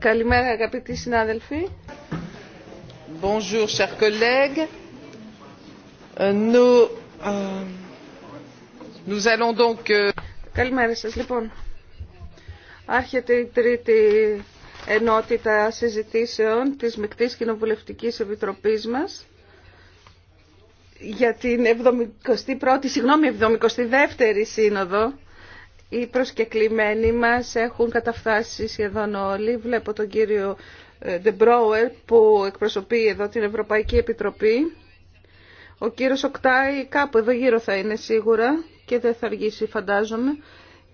Καλημέρα αγαπητοί συνάδελφοι. Bonjour, chers collègues. Euh, nous, euh, nous allons donc... Euh, Καλημέρα σας λοιπόν. Άρχεται η τρίτη ενότητα συζητήσεων της Μεκτής Κοινοβουλευτικής Επιτροπής μας για την 71η, συγγνώμη, 72η σύνοδο. Οι προσκεκλημένοι μας έχουν καταφτάσει σχεδόν όλοι. Βλέπω τον κύριο Ντεμπρόερ που εκπροσωπεί εδώ την Ευρωπαϊκή Επιτροπή. Ο κύριος Οκτάη κάπου εδώ γύρω θα είναι σίγουρα και δεν θα αργήσει φαντάζομαι.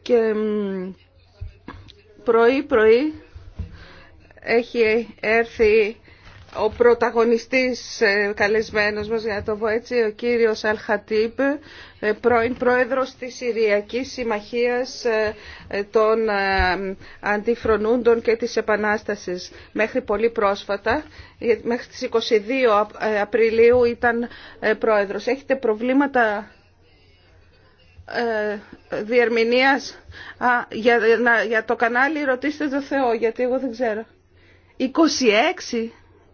Και πρωί πρωί έχει έρθει ο πρωταγωνιστής ε, καλεσμένος μας, για το πω έτσι, ο κύριος αλχατίπ, ε, πρώην πρόεδρος της Συριακής Συμμαχίας ε, των Αντιφρονούντων και της Επανάστασης μέχρι πολύ πρόσφατα. Μέχρι τις 22 Απριλίου ήταν πρόεδρος. Έχετε προβλήματα διερμηνίας Α, για, για το κανάλι ρωτήστε το Θεό γιατί εγώ δεν ξέρω 26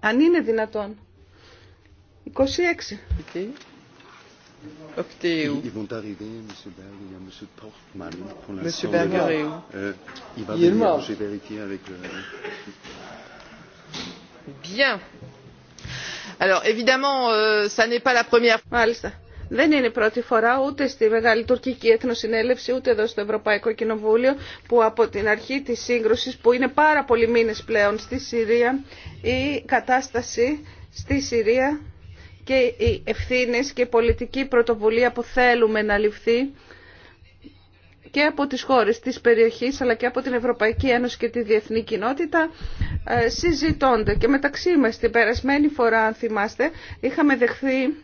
αν είναι δυνατόν. 26. Ils vont arriver, M. Berg, il y a M. Portman pour l'instant. M. Berg Euh, il va il venir, j'ai vérifié avec le... Bien. Alors évidemment, euh, ça n'est pas la première. Μάλιστα. Δεν είναι η πρώτη φορά ούτε στη Μεγάλη Τουρκική Εθνοσυνέλευση ούτε εδώ στο Ευρωπαϊκό Κοινοβούλιο που από την αρχή της σύγκρουσης που είναι πάρα πολλοί μήνες πλέον στη Συρία η κατάσταση στη Συρία και οι ευθύνε και η πολιτική πρωτοβουλία που θέλουμε να ληφθεί και από τις χώρες της περιοχής αλλά και από την Ευρωπαϊκή Ένωση και τη διεθνή κοινότητα ε, συζητώνται. Και μεταξύ μας την περασμένη φορά, αν θυμάστε, είχαμε δεχθεί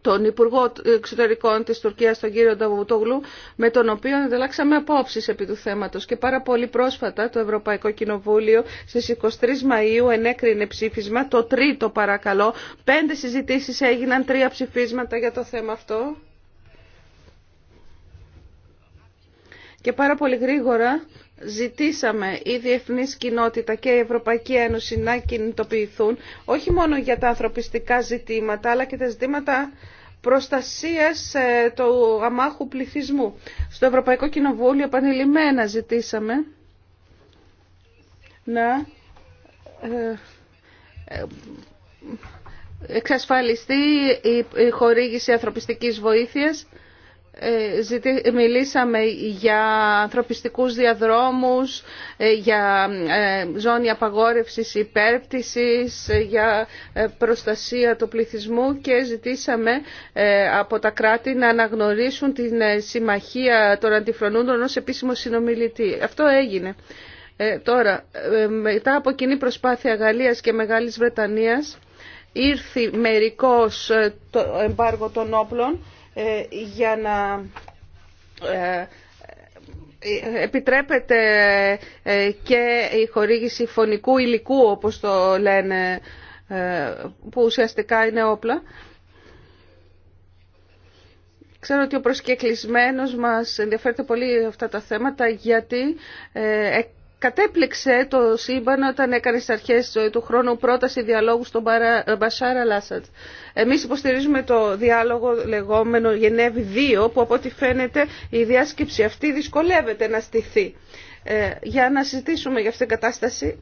τον Υπουργό Εξωτερικών της Τουρκίας, τον κύριο Νταβουτόγλου, με τον οποίο ανταλλάξαμε απόψεις επί του θέματος. Και πάρα πολύ πρόσφατα το Ευρωπαϊκό Κοινοβούλιο στις 23 Μαΐου ενέκρινε ψήφισμα, το τρίτο παρακαλώ. Πέντε συζητήσεις έγιναν, τρία ψηφίσματα για το θέμα αυτό. Και πάρα πολύ γρήγορα ζητήσαμε η διεθνή κοινότητα και η Ευρωπαϊκή Ένωση να κινητοποιηθούν όχι μόνο για τα ανθρωπιστικά ζητήματα αλλά και τα ζητήματα προστασίας ε, του αμάχου πληθυσμού. Στο Ευρωπαϊκό Κοινοβούλιο επανειλημμένα ζητήσαμε να ε, ε, εξασφαλιστεί η χορήγηση ανθρωπιστικής βοήθειας ε, μιλήσαμε για ανθρωπιστικούς διαδρόμους, ε, για ε, ζώνη απαγόρευσης υπέρπτυσης, για προστασία του πληθυσμού και ζητήσαμε από τα κράτη να αναγνωρίσουν την συμμαχία των αντιφρονούντων ως επίσημο συνομιλητή. Αυτό έγινε. τώρα, μετά από κοινή προσπάθεια Γαλλίας και Μεγάλης Βρετανίας, ήρθε μερικός το εμπάργο των όπλων ε, για να ε, επιτρέπεται ε, και η χορήγηση φωνικού υλικού όπως το λένε που ουσιαστικά είναι όπλα. Ξέρω ότι ο προσκεκλισμένος μας ενδιαφέρεται πολύ αυτά τα θέματα γιατί Κατέπληξε το σύμπαν όταν έκανε στι αρχέ του χρόνου πρόταση διαλόγου στον ε, Μπασάρα Λάσαντ. Εμεί υποστηρίζουμε το διάλογο λεγόμενο Γενέβη 2, που από ό,τι φαίνεται η διάσκεψη αυτή δυσκολεύεται να στηθεί. Ε, για να συζητήσουμε για αυτήν την κατάσταση.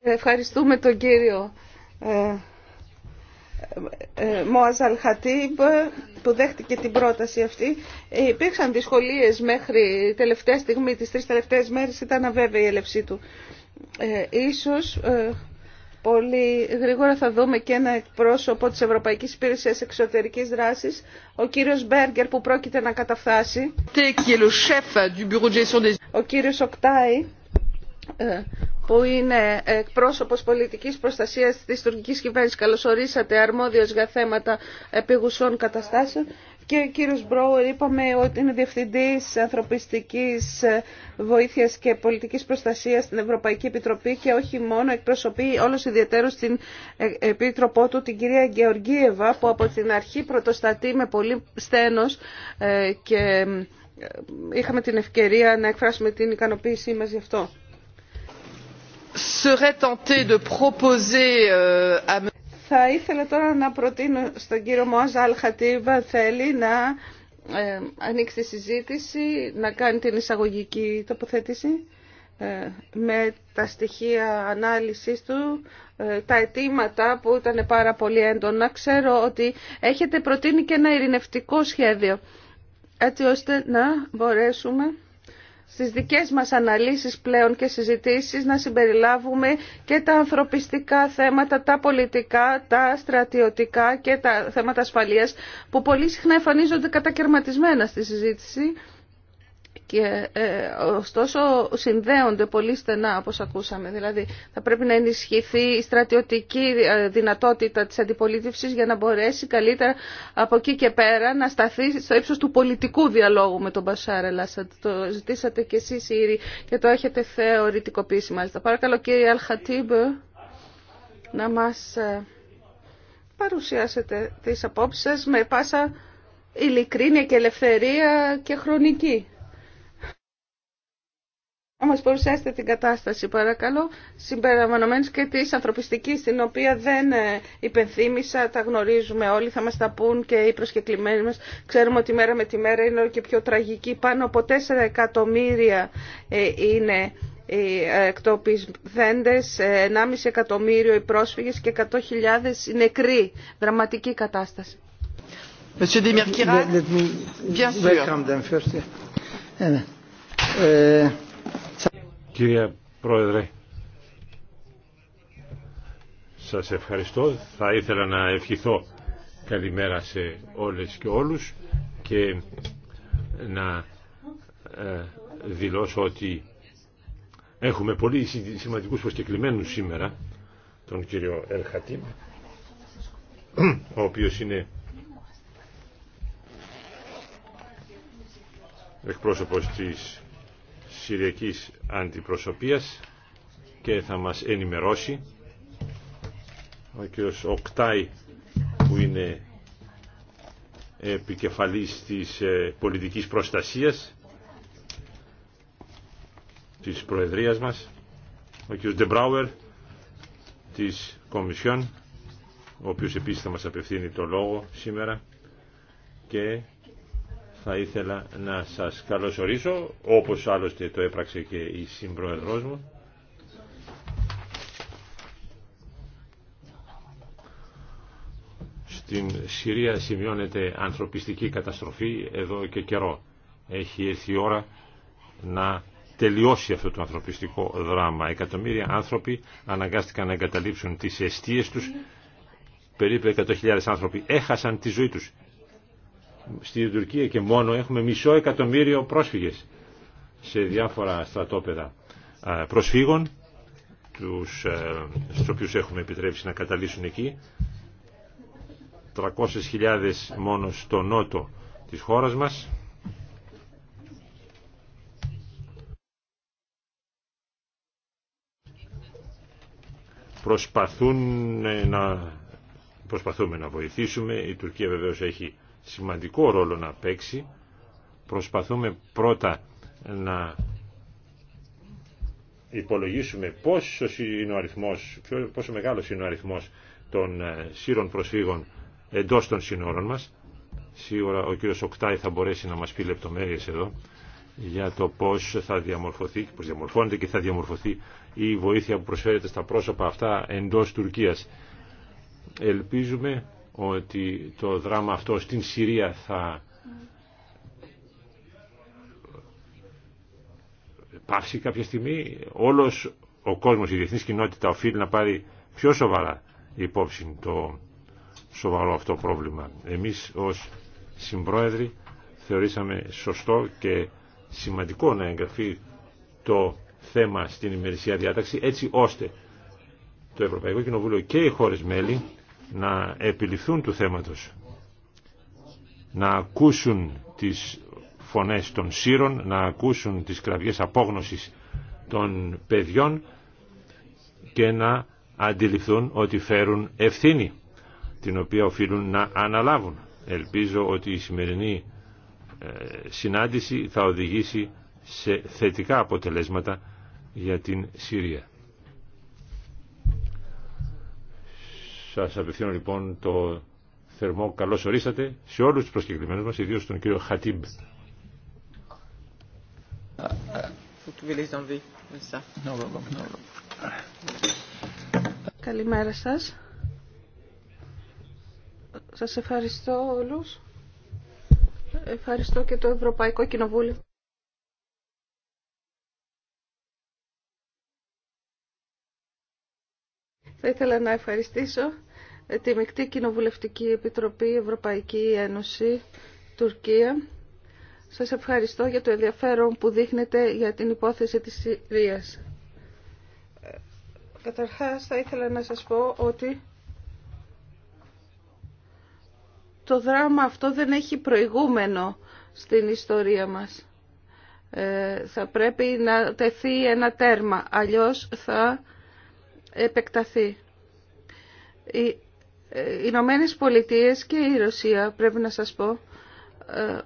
Ευχαριστούμε τον κύριο ε, ε, Μοαζαλ Χατίμπ που δέχτηκε την πρόταση αυτή. Ε, υπήρξαν δυσκολίες μέχρι τελευταία στιγμή, τις τρεις τελευταίες μέρες ήταν αβέβαιη η έλευσή του. Ε, ίσως ε, πολύ γρήγορα θα δούμε και ένα εκπρόσωπο της Ευρωπαϊκής Υπηρεσίας Εξωτερικής Δράσης, ο κύριος Μπέργκερ που πρόκειται να καταφθάσει. Ο κύριος Οκτάη ε, που είναι εκπρόσωπος πολιτικής προστασίας της τουρκικής κυβέρνησης. Καλωσορίσατε αρμόδιος για θέματα επίγουσών καταστάσεων. Και ο κύριος Μπρόουερ είπαμε ότι είναι Διευθυντής Ανθρωπιστικής Βοήθειας και Πολιτικής Προστασίας στην Ευρωπαϊκή Επιτροπή και όχι μόνο εκπροσωπεί όλος ιδιαίτερο στην ε, Επίτροπό του την κυρία Γεωργίευα που από την αρχή πρωτοστατεί με πολύ στένος ε, και είχαμε την ευκαιρία να εκφράσουμε την ικανοποίησή μας γι' αυτό. Euh, θα ήθελα τώρα να προτείνω στον κύριο Μόζα Αλχατίβα θέλει να ε, ανοίξει τη συζήτηση, να κάνει την εισαγωγική τοποθέτηση ε, με τα στοιχεία ανάλυσης του, ε, τα αιτήματα που ήταν πάρα πολύ έντονα. Ξέρω ότι έχετε προτείνει και ένα ειρηνευτικό σχέδιο έτσι ώστε να μπορέσουμε στις δικές μας αναλύσεις πλέον και συζητήσεις να συμπεριλάβουμε και τα ανθρωπιστικά θέματα, τα πολιτικά, τα στρατιωτικά και τα θέματα ασφαλείας που πολύ συχνά εμφανίζονται κατακαιρματισμένα στη συζήτηση και ε, ωστόσο συνδέονται πολύ στενά όπως ακούσαμε. Δηλαδή θα πρέπει να ενισχυθεί η στρατιωτική ε, δυνατότητα της αντιπολίτευσης για να μπορέσει καλύτερα από εκεί και πέρα να σταθεί στο ύψος του πολιτικού διαλόγου με τον Μπασάρ Ελλάς. Το ζητήσατε κι εσείς Ήρη και το έχετε θεωρητικοποιήσει μάλιστα. Παρακαλώ κύριε Αλχατίμπ να μας ε, παρουσιάσετε τις απόψεις με πάσα ειλικρίνεια και ελευθερία και χρονική. Όμως μας παρουσιάσετε την κατάσταση παρακαλώ, συμπεριλαμβανομένως και της ανθρωπιστικής, την οποία δεν ε, υπενθύμησα, τα γνωρίζουμε όλοι, θα μας τα πούν και οι προσκεκλημένοι μας. Ξέρουμε ότι μέρα με τη μέρα είναι όλο και πιο τραγική, πάνω από 4 εκατομμύρια ε, είναι οι εκτοπισθέντες, 1,5 ε, εκατομμύριο οι πρόσφυγες και 100.000 οι νεκροί. Δραματική κατάσταση. Κύριε Πρόεδρε, σας ευχαριστώ. Θα ήθελα να ευχηθώ καλημέρα σε όλες και όλους και να ε, δηλώσω ότι έχουμε πολύ σημαντικούς προσκεκλημένους σήμερα τον κύριο Ελχατήμ ο οποίος είναι εκπρόσωπος της Συριακής Αντιπροσωπείας και θα μας ενημερώσει ο κ. Οκτάη που είναι επικεφαλής της ε, πολιτικής προστασίας της Προεδρίας μας ο κ. Ντεμπράουερ της Κομισιόν ο οποίος επίσης θα μας απευθύνει το λόγο σήμερα και θα ήθελα να σας καλωσορίσω, όπως άλλωστε το έπραξε και η συμπροεδρός μου. Στην Συρία σημειώνεται ανθρωπιστική καταστροφή εδώ και καιρό. Έχει έρθει η ώρα να τελειώσει αυτό το ανθρωπιστικό δράμα. Εκατομμύρια άνθρωποι αναγκάστηκαν να εγκαταλείψουν τις αιστείες τους. Περίπου 100.000 άνθρωποι έχασαν τη ζωή τους στην Τουρκία και μόνο έχουμε μισό εκατομμύριο πρόσφυγες σε διάφορα στρατόπεδα ε, προσφύγων τους, ε, στους οποίους έχουμε επιτρέψει να καταλύσουν εκεί 300.000 μόνο στο νότο της χώρας μας προσπαθούν να, προσπαθούμε να βοηθήσουμε η Τουρκία βεβαίως έχει σημαντικό ρόλο να παίξει. Προσπαθούμε πρώτα να υπολογίσουμε πόσο είναι ο αριθμός, πόσο μεγάλος είναι ο αριθμός των ε, σύρων προσφύγων εντός των σύνορων μας. Σίγουρα ο κύριος Οκτάη θα μπορέσει να μας πει λεπτομέρειες εδώ για το πώς θα διαμορφωθεί, πώς διαμορφώνεται και θα διαμορφωθεί η βοήθεια που προσφέρεται στα πρόσωπα αυτά εντός Τουρκίας. Ελπίζουμε ότι το δράμα αυτό στην Συρία θα πάψει κάποια στιγμή. Όλος ο κόσμος, η διεθνής κοινότητα οφείλει να πάρει πιο σοβαρά υπόψη το σοβαρό αυτό πρόβλημα. Εμείς ως συμπρόεδροι θεωρήσαμε σωστό και σημαντικό να εγγραφεί το θέμα στην ημερησία διάταξη έτσι ώστε το Ευρωπαϊκό Κοινοβούλιο και οι χώρες μέλη να επιληφθούν του θέματος, να ακούσουν τις φωνές των σύρων, να ακούσουν τις κραυγές απόγνωσης των παιδιών και να αντιληφθούν ότι φέρουν ευθύνη, την οποία οφείλουν να αναλάβουν. Ελπίζω ότι η σημερινή ε, συνάντηση θα οδηγήσει σε θετικά αποτελέσματα για την Συρία. Σας απευθύνω λοιπόν το θερμό καλώς ορίσατε σε όλους τους προσκεκλημένους μας, ιδίως τον κύριο Χατίμπ. Καλημέρα σας. Σας ευχαριστώ όλους. Ευχαριστώ και το Ευρωπαϊκό Κοινοβούλιο Θα ήθελα να ευχαριστήσω ε, τη Μεκτή Κοινοβουλευτική Επιτροπή Ευρωπαϊκή Ένωση Τουρκία. Σας ευχαριστώ για το ενδιαφέρον που δείχνετε για την υπόθεση της Συρίας. Ε, καταρχάς θα ήθελα να σας πω ότι το δράμα αυτό δεν έχει προηγούμενο στην ιστορία μας. Ε, θα πρέπει να τεθεί ένα τέρμα, αλλιώς θα επεκταθεί. Οι ε, Ηνωμένε Πολιτείε και η Ρωσία, πρέπει να σας πω, ε,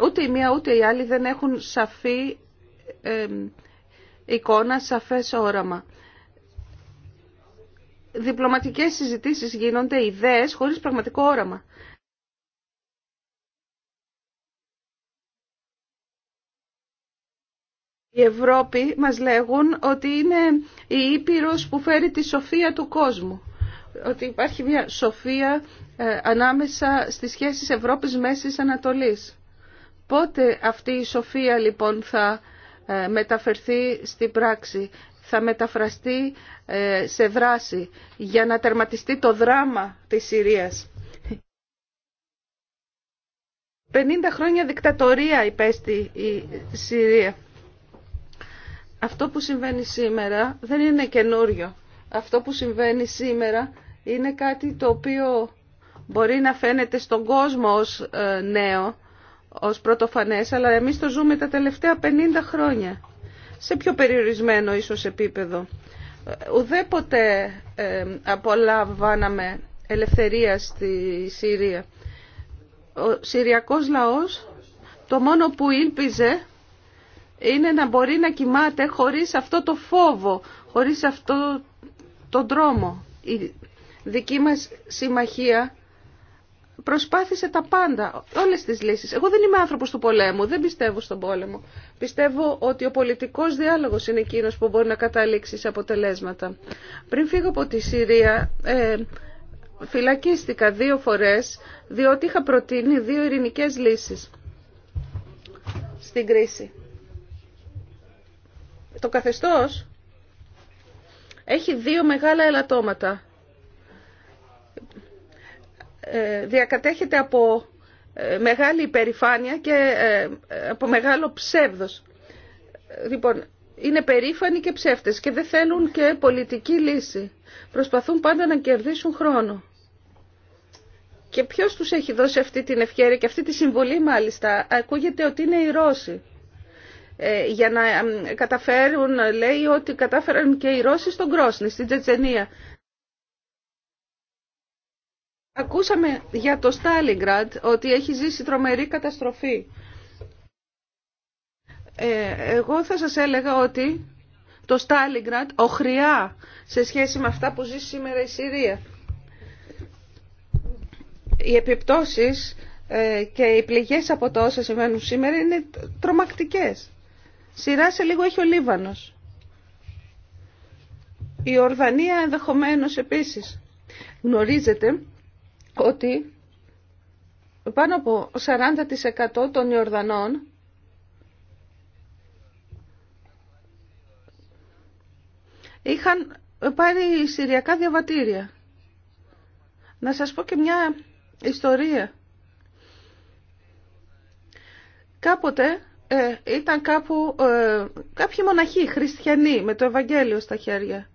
ούτε η μία ούτε η άλλη δεν έχουν σαφή ε, εικόνα, σαφές όραμα. Διπλωματικές συζητήσεις γίνονται ιδέες χωρίς πραγματικό όραμα. Οι Ευρώπη μας λέγουν ότι είναι η Ήπειρος που φέρει τη σοφία του κόσμου. Ότι υπάρχει μια σοφία ε, ανάμεσα στις σχέσεις Ευρώπης Μέσης Ανατολής. Πότε αυτή η σοφία λοιπόν θα ε, μεταφερθεί στην πράξη, θα μεταφραστεί ε, σε δράση για να τερματιστεί το δράμα της Συρίας. 50 χρόνια δικτατορία υπέστη η Συρία αυτό που συμβαίνει σήμερα δεν είναι καινούριο. Αυτό που συμβαίνει σήμερα είναι κάτι το οποίο μπορεί να φαίνεται στον κόσμο ως ε, νέο, ως πρωτοφανές, αλλά εμείς το ζούμε τα τελευταία 50 χρόνια, σε πιο περιορισμένο ίσως επίπεδο. Ε, ουδέποτε ε, απολαμβάναμε ελευθερία στη Συρία. Ο Συριακός λαός το μόνο που ήλπιζε είναι να μπορεί να κοιμάται χωρίς αυτό το φόβο, χωρίς αυτό το δρόμο. Η δική μας συμμαχία προσπάθησε τα πάντα, όλες τις λύσεις. Εγώ δεν είμαι άνθρωπος του πολέμου, δεν πιστεύω στον πόλεμο. Πιστεύω ότι ο πολιτικός διάλογος είναι εκείνο που μπορεί να καταλήξει σε αποτελέσματα. Πριν φύγω από τη Συρία, ε, φυλακίστηκα δύο φορές, διότι είχα προτείνει δύο ειρηνικές λύσεις στην κρίση. Το καθεστώς έχει δύο μεγάλα ελαττώματα. Ε, διακατέχεται από ε, μεγάλη υπερηφάνεια και ε, από μεγάλο ψεύδος. Λοιπόν, είναι περήφανοι και ψεύτες και δεν θέλουν και πολιτική λύση. Προσπαθούν πάντα να κερδίσουν χρόνο. Και ποιος τους έχει δώσει αυτή την ευκαιρία και αυτή τη συμβολή μάλιστα. Ακούγεται ότι είναι οι Ρώσοι. Ε, για να καταφέρουν, λέει, ότι κατάφεραν και οι Ρώσοι στον Κρόσνη, στην Τζετζενία. Ακούσαμε για το Στάλιγκραντ ότι έχει ζήσει τρομερή καταστροφή. Ε, εγώ θα σας έλεγα ότι το Στάλιγκραντ οχριά σε σχέση με αυτά που ζει σήμερα η Συρία. Οι επιπτώσεις ε, και οι πληγές από το όσα συμβαίνουν σήμερα είναι τρομακτικές. Σειρά σε λίγο έχει ο Λίβανος. Η Ορδανία ενδεχομένως επίσης. Γνωρίζετε ότι πάνω από 40% των Ιορδανών είχαν πάρει συριακά διαβατήρια. Να σας πω και μια ιστορία. Κάποτε ε, ήταν κάπου ε, κάποιοι μοναχοί χριστιανοί με το Ευαγγέλιο στα χέρια.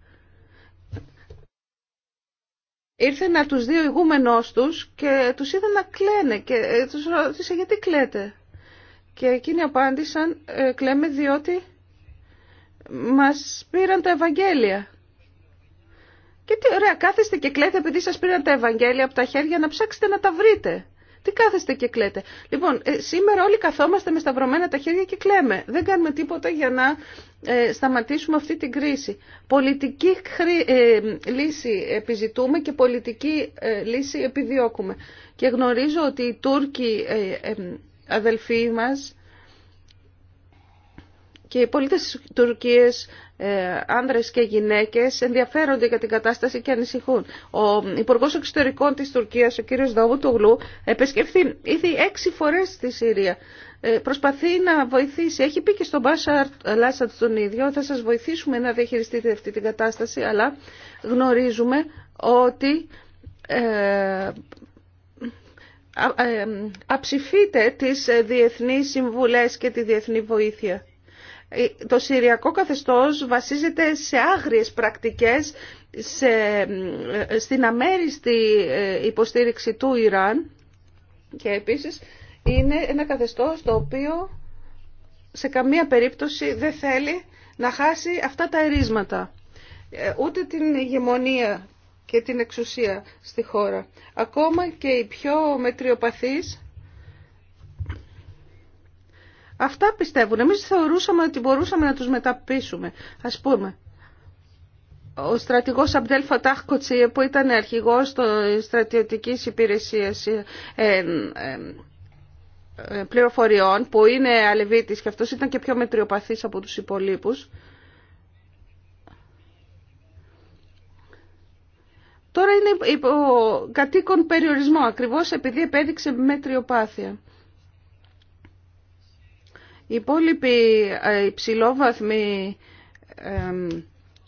Ήρθε να τους δύο ηγούμενός τους και τους είδαν να κλαίνε και ε, τους ρώτησε γιατί κλαίτε. Και εκείνοι απάντησαν ε, κλαίμε διότι μας πήραν τα Ευαγγέλια. Και τι ωραία, κάθεστε και κλαίτε επειδή σας πήραν τα Ευαγγέλια από τα χέρια να ψάξετε να τα βρείτε. Τι κάθεστε και κλαίτε. Λοιπόν, ε, σήμερα όλοι καθόμαστε με σταυρωμένα τα χέρια και κλαίμε. Δεν κάνουμε τίποτα για να ε, σταματήσουμε αυτή την κρίση. Πολιτική ε, λύση επιζητούμε και πολιτική λύση επιδιώκουμε. Και γνωρίζω ότι οι Τούρκοι αδελφοί μας και οι πολίτες της Τουρκίας άνδρες και γυναίκες ενδιαφέρονται για την κατάσταση και ανησυχούν. Ο Υπουργός Εξωτερικών της Τουρκίας, ο κύριος Δαβούτογλου, επισκεφθεί ήδη έξι φορές στη Συρία. προσπαθεί να βοηθήσει. Έχει πει και στον Μπάσα Λάσαντ τον ίδιο, θα σας βοηθήσουμε να διαχειριστείτε αυτή την κατάσταση, αλλά γνωρίζουμε ότι ε, αψηφείτε τις διεθνείς συμβουλές και τη διεθνή βοήθεια. Ε, το Συριακό καθεστώς βασίζεται σε άγριες πρακτικές σε, ε, στην αμέριστη ε, υποστήριξη του Ιράν και επίσης είναι ένα καθεστώς το οποίο σε καμία περίπτωση δεν θέλει να χάσει αυτά τα ερίσματα. Ούτε την ηγεμονία και την εξουσία στη χώρα. Ακόμα και οι πιο μετριοπαθείς Αυτά πιστεύουν. Εμείς θεωρούσαμε ότι μπορούσαμε να τους μεταπίσουμε. Ας πούμε, ο στρατηγός Αμπτέλ Φατάχ Κοτσίε που ήταν αρχηγός στρατιωτικής υπηρεσίας ε, ε, ε, πληροφοριών που είναι αλεβίτης και αυτός ήταν και πιο μετριοπαθής από τους υπολείπους. Τώρα είναι υπό κατοίκον περιορισμό ακριβώς επειδή επέδειξε μετριοπάθεια. Οι υπόλοιποι ε, υψηλόβαθμοι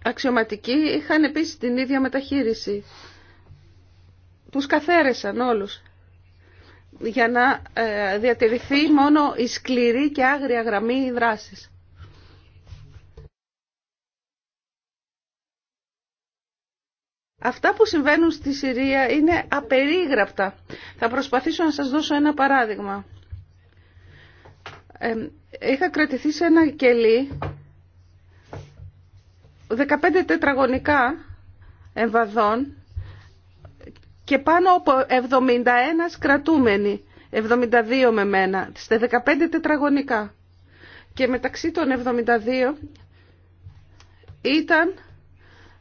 αξιωματικοί είχαν επίσης την ίδια μεταχείριση. Τους καθαίρεσαν όλους για να ε, διατηρηθεί μόνο η σκληρή και άγρια γραμμή δράσης. Αυτά που συμβαίνουν στη Συρία είναι απερίγραπτα. Θα προσπαθήσω να σας δώσω ένα παράδειγμα είχα κρατηθεί σε ένα κελί 15 τετραγωνικά εμβαδών και πάνω από 71 κρατούμενοι, 72 με μένα, στα 15 τετραγωνικά. Και μεταξύ των 72 ήταν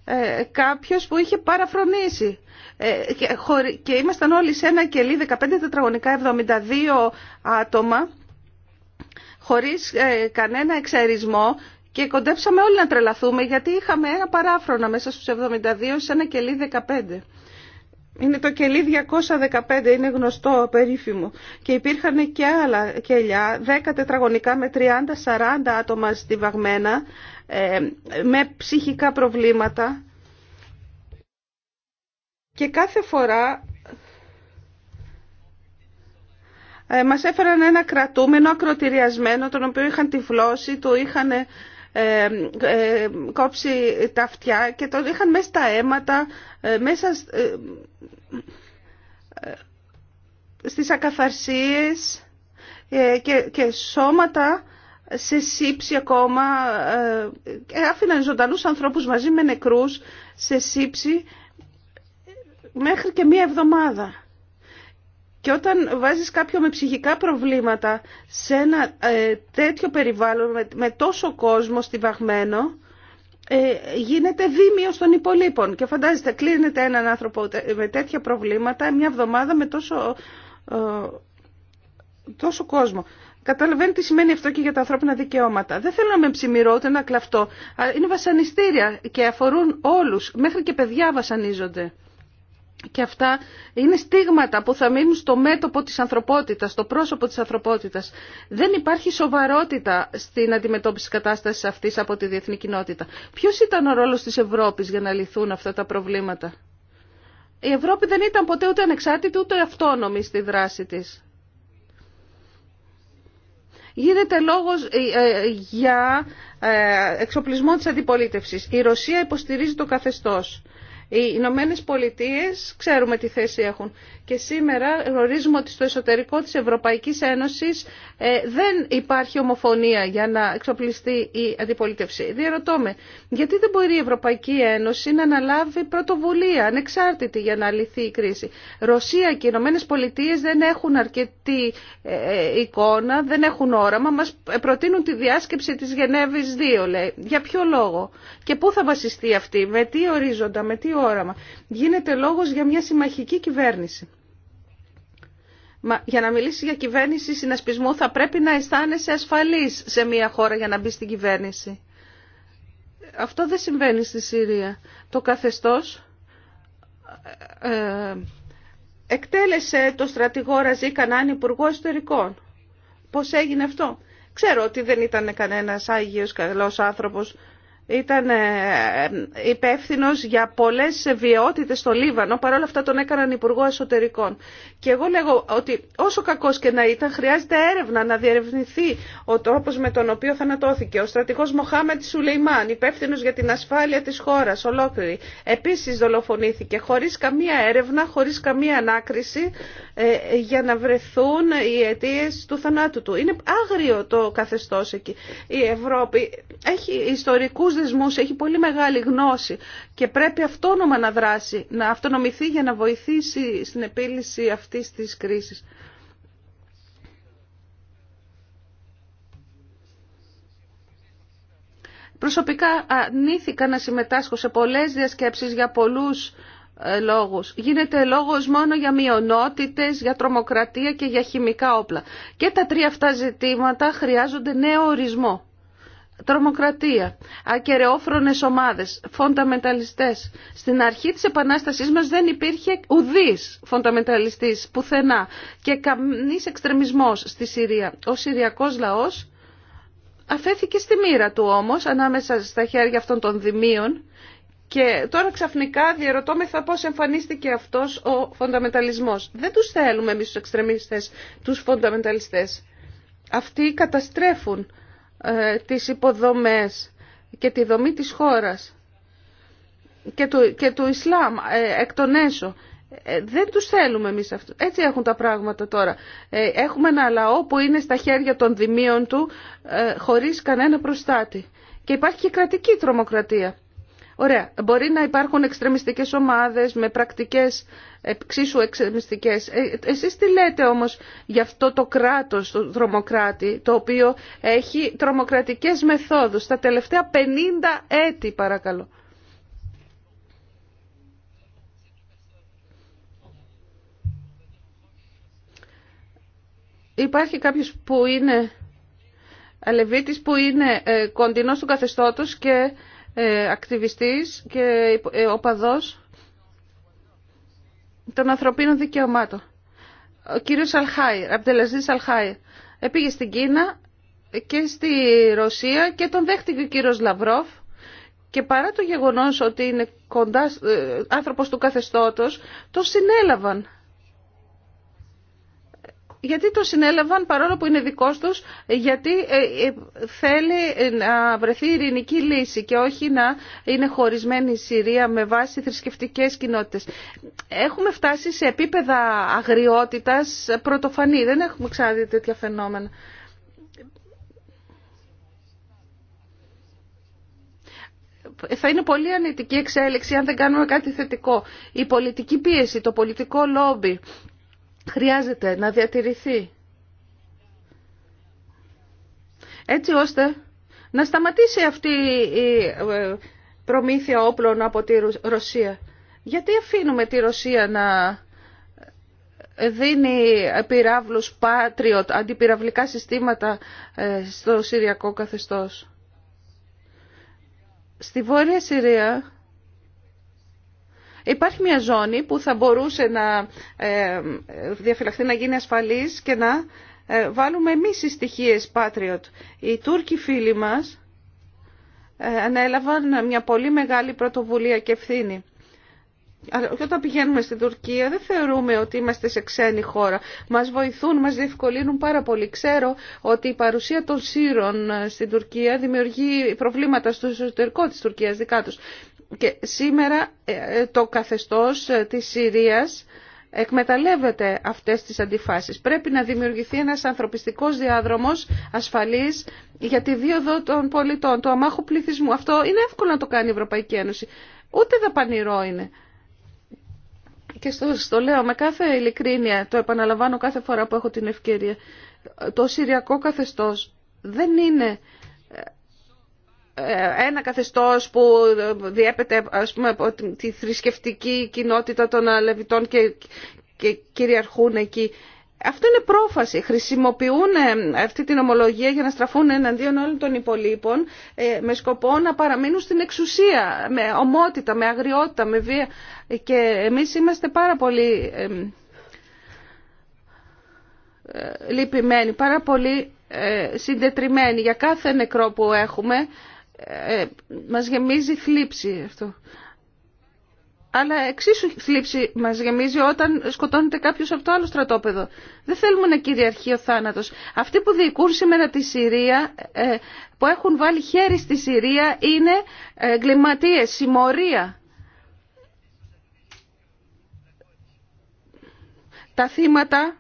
ε, κάποιος που είχε παραφρονήσει ε, και, χωρί, και ήμασταν όλοι σε ένα κελί 15 τετραγωνικά 72 άτομα χωρίς ε, κανένα εξαερισμό και κοντέψαμε όλοι να τρελαθούμε γιατί είχαμε ένα παράφρονα μέσα στους 72 σε ένα κελί 15. Είναι το κελί 215, είναι γνωστό, περίφημο. Και υπήρχαν και άλλα κελιά, 10 τετραγωνικά με 30-40 άτομα στιβαγμένα, ε, με ψυχικά προβλήματα. Και κάθε φορά ε, μας έφεραν ένα κρατούμενο ακροτηριασμένο, τον οποίο είχαν τυφλώσει, του είχαν ε, ε, κόψει τα αυτιά και τον είχαν μέσα στα αίματα, ε, μέσα στις ακαθαρσίες και, και σώματα σε σύψη ακόμα, άφηναν ζωντανούς ανθρώπους μαζί με νεκρούς σε σύψη μέχρι και μία εβδομάδα. Και όταν βάζεις κάποιον με ψυχικά προβλήματα σε ένα ε, τέτοιο περιβάλλον με, τόσο κόσμο στιβαγμένο, ε, γίνεται δίμιο των υπολείπων. Και φαντάζεστε, κλείνεται έναν άνθρωπο με τέτοια προβλήματα μια εβδομάδα με τόσο, ε, τόσο κόσμο. Καταλαβαίνετε τι σημαίνει αυτό και για τα ανθρώπινα δικαιώματα. Δεν θέλω να με ψημυρώ ούτε να κλαφτώ. Είναι βασανιστήρια και αφορούν όλους. Μέχρι και παιδιά βασανίζονται. Και αυτά είναι στίγματα που θα μείνουν στο μέτωπο της ανθρωπότητας, στο πρόσωπο της ανθρωπότητας. Δεν υπάρχει σοβαρότητα στην αντιμετώπιση κατάστασης αυτής από τη διεθνή κοινότητα. Ποιος ήταν ο ρόλος της Ευρώπης για να λυθούν αυτά τα προβλήματα. Η Ευρώπη δεν ήταν ποτέ ούτε ανεξάρτητη ούτε αυτόνομη στη δράση της. Γίνεται λόγος ε, ε, για ε, εξοπλισμό της αντιπολίτευσης. Η Ρωσία υποστηρίζει το καθεστώς. Οι Ηνωμένε Πολιτείε ξέρουμε τι θέση έχουν. Και σήμερα γνωρίζουμε ότι στο εσωτερικό της Ευρωπαϊκής Ένωσης ε, δεν υπάρχει ομοφωνία για να εξοπλιστεί η αντιπολίτευση. Διερωτώ με, γιατί δεν μπορεί η Ευρωπαϊκή Ένωση να αναλάβει πρωτοβουλία ανεξάρτητη για να λυθεί η κρίση. Ρωσία και οι Ηνωμένε Πολιτείε δεν έχουν αρκετή ε, ε, εικόνα, δεν έχουν όραμα. Μας προτείνουν τη διάσκεψη της Γενέβης 2, λέει. Για ποιο λόγο και πού θα βασιστεί αυτή, με τι ορίζοντα, με τι όραμα. Γίνεται λόγος για μια συμμαχική κυβέρνηση για να μιλήσει για κυβέρνηση συνασπισμού θα πρέπει να αισθάνεσαι ασφαλής σε μια χώρα για να μπει στην κυβέρνηση. Αυτό δεν συμβαίνει στη Συρία. Το καθεστώς ε, εκτέλεσε το στρατηγό Ραζί Κανάν Υπουργό εσωτερικών. Πώς έγινε αυτό. Ξέρω ότι δεν ήταν κανένας Άγιος καλός άνθρωπος ήταν ε, υπεύθυνο για πολλέ βιαιότητε στο Λίβανο, παρόλα αυτά τον έκαναν Υπουργό Εσωτερικών. Και εγώ λέγω ότι όσο κακός και να ήταν, χρειάζεται έρευνα να διερευνηθεί ο τρόπο με τον οποίο θανατώθηκε. Ο στρατηγός Μοχάμετ Σουλεϊμάν, υπεύθυνο για την ασφάλεια της χώρας ολόκληρη, Επίση δολοφονήθηκε χωρί καμία έρευνα, χωρί καμία ανάκριση, ε, για να βρεθούν οι αιτίε του θανάτου του. Είναι άγριο το καθεστώς εκεί. Η Ευρώπη έχει ιστορικούς δεσμούς, έχει πολύ μεγάλη γνώση και πρέπει αυτόνομα να δράσει, να αυτονομηθεί για να βοηθήσει στην επίλυση αυτής της κρίσης. Προσωπικά ανήθηκα να συμμετάσχω σε πολλές διασκέψεις για πολλούς ε, λόγους. Γίνεται λόγος μόνο για μειονότητες, για τρομοκρατία και για χημικά όπλα. Και τα τρία αυτά ζητήματα χρειάζονται νέο ορισμό. Τρομοκρατία, ακεραιόφρονες ομάδες, φονταμεταλιστές. Στην αρχή της επανάστασής μας δεν υπήρχε ουδής φονταμεταλιστής πουθενά και κανείς εξτρεμισμός στη Συρία. Ο Συριακός λαός αφέθηκε στη μοίρα του όμως ανάμεσα στα χέρια αυτών των δημίων και τώρα ξαφνικά διαρωτώμεθα πώς εμφανίστηκε αυτός ο φονταμεταλισμός. Δεν τους θέλουμε εμείς τους εξτρεμίστες, τους φονταμεταλιστές. Αυτοί καταστρέφουν ε, τις υποδομές και τη δομή της χώρας και του, Ισλάμ ε, εκ των έσω. Ε, δεν τους θέλουμε εμείς αυτούς. Έτσι έχουν τα πράγματα τώρα. Ε, έχουμε ένα λαό που είναι στα χέρια των δημίων του ε, χωρίς κανένα προστάτη. Και υπάρχει και κρατική τρομοκρατία. Ωραία. Μπορεί να υπάρχουν εξτρεμιστικές ομάδες με πρακτικές ε, εξίσου εξτρεμιστικές. Ε, εσείς τι λέτε όμως για αυτό το κράτος, το δρομοκράτη, το οποίο έχει τρομοκρατικές μεθόδους τα τελευταία 50 έτη παρακαλώ. Υπάρχει κάποιος που είναι αλεβίτης, που είναι ε, κοντινός του καθεστώτος και ε, ακτιβιστής και ε, οπαδός των ανθρωπίνων δικαιωμάτων. Ο κύριος Αλχάι, Αμπτελαζής Αλχάιρ, πήγε στην Κίνα και στη Ρωσία και τον δέχτηκε ο κύριος Λαυρόφ και παρά το γεγονός ότι είναι κοντά, ε, άνθρωπος του καθεστώτος, τον συνέλαβαν γιατί το συνέλαβαν παρόλο που είναι δικός τους, γιατί ε, ε, θέλει να βρεθεί ειρηνική λύση και όχι να είναι χωρισμένη η Συρία με βάση θρησκευτικές κοινότητες. Έχουμε φτάσει σε επίπεδα αγριότητας πρωτοφανή, δεν έχουμε ξαναδεί τέτοια φαινόμενα. θα είναι πολύ ανητική εξέλιξη αν δεν κάνουμε κάτι θετικό. Η πολιτική πίεση, το πολιτικό λόμπι, χρειάζεται να διατηρηθεί. Έτσι ώστε να σταματήσει αυτή η ε, προμήθεια όπλων από τη Ρωσία. Γιατί αφήνουμε τη Ρωσία να δίνει πυράβλους Patriot, αντιπυραυλικά συστήματα ε, στο Συριακό καθεστώς. Στη Βόρεια Συρία Υπάρχει μια ζώνη που θα μπορούσε να ε, διαφυλαχθεί να γίνει ασφαλής και να ε, βάλουμε εμείς οι στοιχείες Patriot. Οι Τούρκοι φίλοι μας ε, ανέλαβαν μια πολύ μεγάλη πρωτοβουλία και ευθύνη. Αλλά όταν πηγαίνουμε στην Τουρκία δεν θεωρούμε ότι είμαστε σε ξένη χώρα. Μας βοηθούν, μας διευκολύνουν πάρα πολύ. Ξέρω ότι η παρουσία των Σύρων στην Τουρκία δημιουργεί προβλήματα στο εσωτερικό της Τουρκίας δικά τους. Και σήμερα ε, ε, το καθεστώς ε, της Συρίας εκμεταλλεύεται αυτές τις αντιφάσεις. Πρέπει να δημιουργηθεί ένας ανθρωπιστικός διάδρομος ασφαλής για τη δίωδο των πολιτών, του αμάχου πληθυσμού. Αυτό είναι εύκολο να το κάνει η Ευρωπαϊκή Ένωση. Ούτε δαπανηρό είναι. Και στο, λέω με κάθε ειλικρίνεια, το επαναλαμβάνω κάθε φορά που έχω την ευκαιρία, το συριακό καθεστώς δεν είναι ένα καθεστώς που διέπεται ας πούμε, από τη θρησκευτική κοινότητα των Λεβιτών και, και κυριαρχούν εκεί. Αυτό είναι πρόφαση. Χρησιμοποιούν ε, αυτή την ομολογία για να στραφούν εναντίον όλων των υπολείπων ε, με σκοπό να παραμείνουν στην εξουσία, με ομότητα, με αγριότητα, με βία. Και εμείς είμαστε πάρα πολύ ε, λυπημένοι, πάρα πολύ συντετριμένοι για κάθε νεκρό που έχουμε ε, μας γεμίζει θλίψη αυτό. Αλλά εξίσου θλίψη μα γεμίζει όταν σκοτώνεται κάποιο από το άλλο στρατόπεδο. Δεν θέλουμε να κυριαρχεί ο θάνατο. Αυτοί που διοικούν σήμερα τη Συρία, ε, που έχουν βάλει χέρι στη Συρία, είναι ε, εγκληματίε, συμμορία. Τα θύματα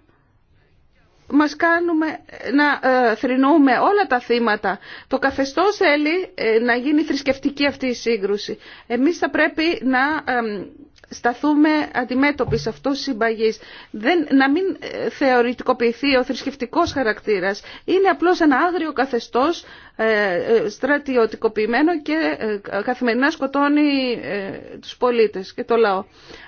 μας κάνουμε να ε, θρηνούμε όλα τα θύματα. Το καθεστώς θέλει ε, να γίνει θρησκευτική αυτή η σύγκρουση. Εμείς θα πρέπει να ε, σταθούμε αντιμέτωποι σε αυτό συμπαγής. Δεν, να μην ε, θεωρητικοποιηθεί ο θρησκευτικός χαρακτήρας. Είναι απλώς ένα άγριο καθεστώς ε, ε, στρατιωτικοποιημένο και καθημερινά σκοτώνει τους πολίτες και το λαό.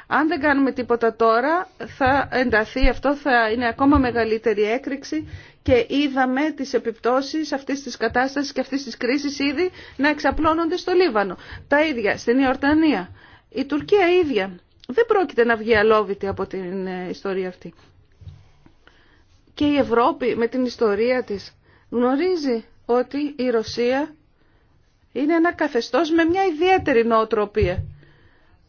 Αν δεν κάνουμε τίποτα τώρα θα ενταθεί αυτό, θα είναι ακόμα μεγαλύτερη έκρηξη και είδαμε τις επιπτώσεις αυτής της κατάστασης και αυτής της κρίσης ήδη να εξαπλώνονται στο Λίβανο. Τα ίδια στην Ιορτανία η Τουρκία ίδια δεν πρόκειται να βγει αλόβητη από την ε, ιστορία αυτή. Και η Ευρώπη με την ιστορία της γνωρίζει ότι η Ρωσία είναι ένα καθεστώς με μια ιδιαίτερη νοοτροπία.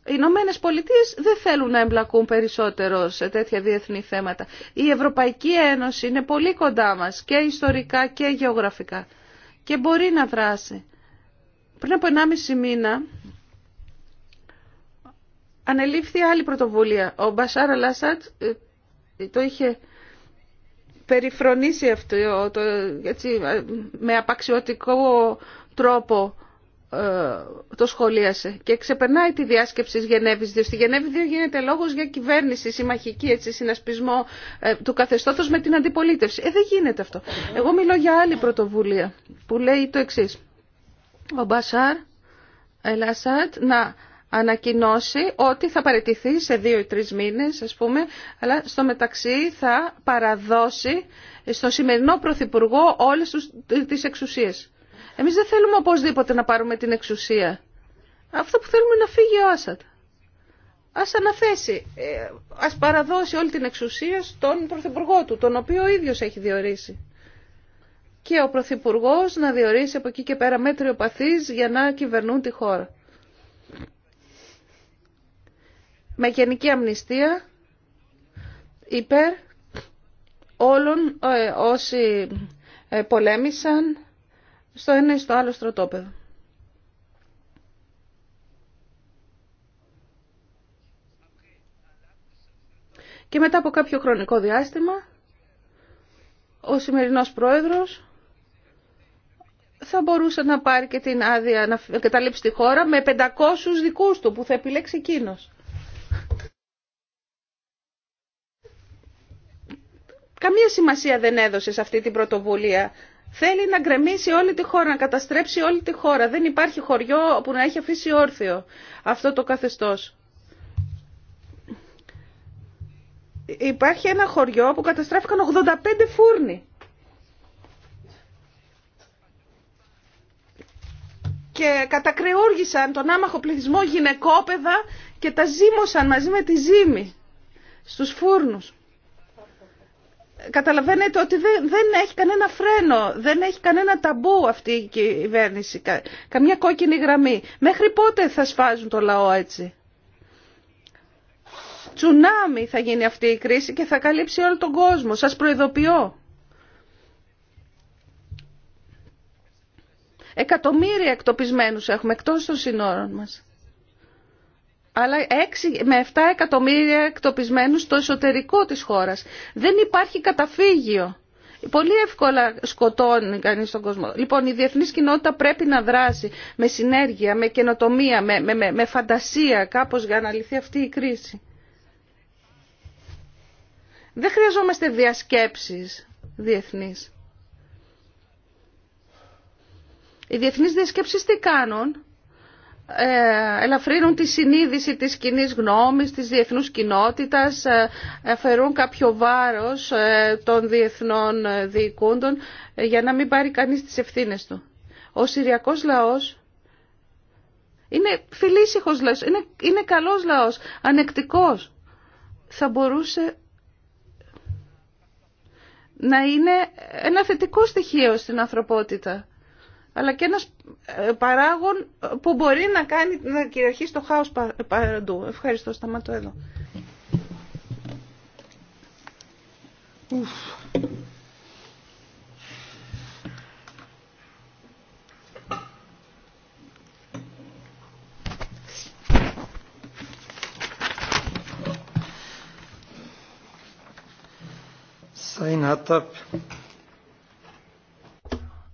Οι Ηνωμένε Πολιτείε δεν θέλουν να εμπλακούν περισσότερο σε τέτοια διεθνή θέματα. Η Ευρωπαϊκή Ένωση είναι πολύ κοντά μας και ιστορικά και γεωγραφικά και μπορεί να δράσει. Πριν από 1,5 μήνα ανελήφθη άλλη πρωτοβουλία. Ο Μπασάρ Λάσατ ε, το είχε περιφρονήσει αυτό το, έτσι, ε, με απαξιωτικό τρόπο ε, το σχολίασε και ξεπερνάει τη διάσκεψη της Γενέβης 2. Στη Γενέβη 2 γίνεται λόγος για κυβέρνηση συμμαχική, έτσι, συνασπισμό του καθεστώτος με την αντιπολίτευση. Ε, δεν γίνεται αυτό. Εγώ μιλώ για άλλη πρωτοβουλία που λέει το εξής. Ο Μπασάρ Ελασάτ να ανακοινώσει ότι θα παραιτηθεί σε δύο ή τρεις μήνες, ας πούμε, αλλά στο μεταξύ θα παραδώσει στο σημερινό Πρωθυπουργό όλες τις εξουσίες. Εμείς δεν θέλουμε οπωσδήποτε να πάρουμε την εξουσία. Αυτό που θέλουμε είναι να φύγει ο Άσαντ. Ας αναθέσει, ε, ας παραδώσει όλη την εξουσία στον Πρωθυπουργό του, τον οποίο ο ίδιος έχει διορίσει. Και ο Πρωθυπουργός να διορίσει από εκεί και πέρα μέτριο παθής για να κυβερνούν τη χώρα. με γενική αμνηστία υπέρ όλων ε, όσοι ε, πολέμησαν στο ένα ή στο άλλο στρατόπεδο. Και μετά από κάποιο χρονικό διάστημα, ο σημερινός πρόεδρος θα μπορούσε να πάρει και την άδεια να καταλήψει τη χώρα με 500 δικούς του που θα επιλέξει εκείνος. καμία σημασία δεν έδωσε σε αυτή την πρωτοβουλία. Θέλει να γκρεμίσει όλη τη χώρα, να καταστρέψει όλη τη χώρα. Δεν υπάρχει χωριό που να έχει αφήσει όρθιο αυτό το καθεστώς. Υπάρχει ένα χωριό που καταστράφηκαν 85 φούρνοι. Και κατακρεούργησαν τον άμαχο πληθυσμό γυναικόπαιδα και τα ζήμωσαν μαζί με τη ζήμη στους φούρνους καταλαβαίνετε ότι δεν έχει κανένα φρένο, δεν έχει κανένα ταμπού αυτή η κυβέρνηση, καμιά κόκκινη γραμμή. Μέχρι πότε θα σφάζουν το λαό έτσι. Τσουνάμι θα γίνει αυτή η κρίση και θα καλύψει όλο τον κόσμο. Σας προειδοποιώ. Εκατομμύρια εκτοπισμένους έχουμε εκτός των συνόρων μας αλλά 6 με 7 εκατομμύρια εκτοπισμένους στο εσωτερικό της χώρας. Δεν υπάρχει καταφύγιο. Πολύ εύκολα σκοτώνει κανείς τον κόσμο. Λοιπόν, η διεθνής κοινότητα πρέπει να δράσει με συνέργεια, με καινοτομία, με, με, με φαντασία κάπως για να λυθεί αυτή η κρίση. Δεν χρειαζόμαστε διασκέψεις διεθνείς. Οι διεθνείς διασκέψεις τι κάνουν. Ε, ελαφρύνουν τη συνείδηση της κοινή γνώμης, της διεθνούς κοινότητας, ε, αφαιρούν κάποιο βάρος ε, των διεθνών διοικούντων για να μην πάρει κανείς τις ευθύνες του. Ο Συριακός λαός είναι φιλήσυχος λαός, είναι, είναι καλός λαός, ανεκτικός. Θα μπορούσε να είναι ένα θετικό στοιχείο στην ανθρωπότητα αλλά και ένας ε, παράγων ε, που μπορεί να κάνει να κυριαρχεί το χάος παντού. Ευχαριστώ, σταματώ εδώ. Ουφ.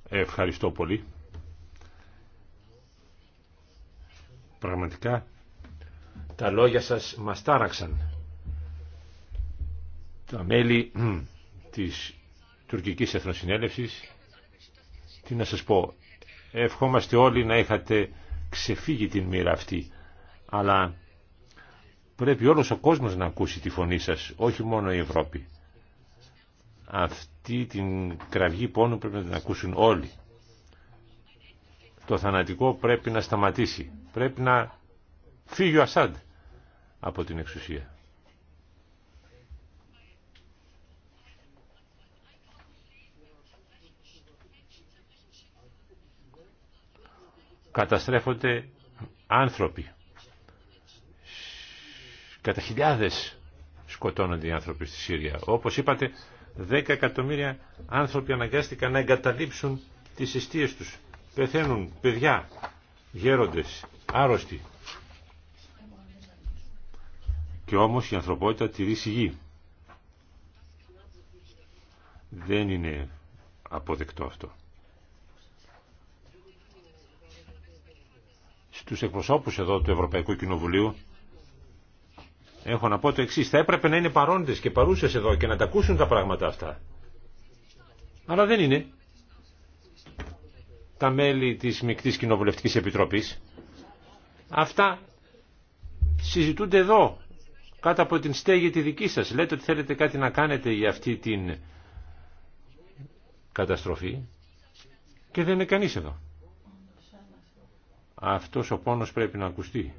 Ευχαριστώ πολύ. Πραγματικά τα λόγια σας μας τάραξαν. Τα μέλη hm, της τουρκικής εθνοσυνέλευσης, τι να σας πω, ευχόμαστε όλοι να είχατε ξεφύγει την μοίρα αυτή, αλλά πρέπει όλος ο κόσμος να ακούσει τη φωνή σας, όχι μόνο η Ευρώπη. Αυτή την κραυγή πόνου πρέπει να την ακούσουν όλοι. Το θανατικό πρέπει να σταματήσει. Πρέπει να φύγει ο Ασάντ από την εξουσία. Καταστρέφονται άνθρωποι. Κατά χιλιάδες σκοτώνονται οι άνθρωποι στη Σύρια. Όπως είπατε, Δέκα εκατομμύρια άνθρωποι αναγκάστηκαν να εγκαταλείψουν τις αιστείες τους. Πεθαίνουν παιδιά, γέροντες, άρρωστοι. Και όμως η ανθρωπότητα τηρεί σιγή. Δεν είναι αποδεκτό αυτό. Στους εκπροσώπους εδώ του Ευρωπαϊκού Κοινοβουλίου έχω να πω το εξή. Θα έπρεπε να είναι παρόντε και παρούσε εδώ και να τα ακούσουν τα πράγματα αυτά. Αλλά δεν είναι. Τα μέλη τη Μικτή Κοινοβουλευτική Επιτροπή. Αυτά συζητούνται εδώ, κάτω από την στέγη τη δική σας. Λέτε ότι θέλετε κάτι να κάνετε για αυτή την καταστροφή και δεν είναι κανείς εδώ. Αυτός ο πόνος πρέπει να ακουστεί.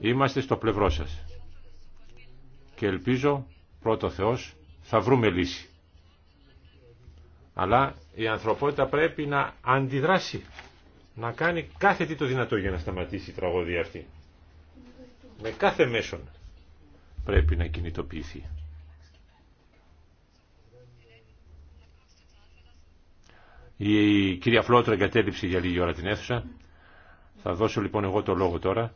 Είμαστε στο πλευρό σας. Και ελπίζω, πρώτο Θεός, θα βρούμε λύση. Αλλά η ανθρωπότητα πρέπει να αντιδράσει, να κάνει κάθε τι το δυνατό για να σταματήσει η τραγωδία αυτή. Με κάθε μέσον πρέπει να κινητοποιηθεί. Η κυρία Φλότρα εγκατέλειψε για λίγη ώρα την αίθουσα. Θα δώσω λοιπόν εγώ το λόγο τώρα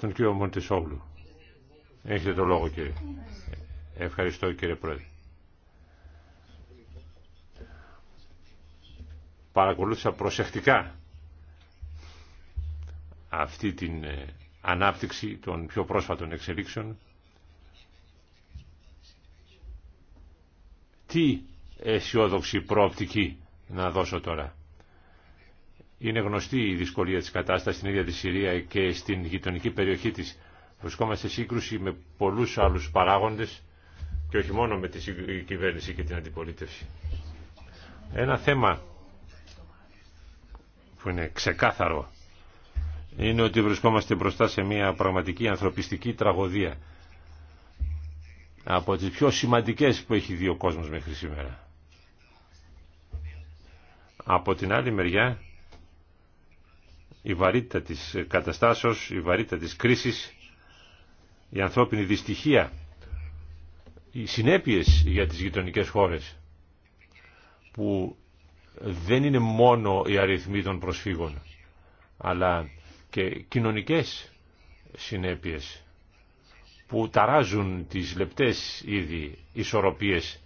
τον κύριο Μοντισόγλου. Έχετε το λόγο κύριε. Ευχαριστώ κύριε Πρόεδρε. Παρακολούθησα προσεκτικά αυτή την ε, ανάπτυξη των πιο πρόσφατων εξελίξεων. Τι αισιόδοξη προοπτική να δώσω τώρα. Είναι γνωστή η δυσκολία της κατάστασης στην ίδια τη Συρία και στην γειτονική περιοχή της. Βρισκόμαστε σε σύγκρουση με πολλούς άλλους παράγοντες και όχι μόνο με τη κυβέρνηση και την αντιπολίτευση. Ένα θέμα που είναι ξεκάθαρο είναι ότι βρισκόμαστε μπροστά σε μια πραγματική ανθρωπιστική τραγωδία από τις πιο σημαντικές που έχει δει ο κόσμος μέχρι σήμερα. Από την άλλη μεριά η βαρύτητα της καταστάσεως, η βαρύτητα της κρίσης, η ανθρώπινη δυστυχία, οι συνέπειες για τις γειτονικέ χώρες που δεν είναι μόνο οι αριθμοί των προσφύγων αλλά και κοινωνικές συνέπειες που ταράζουν τις λεπτές ήδη ισορροπίες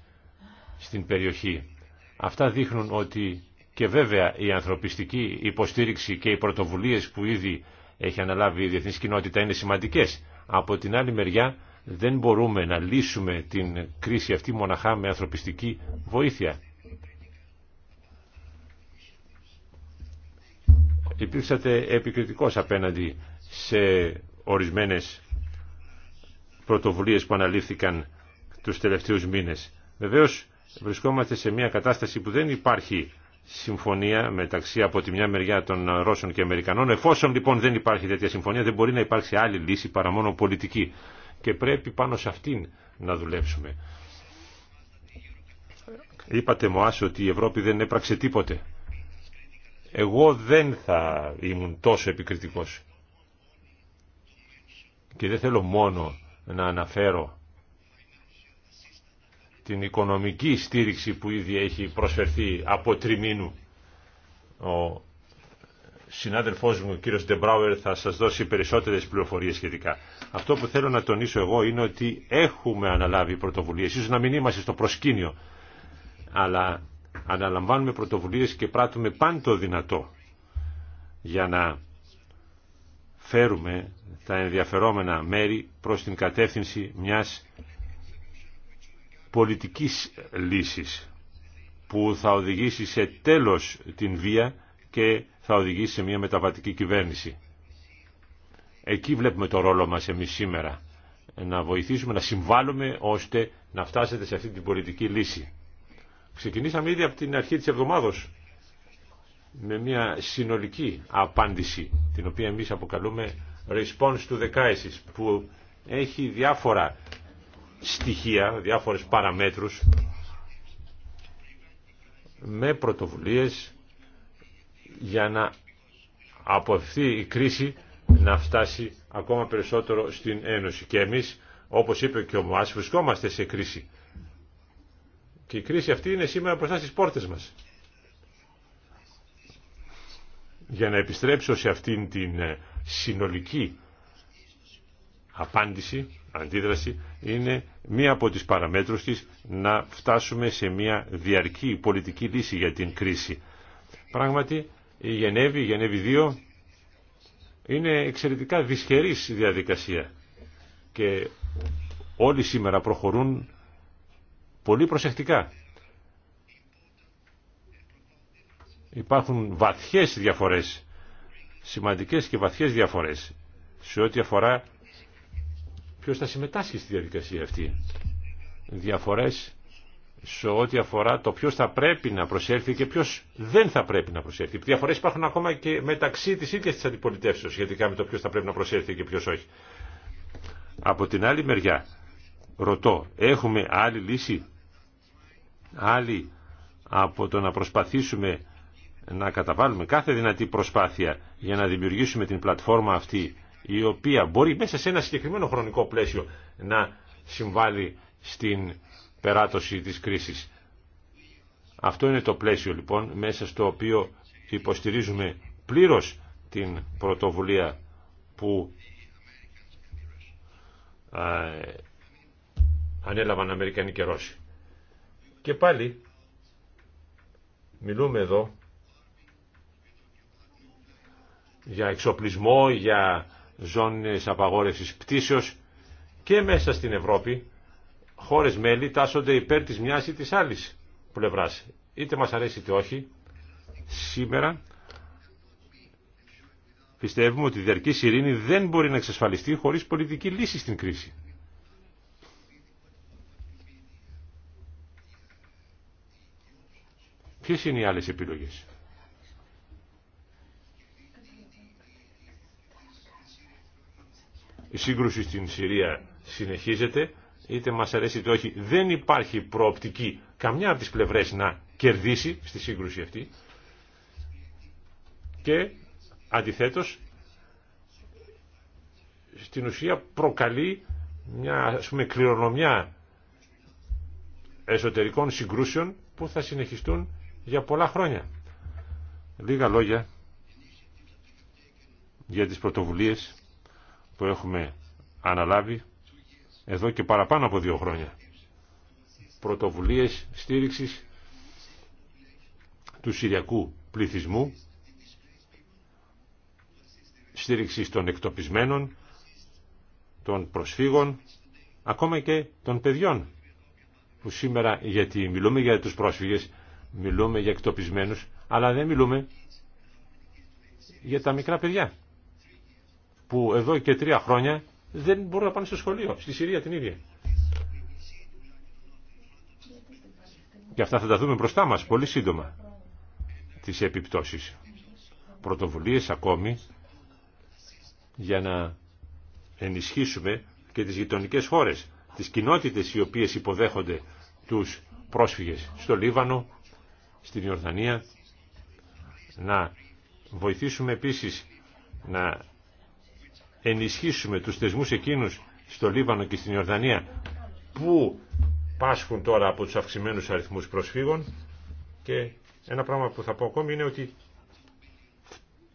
στην περιοχή. Αυτά δείχνουν ότι και βέβαια η ανθρωπιστική υποστήριξη και οι πρωτοβουλίες που ήδη έχει αναλάβει η διεθνής κοινότητα είναι σημαντικές. Από την άλλη μεριά δεν μπορούμε να λύσουμε την κρίση αυτή μοναχά με ανθρωπιστική βοήθεια. Υπήρξατε επικριτικός απέναντι σε ορισμένες πρωτοβουλίες που αναλύθηκαν τους τελευταίους μήνες. Βεβαίως βρισκόμαστε σε μια κατάσταση που δεν υπάρχει συμφωνία μεταξύ από τη μια μεριά των Ρώσων και Αμερικανών. Εφόσον λοιπόν δεν υπάρχει τέτοια συμφωνία δεν μπορεί να υπάρξει άλλη λύση παρά μόνο πολιτική και πρέπει πάνω σε αυτήν να δουλέψουμε. Είπατε Μωάς ότι η Ευρώπη δεν έπραξε τίποτε. Εγώ δεν θα ήμουν τόσο επικριτικός. Και δεν θέλω μόνο να αναφέρω την οικονομική στήριξη που ήδη έχει προσφερθεί από τριμήνου. Ο συνάδελφός μου, ο κύριος Ντεμπράουερ, θα σας δώσει περισσότερες πληροφορίες σχετικά. Αυτό που θέλω να τονίσω εγώ είναι ότι έχουμε αναλάβει πρωτοβουλίες, ίσως να μην είμαστε στο προσκήνιο, αλλά αναλαμβάνουμε πρωτοβουλίες και πράττουμε πάντο δυνατό για να φέρουμε τα ενδιαφερόμενα μέρη προς την κατεύθυνση μιας πολιτικής λύσης που θα οδηγήσει σε τέλος την βία και θα οδηγήσει σε μια μεταβατική κυβέρνηση. Εκεί βλέπουμε το ρόλο μας εμείς σήμερα. Να βοηθήσουμε, να συμβάλλουμε ώστε να φτάσετε σε αυτή την πολιτική λύση. Ξεκινήσαμε ήδη από την αρχή της εβδομάδος με μια συνολική απάντηση την οποία εμείς αποκαλούμε response to the crisis που έχει διάφορα στοιχεία, διάφορες παραμέτρους με πρωτοβουλίες για να αποφευθεί η κρίση να φτάσει ακόμα περισσότερο στην Ένωση. Και εμείς, όπως είπε και ο Μωάς, βρισκόμαστε σε κρίση. Και η κρίση αυτή είναι σήμερα μπροστά στις πόρτες μας. Για να επιστρέψω σε αυτήν την ε, συνολική απάντηση, αντίδραση είναι μία από τις παραμέτρους της να φτάσουμε σε μία διαρκή πολιτική λύση για την κρίση. Πράγματι, η Γενέβη, η Γενέβη 2, είναι εξαιρετικά δυσχερής διαδικασία και όλοι σήμερα προχωρούν πολύ προσεκτικά. Υπάρχουν βαθιές διαφορές, σημαντικές και βαθιές διαφορές σε ό,τι αφορά ποιος θα συμμετάσχει στη διαδικασία αυτή. Διαφορές σε ό,τι αφορά το ποιος θα πρέπει να προσέλθει και ποιος δεν θα πρέπει να προσέλθει. Διαφορές υπάρχουν ακόμα και μεταξύ της ίδιας της αντιπολιτεύσεως σχετικά με το ποιος θα πρέπει να προσέλθει και ποιος όχι. Από την άλλη μεριά, ρωτώ, έχουμε άλλη λύση, άλλη από το να προσπαθήσουμε να καταβάλουμε κάθε δυνατή προσπάθεια για να δημιουργήσουμε την πλατφόρμα αυτή η οποία μπορεί μέσα σε ένα συγκεκριμένο χρονικό πλαίσιο να συμβάλλει στην περάτωση της κρίσης. Αυτό είναι το πλαίσιο λοιπόν μέσα στο οποίο υποστηρίζουμε πλήρως την πρωτοβουλία που ανέλαβαν Αμερικανοί και Ρώσοι. Και πάλι μιλούμε εδώ για εξοπλισμό, για ζώνες απαγόρευσης πτήσεως και μέσα στην Ευρώπη χώρες μέλη τάσσονται υπέρ της μιας ή της άλλης πλευράς. Είτε μας αρέσει είτε όχι, σήμερα πιστεύουμε ότι η διαρκής ειρήνη δεν μπορεί να εξασφαλιστεί χωρίς πολιτική λύση στην κρίση. Ποιες είναι οι άλλες επιλογές. η σύγκρουση στην Συρία συνεχίζεται, είτε μας αρέσει είτε όχι, δεν υπάρχει προοπτική καμιά από τις πλευρές να κερδίσει στη σύγκρουση αυτή και αντιθέτως στην ουσία προκαλεί μια ας πούμε, κληρονομιά εσωτερικών συγκρούσεων που θα συνεχιστούν για πολλά χρόνια. Λίγα λόγια για τις πρωτοβουλίες που έχουμε αναλάβει εδώ και παραπάνω από δύο χρόνια. Πρωτοβουλίες στήριξης του συριακού πληθυσμού, στήριξης των εκτοπισμένων, των προσφύγων, ακόμα και των παιδιών, που σήμερα γιατί μιλούμε για τους πρόσφυγες, μιλούμε για εκτοπισμένους, αλλά δεν μιλούμε για τα μικρά παιδιά που εδώ και τρία χρόνια δεν μπορούν να πάνε στο σχολείο, στη Συρία την ίδια. Και αυτά θα τα δούμε μπροστά μας πολύ σύντομα, τις επιπτώσεις. Πρωτοβουλίες ακόμη για να ενισχύσουμε και τις γειτονικέ χώρες, τις κοινότητες οι οποίες υποδέχονται τους πρόσφυγες στο Λίβανο, στην Ιορδανία, να βοηθήσουμε επίσης να ενισχύσουμε τους θεσμούς εκείνους στο Λίβανο και στην Ιορδανία που πάσχουν τώρα από τους αυξημένους αριθμούς προσφύγων και ένα πράγμα που θα πω ακόμη είναι ότι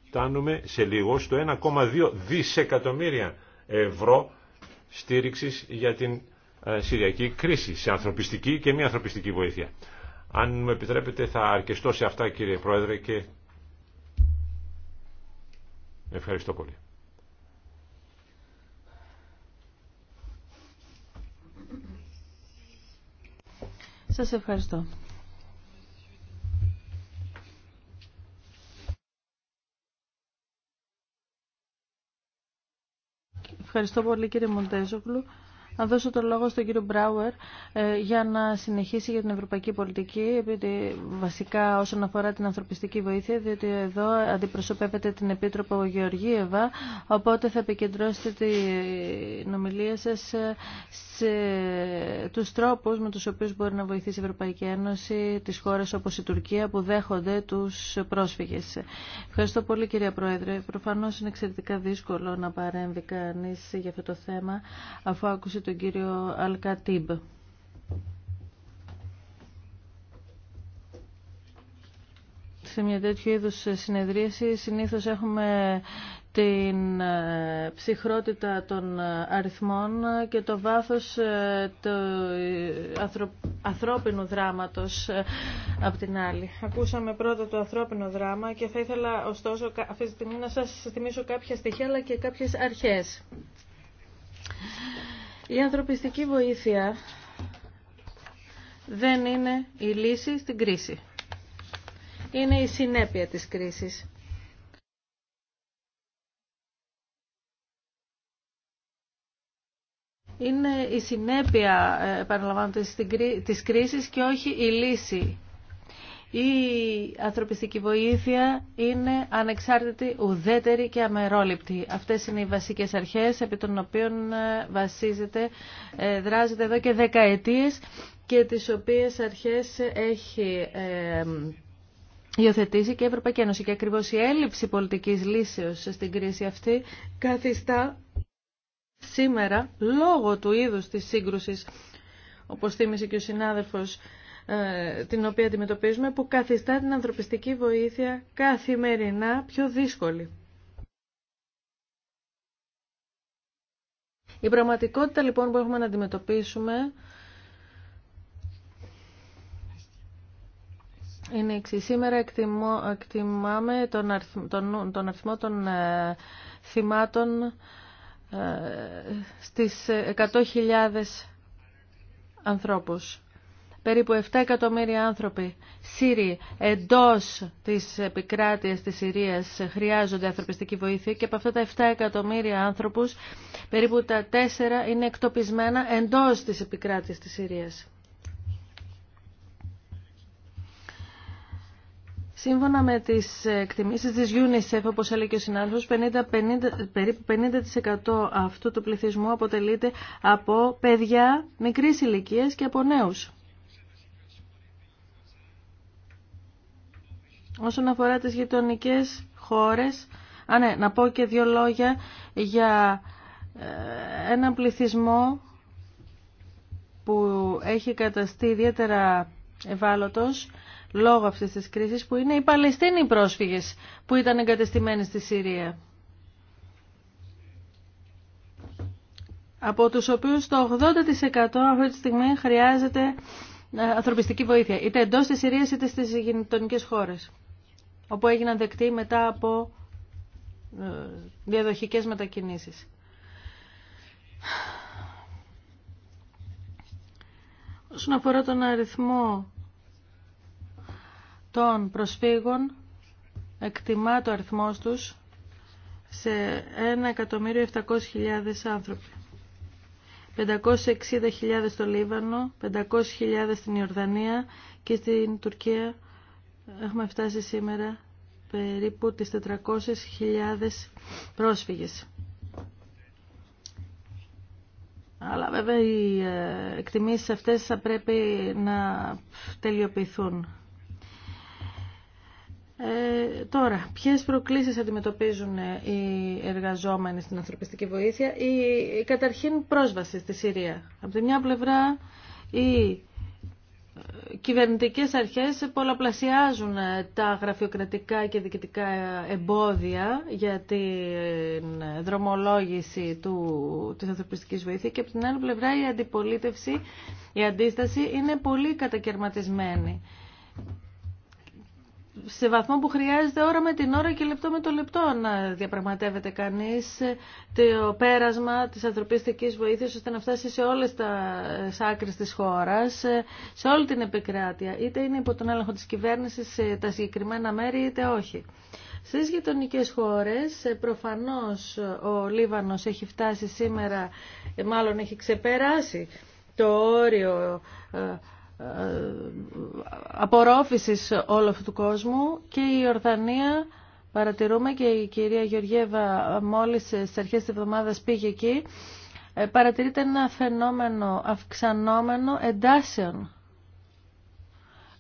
φτάνουμε σε λίγο στο 1,2 δισεκατομμύρια ευρώ στήριξης για την ε, Συριακή κρίση σε ανθρωπιστική και μη ανθρωπιστική βοήθεια. Αν μου επιτρέπετε θα αρκεστώ σε αυτά κύριε Πρόεδρε και ευχαριστώ πολύ. Σας ευχαριστώ. Ευχαριστώ πολύ κύριε Μοντέζογλου να δώσω το λόγο στον κύριο Μπράουερ ε, για να συνεχίσει για την ευρωπαϊκή πολιτική, επειδή βασικά όσον αφορά την ανθρωπιστική βοήθεια, διότι εδώ αντιπροσωπεύεται την Επίτροπο Γεωργίευα, οπότε θα επικεντρώσετε την ομιλία σας ε, σε τους τρόπους με τους οποίους μπορεί να βοηθήσει η Ευρωπαϊκή Ένωση τις χώρες όπως η Τουρκία που δέχονται τους πρόσφυγες. Ευχαριστώ πολύ κυρία Πρόεδρε. Προφανώς είναι εξαιρετικά δύσκολο να παρέμβει κανείς για αυτό το θέμα αφού άκουσε τον κύριο Αλκατίμπ. Σε μια τέτοιου είδου συνεδρίαση συνήθως έχουμε την ε, ψυχρότητα των ε, αριθμών και το βάθος ε, του ανθρώπινου δράματος από την άλλη. Ακούσαμε πρώτα το ανθρώπινο δράμα και θα ήθελα ωστόσο αυτή τη στιγμή να σας θυμίσω κάποια στοιχεία αλλά και κάποιες αρχές. Η ανθρωπιστική βοήθεια δεν είναι η λύση στην κρίση. Είναι η συνέπεια της κρίσης. Είναι η συνέπεια, ε, επαναλαμβάνω, της κρίσης και όχι η λύση η ανθρωπιστική βοήθεια είναι ανεξάρτητη, ουδέτερη και αμερόληπτη. Αυτές είναι οι βασικές αρχές επί των οποίων ε, βασίζεται, ε, δράζεται εδώ και δεκαετίες και τις οποίες αρχές έχει ε, υιοθετήσει και η Ευρωπαϊκή Ένωση. Και ακριβώς η έλλειψη πολιτικής λύσεως στην κρίση αυτή καθιστά σήμερα λόγω του είδους της σύγκρουσης όπως θύμισε και ο συνάδελφος ε, την οποία αντιμετωπίζουμε που καθιστά την ανθρωπιστική βοήθεια καθημερινά πιο δύσκολη. Η πραγματικότητα λοιπόν που έχουμε να αντιμετωπίσουμε είναι εξή. Σήμερα εκτιμάμε τον, αριθμό των ε, θυμάτων ε, στις 100.000 ανθρώπους περίπου 7 εκατομμύρια άνθρωποι Σύριοι εντός της επικράτειας της Συρίας χρειάζονται ανθρωπιστική βοήθεια και από αυτά τα 7 εκατομμύρια άνθρωπους περίπου τα 4 είναι εκτοπισμένα εντός της επικράτειας της Συρίας. Σύμφωνα με τις εκτιμήσεις της UNICEF, όπως έλεγε ο συνάδελφος, περίπου 50% αυτού του πληθυσμού αποτελείται από παιδιά μικρής ηλικίας και από νέους. Όσον αφορά τις γειτονικέ χώρες, α, ναι, να πω και δύο λόγια για ε, έναν πληθυσμό που έχει καταστεί ιδιαίτερα ευάλωτος λόγω αυτής της κρίσης που είναι οι Παλαιστίνοι πρόσφυγες που ήταν εγκατεστημένοι στη Συρία. Από τους οποίους το 80% αυτή τη στιγμή χρειάζεται ε, ανθρωπιστική βοήθεια είτε εντός της Συρίας είτε στις γειτονικές χώρες όπου έγιναν δεκτοί μετά από ε, διαδοχικές μετακινήσεις. Όσον αφορά τον αριθμό των προσφύγων, εκτιμά το αριθμός τους σε 1.700.000 άνθρωποι. 560.000 στο Λίβανο, 500.000 στην Ιορδανία και στην Τουρκία έχουμε φτάσει σήμερα περίπου τις 400.000 πρόσφυγες. Αλλά βέβαια οι ε, εκτιμήσεις αυτές θα πρέπει να τελειοποιηθούν. Ε, τώρα, ποιες προκλήσεις αντιμετωπίζουν ε, οι εργαζόμενοι στην ανθρωπιστική βοήθεια ή καταρχήν πρόσβαση στη Συρία. Από τη μια πλευρά η κυβερνητικές αρχές πολλαπλασιάζουν τα γραφειοκρατικά και διοικητικά εμπόδια για την δρομολόγηση του, της ανθρωπιστικής βοήθειας και από την άλλη πλευρά η αντιπολίτευση, η αντίσταση είναι πολύ κατακαιρματισμένη σε βαθμό που χρειάζεται ώρα με την ώρα και λεπτό με το λεπτό να διαπραγματεύεται κανείς ε, το πέρασμα της ανθρωπιστικής βοήθειας ώστε να φτάσει σε όλες τα ε, άκρες της χώρας, ε, σε όλη την επικράτεια. Είτε είναι υπό τον έλεγχο της κυβέρνησης σε τα συγκεκριμένα μέρη είτε όχι. Στις γειτονικέ χώρες, προφανώς ο Λίβανος έχει φτάσει σήμερα, μάλλον έχει ξεπεράσει το όριο ε, απορρόφησης όλου αυτού του κόσμου και η Ορδανία παρατηρούμε και η κυρία Γεωργίευα μόλις ε, στις αρχές της εβδομάδας πήγε εκεί ε, παρατηρείται ένα φαινόμενο αυξανόμενο εντάσεων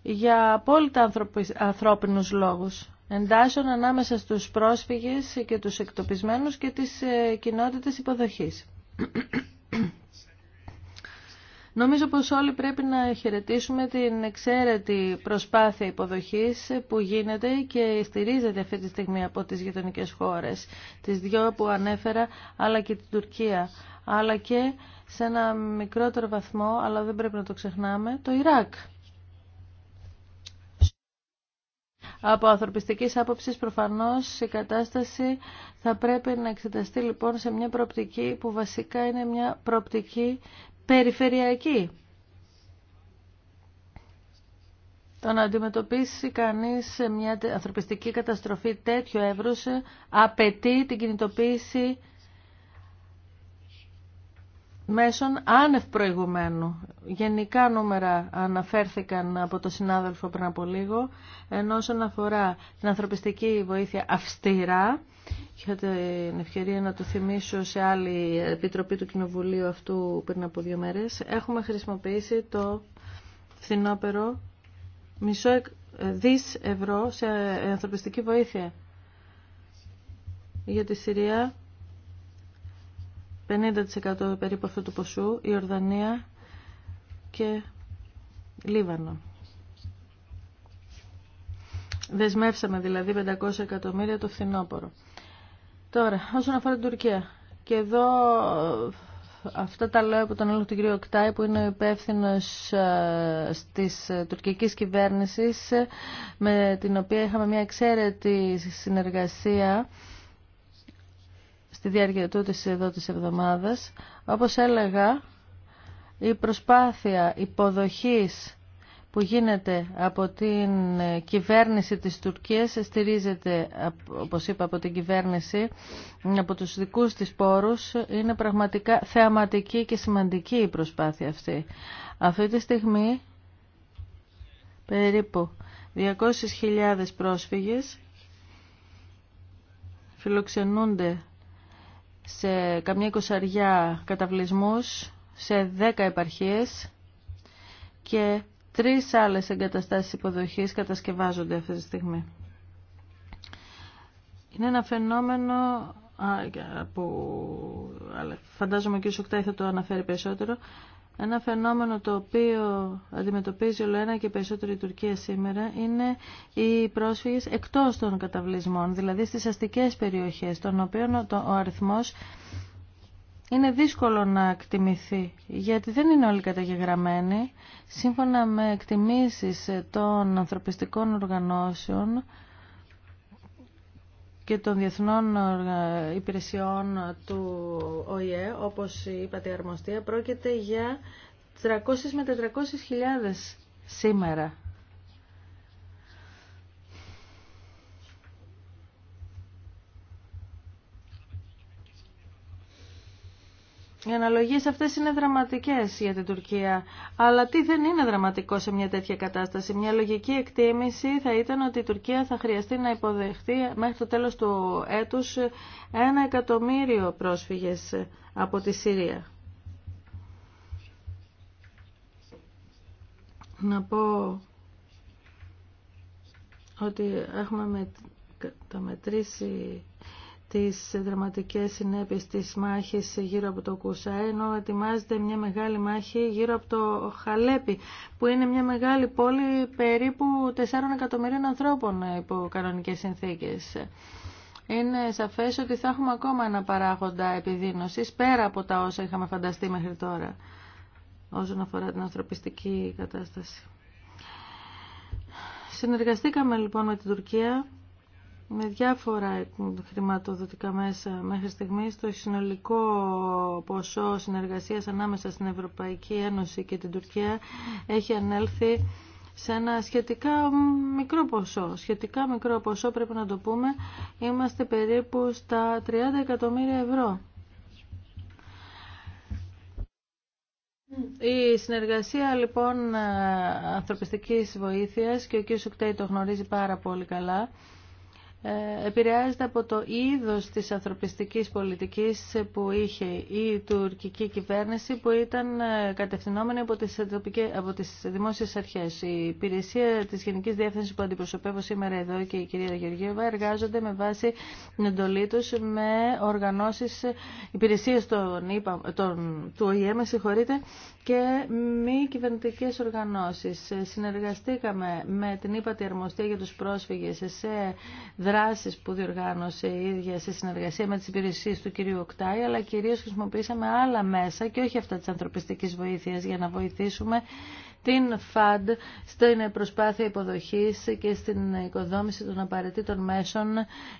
για απόλυτα ανθρώπινους λόγους εντάσεων ανάμεσα στους πρόσφυγες και τους εκτοπισμένους και τις κοινότητες υποδοχής. Νομίζω πως όλοι πρέπει να χαιρετήσουμε την εξαίρετη προσπάθεια υποδοχής που γίνεται και στηρίζεται αυτή τη στιγμή από τις γειτονικέ χώρες, τις δυο που ανέφερα, αλλά και την Τουρκία, αλλά και σε ένα μικρότερο βαθμό, αλλά δεν πρέπει να το ξεχνάμε, το Ιράκ. Από ανθρωπιστικής άποψης προφανώς η κατάσταση θα πρέπει να εξεταστεί λοιπόν σε μια προοπτική που βασικά είναι μια προοπτική περιφερειακή. Το να αντιμετωπίσει κανείς μια ανθρωπιστική καταστροφή τέτοιο εύρους ε, απαιτεί την κινητοποίηση μέσων άνευ προηγουμένου. Γενικά νούμερα αναφέρθηκαν από το συνάδελφο πριν από λίγο, ενώ όσον αφορά την ανθρωπιστική βοήθεια αυστηρά, είχα την ευκαιρία να το θυμίσω σε άλλη επιτροπή του Κοινοβουλίου αυτού πριν από δύο μέρες, έχουμε χρησιμοποιήσει το φθινόπερο μισό δις ευρώ σε ανθρωπιστική βοήθεια για τη Συρία 50% περίπου αυτού του ποσού, η Ορδανία και Λίβανο. Δεσμεύσαμε δηλαδή 500 εκατομμύρια το φθινόπωρο. Τώρα, όσον αφορά την Τουρκία. Και εδώ αυτά τα λέω από τον έλεγχο του κ. Οκτάη που είναι ο υπεύθυνο τη τουρκική κυβέρνηση, με την οποία είχαμε μια εξαίρετη συνεργασία στη διάρκεια τούτης εδώ της εβδομάδας. Όπως έλεγα, η προσπάθεια υποδοχής που γίνεται από την κυβέρνηση της Τουρκίας στηρίζεται, όπως είπα, από την κυβέρνηση, από τους δικούς της πόρους. Είναι πραγματικά θεαματική και σημαντική η προσπάθεια αυτή. Αυτή τη στιγμή περίπου 200.000 πρόσφυγες φιλοξενούνται σε καμιά εικοσαριά καταβλισμούς σε δέκα επαρχίες και τρεις άλλες εγκαταστάσεις υποδοχής κατασκευάζονται αυτή τη στιγμή. Είναι ένα φαινόμενο που φαντάζομαι και ο Σοκτάι θα το αναφέρει περισσότερο, ένα φαινόμενο το οποίο αντιμετωπίζει ολοένα και περισσότερο η Τουρκία σήμερα είναι οι πρόσφυγες εκτός των καταβλισμών, δηλαδή στις αστικές περιοχές, των οποίων ο αριθμός είναι δύσκολο να εκτιμηθεί, γιατί δεν είναι όλοι καταγεγραμμένοι. Σύμφωνα με εκτιμήσεις των ανθρωπιστικών οργανώσεων, και των διεθνών ε, υπηρεσιών του ΟΗΕ, όπως είπατε η αρμοστία, πρόκειται για 300 με 400 χιλιάδες σήμερα Οι αναλογίες αυτές είναι δραματικές για την Τουρκία. Αλλά τι δεν είναι δραματικό σε μια τέτοια κατάσταση. Μια λογική εκτίμηση θα ήταν ότι η Τουρκία θα χρειαστεί να υποδεχτεί μέχρι το τέλος του έτους ένα εκατομμύριο πρόσφυγες από τη Συρία. Να πω ότι έχουμε μετρήσει τις δραματικές συνέπειες της μάχης γύρω από το Κούσα, ενώ ετοιμάζεται μια μεγάλη μάχη γύρω από το Χαλέπι, που είναι μια μεγάλη πόλη περίπου 4 εκατομμυρίων ανθρώπων υπό κανονικές συνθήκες. Είναι σαφές ότι θα έχουμε ακόμα ένα παράγοντα επιδείνωσης πέρα από τα όσα είχαμε φανταστεί μέχρι τώρα όσον αφορά την ανθρωπιστική κατάσταση. Συνεργαστήκαμε λοιπόν με την Τουρκία με διάφορα χρηματοδοτικά μέσα μέχρι στιγμής το συνολικό ποσό συνεργασίας ανάμεσα στην Ευρωπαϊκή Ένωση και την Τουρκία έχει ανέλθει σε ένα σχετικά μικρό ποσό. Σχετικά μικρό ποσό πρέπει να το πούμε. Είμαστε περίπου στα 30 εκατομμύρια ευρώ. Η συνεργασία λοιπόν ανθρωπιστικής βοήθειας και ο κ. Σουκτέι το γνωρίζει πάρα πολύ καλά ε, επηρεάζεται από το είδος της ανθρωπιστικής πολιτικής που είχε η τουρκική κυβέρνηση που ήταν ε, κατευθυνόμενη από τις, από τις δημόσιες αρχές. Η υπηρεσία της Γενικής Διεύθυνσης που αντιπροσωπεύω σήμερα εδώ και η κυρία Γεωργίευα εργάζονται με βάση την εντολή τους με οργανώσεις υπηρεσίες των, των, του ΟΗΕ, και μη κυβερνητικέ οργανώσεις. Συνεργαστήκαμε με την ύπατη αρμοστία για τους πρόσφυγες σε δράσεις που διοργάνωσε η ίδια σε συνεργασία με τις υπηρεσίες του κυρίου Οκτάη, αλλά κυρίως χρησιμοποίησαμε άλλα μέσα και όχι αυτά τη ανθρωπιστική βοήθεια, για να βοηθήσουμε την ΦΑΝΤ στην προσπάθεια υποδοχής και στην οικοδόμηση των απαραίτητων μέσων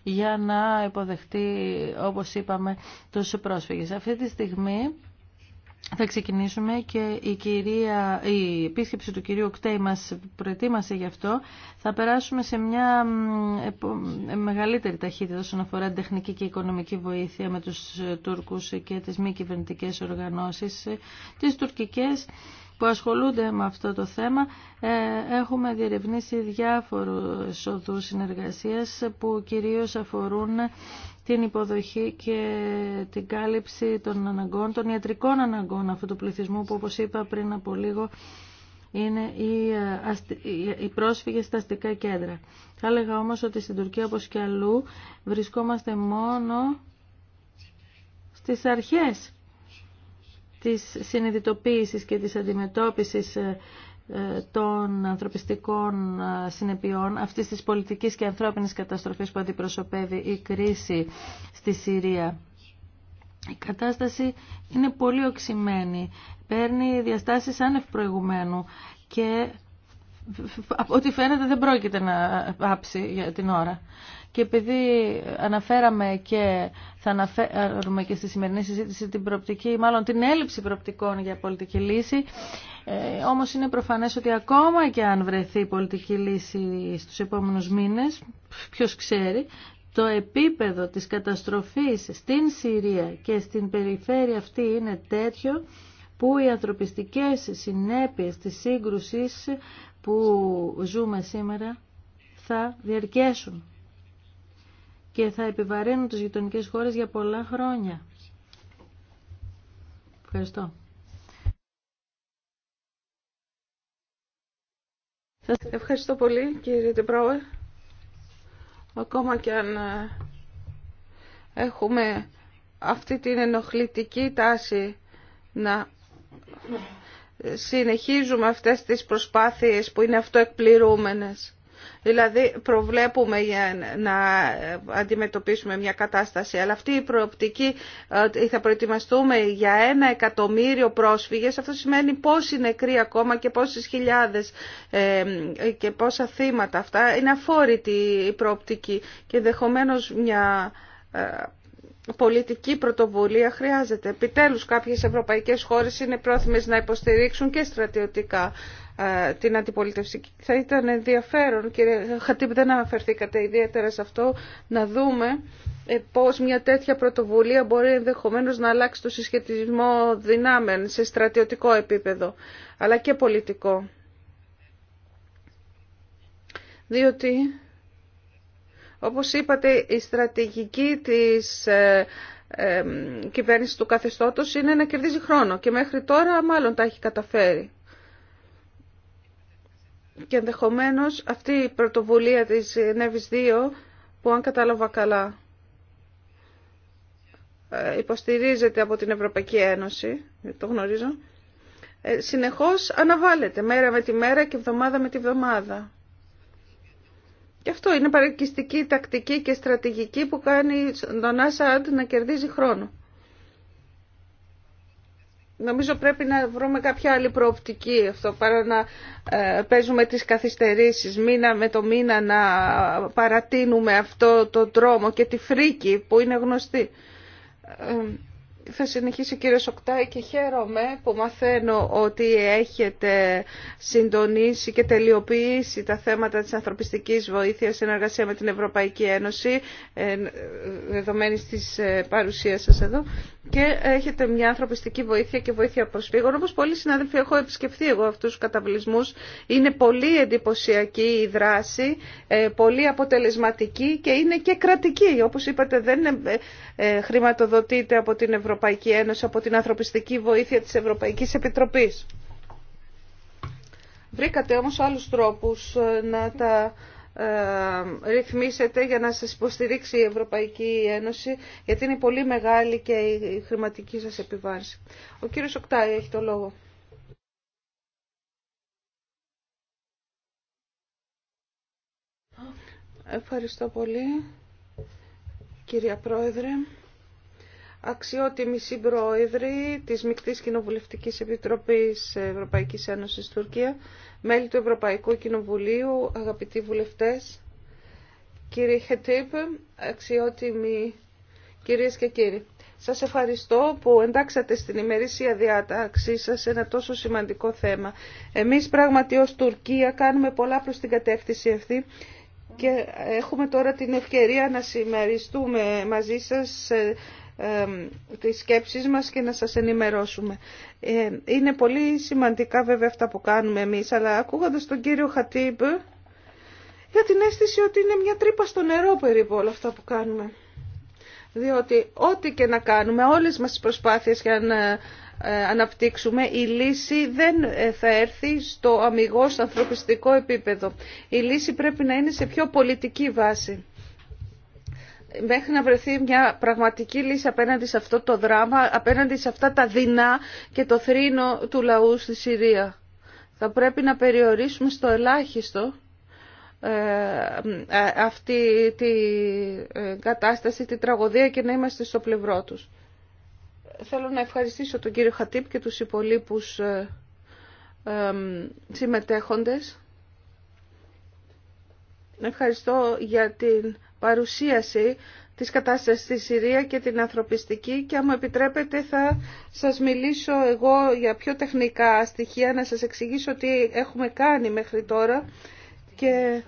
για να υποδεχτεί, όπως είπαμε, τους πρόσφυγες. Αυτή τη στιγμή θα ξεκινήσουμε και η, κυρία, η επίσκεψη του κυρίου Κτέη μας προετοίμασε γι' αυτό. Θα περάσουμε σε μια ε, μεγαλύτερη ταχύτητα όσον αφορά την τεχνική και οικονομική βοήθεια με τους ε, Τούρκους και τις μη κυβερνητικέ οργανώσεις, ε, τις τουρκικές που ασχολούνται με αυτό το θέμα. Έχουμε διερευνήσει διάφορους οδούς συνεργασίας που κυρίως αφορούν την υποδοχή και την κάλυψη των αναγκών, των ιατρικών αναγκών αυτού του πληθυσμού που όπως είπα πριν από λίγο είναι οι, αστι... οι πρόσφυγες στα αστικά κέντρα. Θα έλεγα όμως ότι στην Τουρκία όπως και αλλού βρισκόμαστε μόνο στις αρχές της συνειδητοποίησης και της αντιμετώπισης ε, ε, των ανθρωπιστικών ε, συνεπειών αυτής της πολιτικής και ανθρώπινης καταστροφής που αντιπροσωπεύει η κρίση στη Συρία. Η κατάσταση είναι πολύ οξυμένη, παίρνει διαστάσεις άνευ προηγουμένου και από ό,τι φαίνεται δεν πρόκειται να πάψει για την ώρα. Και επειδή αναφέραμε και θα αναφέρουμε και στη σημερινή συζήτηση την προοπτική, μάλλον την έλλειψη προοπτικών για πολιτική λύση, ε, όμως είναι προφανές ότι ακόμα και αν βρεθεί πολιτική λύση στους επόμενους μήνες, ποιος ξέρει, το επίπεδο της καταστροφής στην Συρία και στην περιφέρεια αυτή είναι τέτοιο που οι ανθρωπιστικές συνέπειες της σύγκρουσης που ζούμε σήμερα θα διαρκέσουν και θα επιβαρύνουν τις γειτονικές χώρες για πολλά χρόνια. Ευχαριστώ. Ευχαριστώ πολύ κύριε Τιμπρόε. Ακόμα και αν ε, έχουμε αυτή την ενοχλητική τάση να συνεχίζουμε αυτές τις προσπάθειες που είναι αυτοεκπληρούμενες. Δηλαδή προβλέπουμε για να αντιμετωπίσουμε μια κατάσταση, αλλά αυτή η προοπτική ότι ε, θα προετοιμαστούμε για ένα εκατομμύριο πρόσφυγες, αυτό σημαίνει πόσοι νεκροί ακόμα και πόσες χιλιάδες ε, και πόσα θύματα αυτά. Είναι αφόρητη η προοπτική και ενδεχομένω μια ε, πολιτική πρωτοβουλία χρειάζεται. Επιτέλους κάποιες ευρωπαϊκές χώρες είναι πρόθυμες να υποστηρίξουν και στρατιωτικά ε, την αντιπολιτευτική. Θα ήταν ενδιαφέρον, κύριε Χατύπ, δεν αναφερθήκατε ιδιαίτερα σε αυτό, να δούμε ε, πώς μια τέτοια πρωτοβουλία μπορεί ενδεχομένως να αλλάξει το συσχετισμό δυνάμεων σε στρατιωτικό επίπεδο, αλλά και πολιτικό. Διότι, όπως είπατε, η στρατηγική της ε, κυβέρνησης του καθεστώτος είναι να κερδίζει χρόνο και μέχρι τώρα μάλλον τα έχει καταφέρει και ενδεχομένως αυτή η πρωτοβουλία της ΝΕΒΙΣ 2 που αν κατάλαβα καλά ε, υποστηρίζεται από την Ευρωπαϊκή Ένωση, το γνωρίζω, ε, συνεχώς αναβάλλεται μέρα με τη μέρα και εβδομάδα με τη εβδομάδα. Και αυτό είναι παρακιστική τακτική και στρατηγική που κάνει τον Άσαντ να κερδίζει χρόνο. Νομίζω πρέπει να βρούμε κάποια άλλη προοπτική αυτό παρά να ε, παίζουμε τις καθυστερήσεις μήνα με το μήνα να παρατείνουμε αυτό το τρόμο και τη φρίκη που είναι γνωστή. Ε, θα συνεχίσει ο κύριος Οκτάη και χαίρομαι που μαθαίνω ότι έχετε συντονίσει και τελειοποιήσει τα θέματα της ανθρωπιστικής βοήθειας συνεργασία με την Ευρωπαϊκή Ένωση ε, δεδομένης της ε, παρουσίας σας εδώ και έχετε μια ανθρωπιστική βοήθεια και βοήθεια προσφύγων. Όπω πολλοί συνάδελφοι έχω επισκεφθεί εγώ αυτούς του καταβλισμού. Είναι πολύ εντυπωσιακή η δράση, ε, πολύ αποτελεσματική και είναι και κρατική. Όπως είπατε δεν ε, ε, χρηματοδοτείται από την Ευρωπαϊκή Ένωση, από την ανθρωπιστική βοήθεια της Ευρωπαϊκή Επιτροπή. Βρήκατε όμως άλλους τρόπους να τα ε, ρυθμίσετε για να σας υποστηρίξει η Ευρωπαϊκή Ένωση, γιατί είναι πολύ μεγάλη και η χρηματική σας επιβάρυνση. Ο κύριος Οκτάη έχει το λόγο. Ευχαριστώ πολύ, κυρία Πρόεδρε. Αξιότιμη συμπρόεδρη της Μικτής Κοινοβουλευτικής Επιτροπής Ευρωπαϊκής Ένωσης Τουρκία, μέλη του Ευρωπαϊκού Κοινοβουλίου, αγαπητοί βουλευτές, κύριε Χετύπ, αξιότιμοι κυρίες και κύριοι. Σας ευχαριστώ που εντάξατε στην ημερήσια διάταξή σας ένα τόσο σημαντικό θέμα. Εμείς πράγματι ως Τουρκία κάνουμε πολλά προς την κατεύθυνση αυτή και έχουμε τώρα την ευκαιρία να συμμεριστούμε μαζί σας τις σκέψεις μας και να σας ενημερώσουμε. Ε, είναι πολύ σημαντικά βέβαια αυτά που κάνουμε εμείς, αλλά ακούγοντας τον κύριο Χατίμπ, για την αίσθηση ότι είναι μια τρύπα στο νερό περίπου όλα αυτά που κάνουμε. Διότι ό,τι και να κάνουμε, όλες μας τις προσπάθειες για να ε, αναπτύξουμε, η λύση δεν ε, θα έρθει στο αμυγός ανθρωπιστικό επίπεδο. Η λύση πρέπει να είναι σε πιο πολιτική βάση μέχρι να βρεθεί μια πραγματική λύση απέναντι σε αυτό το δράμα, απέναντι σε αυτά τα δεινά και το θρήνο του λαού στη Συρία. Θα πρέπει να περιορίσουμε στο ελάχιστο ε, ε, αυτή τη ε, κατάσταση, τη τραγωδία και να είμαστε στο πλευρό τους. Θέλω να ευχαριστήσω τον κύριο Χατύπ και τους υπολείπους συμμετέχοντες. Ευχαριστώ για την παρουσίαση της κατάστασης στη Συρία και την ανθρωπιστική και αν μου επιτρέπετε θα σας μιλήσω εγώ για πιο τεχνικά στοιχεία, να σας εξηγήσω τι έχουμε κάνει μέχρι τώρα και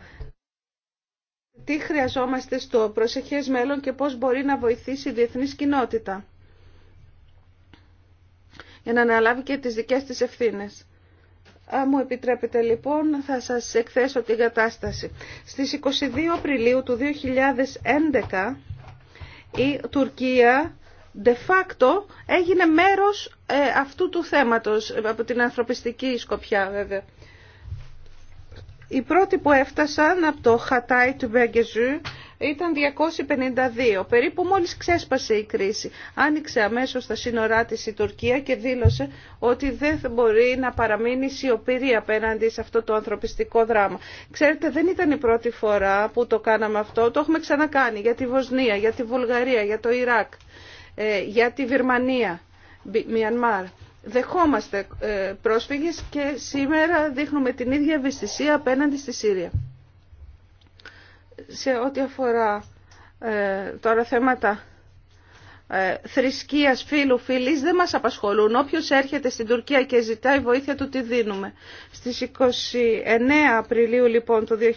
τι χρειαζόμαστε στο προσεχές μέλλον και πώς μπορεί να βοηθήσει η διεθνής κοινότητα για να αναλάβει και τις δικές της ευθύνες. Αν μου επιτρέπετε λοιπόν θα σας εκθέσω την κατάσταση. Στις 22 Απριλίου του 2011 η Τουρκία de facto έγινε μέρος ε, αυτού του θέματος ε, από την ανθρωπιστική σκοπιά βέβαια. Οι πρώτοι που έφτασαν από το Χατάι του Μπεγκεζού ήταν 252. Περίπου μόλις ξέσπασε η κρίση. Άνοιξε αμέσως τα σύνορά της η Τουρκία και δήλωσε ότι δεν μπορεί να παραμείνει σιωπηρή απέναντι σε αυτό το ανθρωπιστικό δράμα. Ξέρετε, δεν ήταν η πρώτη φορά που το κάναμε αυτό. Το έχουμε ξανακάνει για τη Βοσνία, για τη Βουλγαρία, για το Ιράκ, ε, για τη Βυρμανία, Μιανμάρ δεχόμαστε ε, πρόσφυγες και σήμερα δείχνουμε την ίδια ευαισθησία απέναντι στη Σύρια σε ό,τι αφορά ε, τώρα θέματα ε, θρησκείας, φίλου, φίλης δεν μας απασχολούν. Όποιος έρχεται στην Τουρκία και ζητάει βοήθεια του τη δίνουμε. Στις 29 Απριλίου λοιπόν του 2011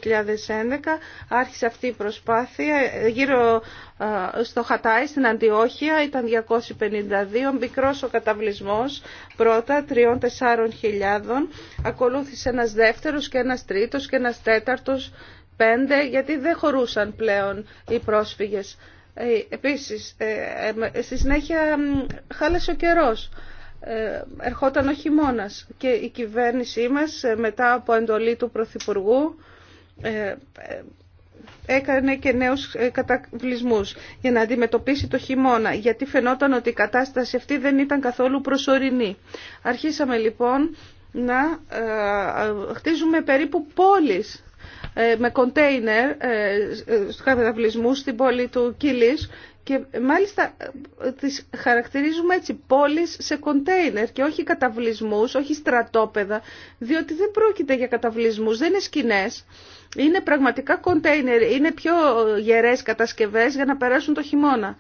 άρχισε αυτή η προσπάθεια γύρω ε, στο Χατάι στην Αντιόχεια ήταν 252 μικρός ο καταβλισμός πρώτα 3-4 χιλιάδων ακολούθησε ένας δεύτερος και ένας τρίτος και ένας τέταρτος γιατί δεν χωρούσαν πλέον οι πρόσφυγες. Ε, επίσης, ε, ε, στη συνέχεια χάλασε ο καιρός. Ερχόταν ο χειμώνας και η κυβέρνησή μας μετά από εντολή του Πρωθυπουργού έκανε και νέους καταβλισμούς για να αντιμετωπίσει το χειμώνα γιατί φαινόταν ότι η κατάσταση αυτή δεν ήταν καθόλου προσωρινή. Αρχίσαμε λοιπόν να χτίζουμε περίπου πόλεις ε, με κοντέινερ ε, στους καταβλισμούς στην πόλη του Κιλής και μάλιστα ε, τις χαρακτηρίζουμε έτσι πόλεις σε κοντέινερ και όχι καταβλισμούς, όχι στρατόπεδα, διότι δεν πρόκειται για καταβλισμούς, δεν είναι σκηνές. Είναι πραγματικά κοντέινερ, είναι πιο γερές κατασκευές για να περάσουν το χειμώνα.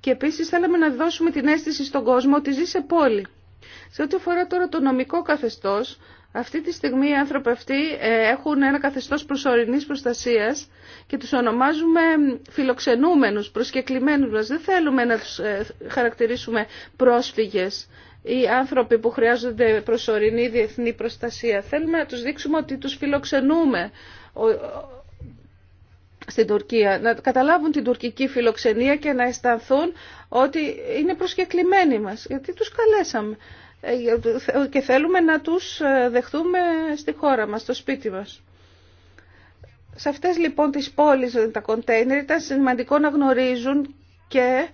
Και επίσης θέλαμε να δώσουμε την αίσθηση στον κόσμο ότι ζει σε πόλη. Σε ό,τι αφορά τώρα το νομικό καθεστώς, αυτή τη στιγμή οι άνθρωποι αυτοί ε, έχουν ένα καθεστώς προσωρινής προστασίας και τους ονομάζουμε φιλοξενούμενους, προσκεκλημένους μας. Δεν θέλουμε να τους ε, χαρακτηρίσουμε πρόσφυγες οι άνθρωποι που χρειάζονται προσωρινή διεθνή προστασία. Θέλουμε να τους δείξουμε ότι τους φιλοξενούμε στην Τουρκία, να καταλάβουν την τουρκική φιλοξενία και να αισθανθούν ότι είναι προσκεκλημένοι μας, γιατί τους καλέσαμε. Ε, και θέλουμε να τους ε, δεχτούμε στη χώρα μας, στο σπίτι μας. Σε αυτές λοιπόν τις πόλεις τα κοντέινερ ήταν σημαντικό να γνωρίζουν και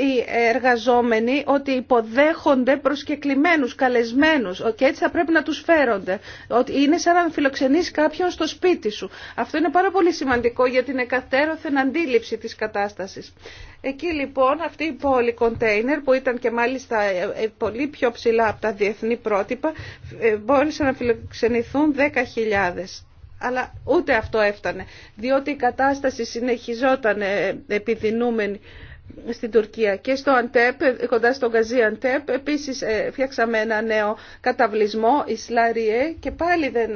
οι εργαζόμενοι ότι υποδέχονται προσκεκλημένους, καλεσμένους και έτσι θα πρέπει να τους φέρονται. Ότι είναι σαν να φιλοξενείς κάποιον στο σπίτι σου. Αυτό είναι πάρα πολύ σημαντικό για την εκατέρωθεν αντίληψη της κατάστασης. Εκεί λοιπόν αυτή η πόλη κοντέινερ που ήταν και μάλιστα ε, ε, πολύ πιο ψηλά από τα διεθνή πρότυπα ε, μπόρεσαν να φιλοξενηθούν 10.000 αλλά ούτε αυτό έφτανε, διότι η κατάσταση συνεχιζόταν επιδεινούμενη στην Τουρκία και στο Αντέπ, κοντά στο Γκαζί Αντέπ, επίσης ε, φτιάξαμε ένα νέο καταβλισμό, Ισλάριε, και πάλι δεν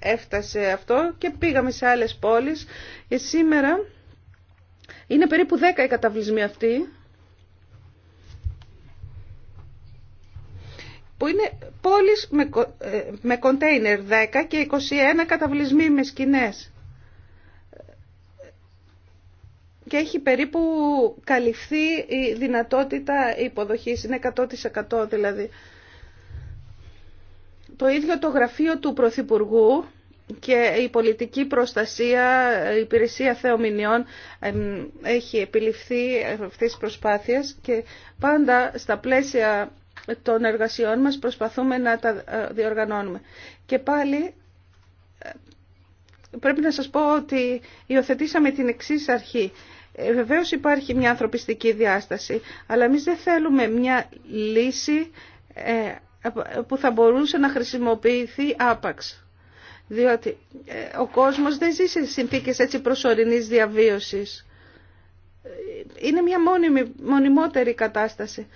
έφτασε αυτό και πήγαμε σε άλλες πόλεις και σήμερα είναι περίπου 10 οι καταβλισμοί αυτοί που είναι πόλεις με, ε, με κοντέινερ 10 και 21 καταβλισμοί με σκηνές. και έχει περίπου καλυφθεί η δυνατότητα υποδοχής, είναι 100% δηλαδή. Το ίδιο το γραφείο του Πρωθυπουργού και η πολιτική προστασία, η υπηρεσία θεομηνιών έχει επιληφθεί αυτής της προσπάθειας και πάντα στα πλαίσια των εργασιών μας προσπαθούμε να τα ε, διοργανώνουμε. Και πάλι ε, πρέπει να σας πω ότι υιοθετήσαμε την εξής αρχή. Ε, Βεβαίω υπάρχει μια ανθρωπιστική διάσταση, αλλά εμεί δεν θέλουμε μια λύση ε, που θα μπορούσε να χρησιμοποιηθεί άπαξ. Διότι ε, ο κόσμος δεν ζει σε συνθήκες έτσι προσωρινής διαβίωσης. Είναι μια μόνιμη, μονιμότερη κατάσταση.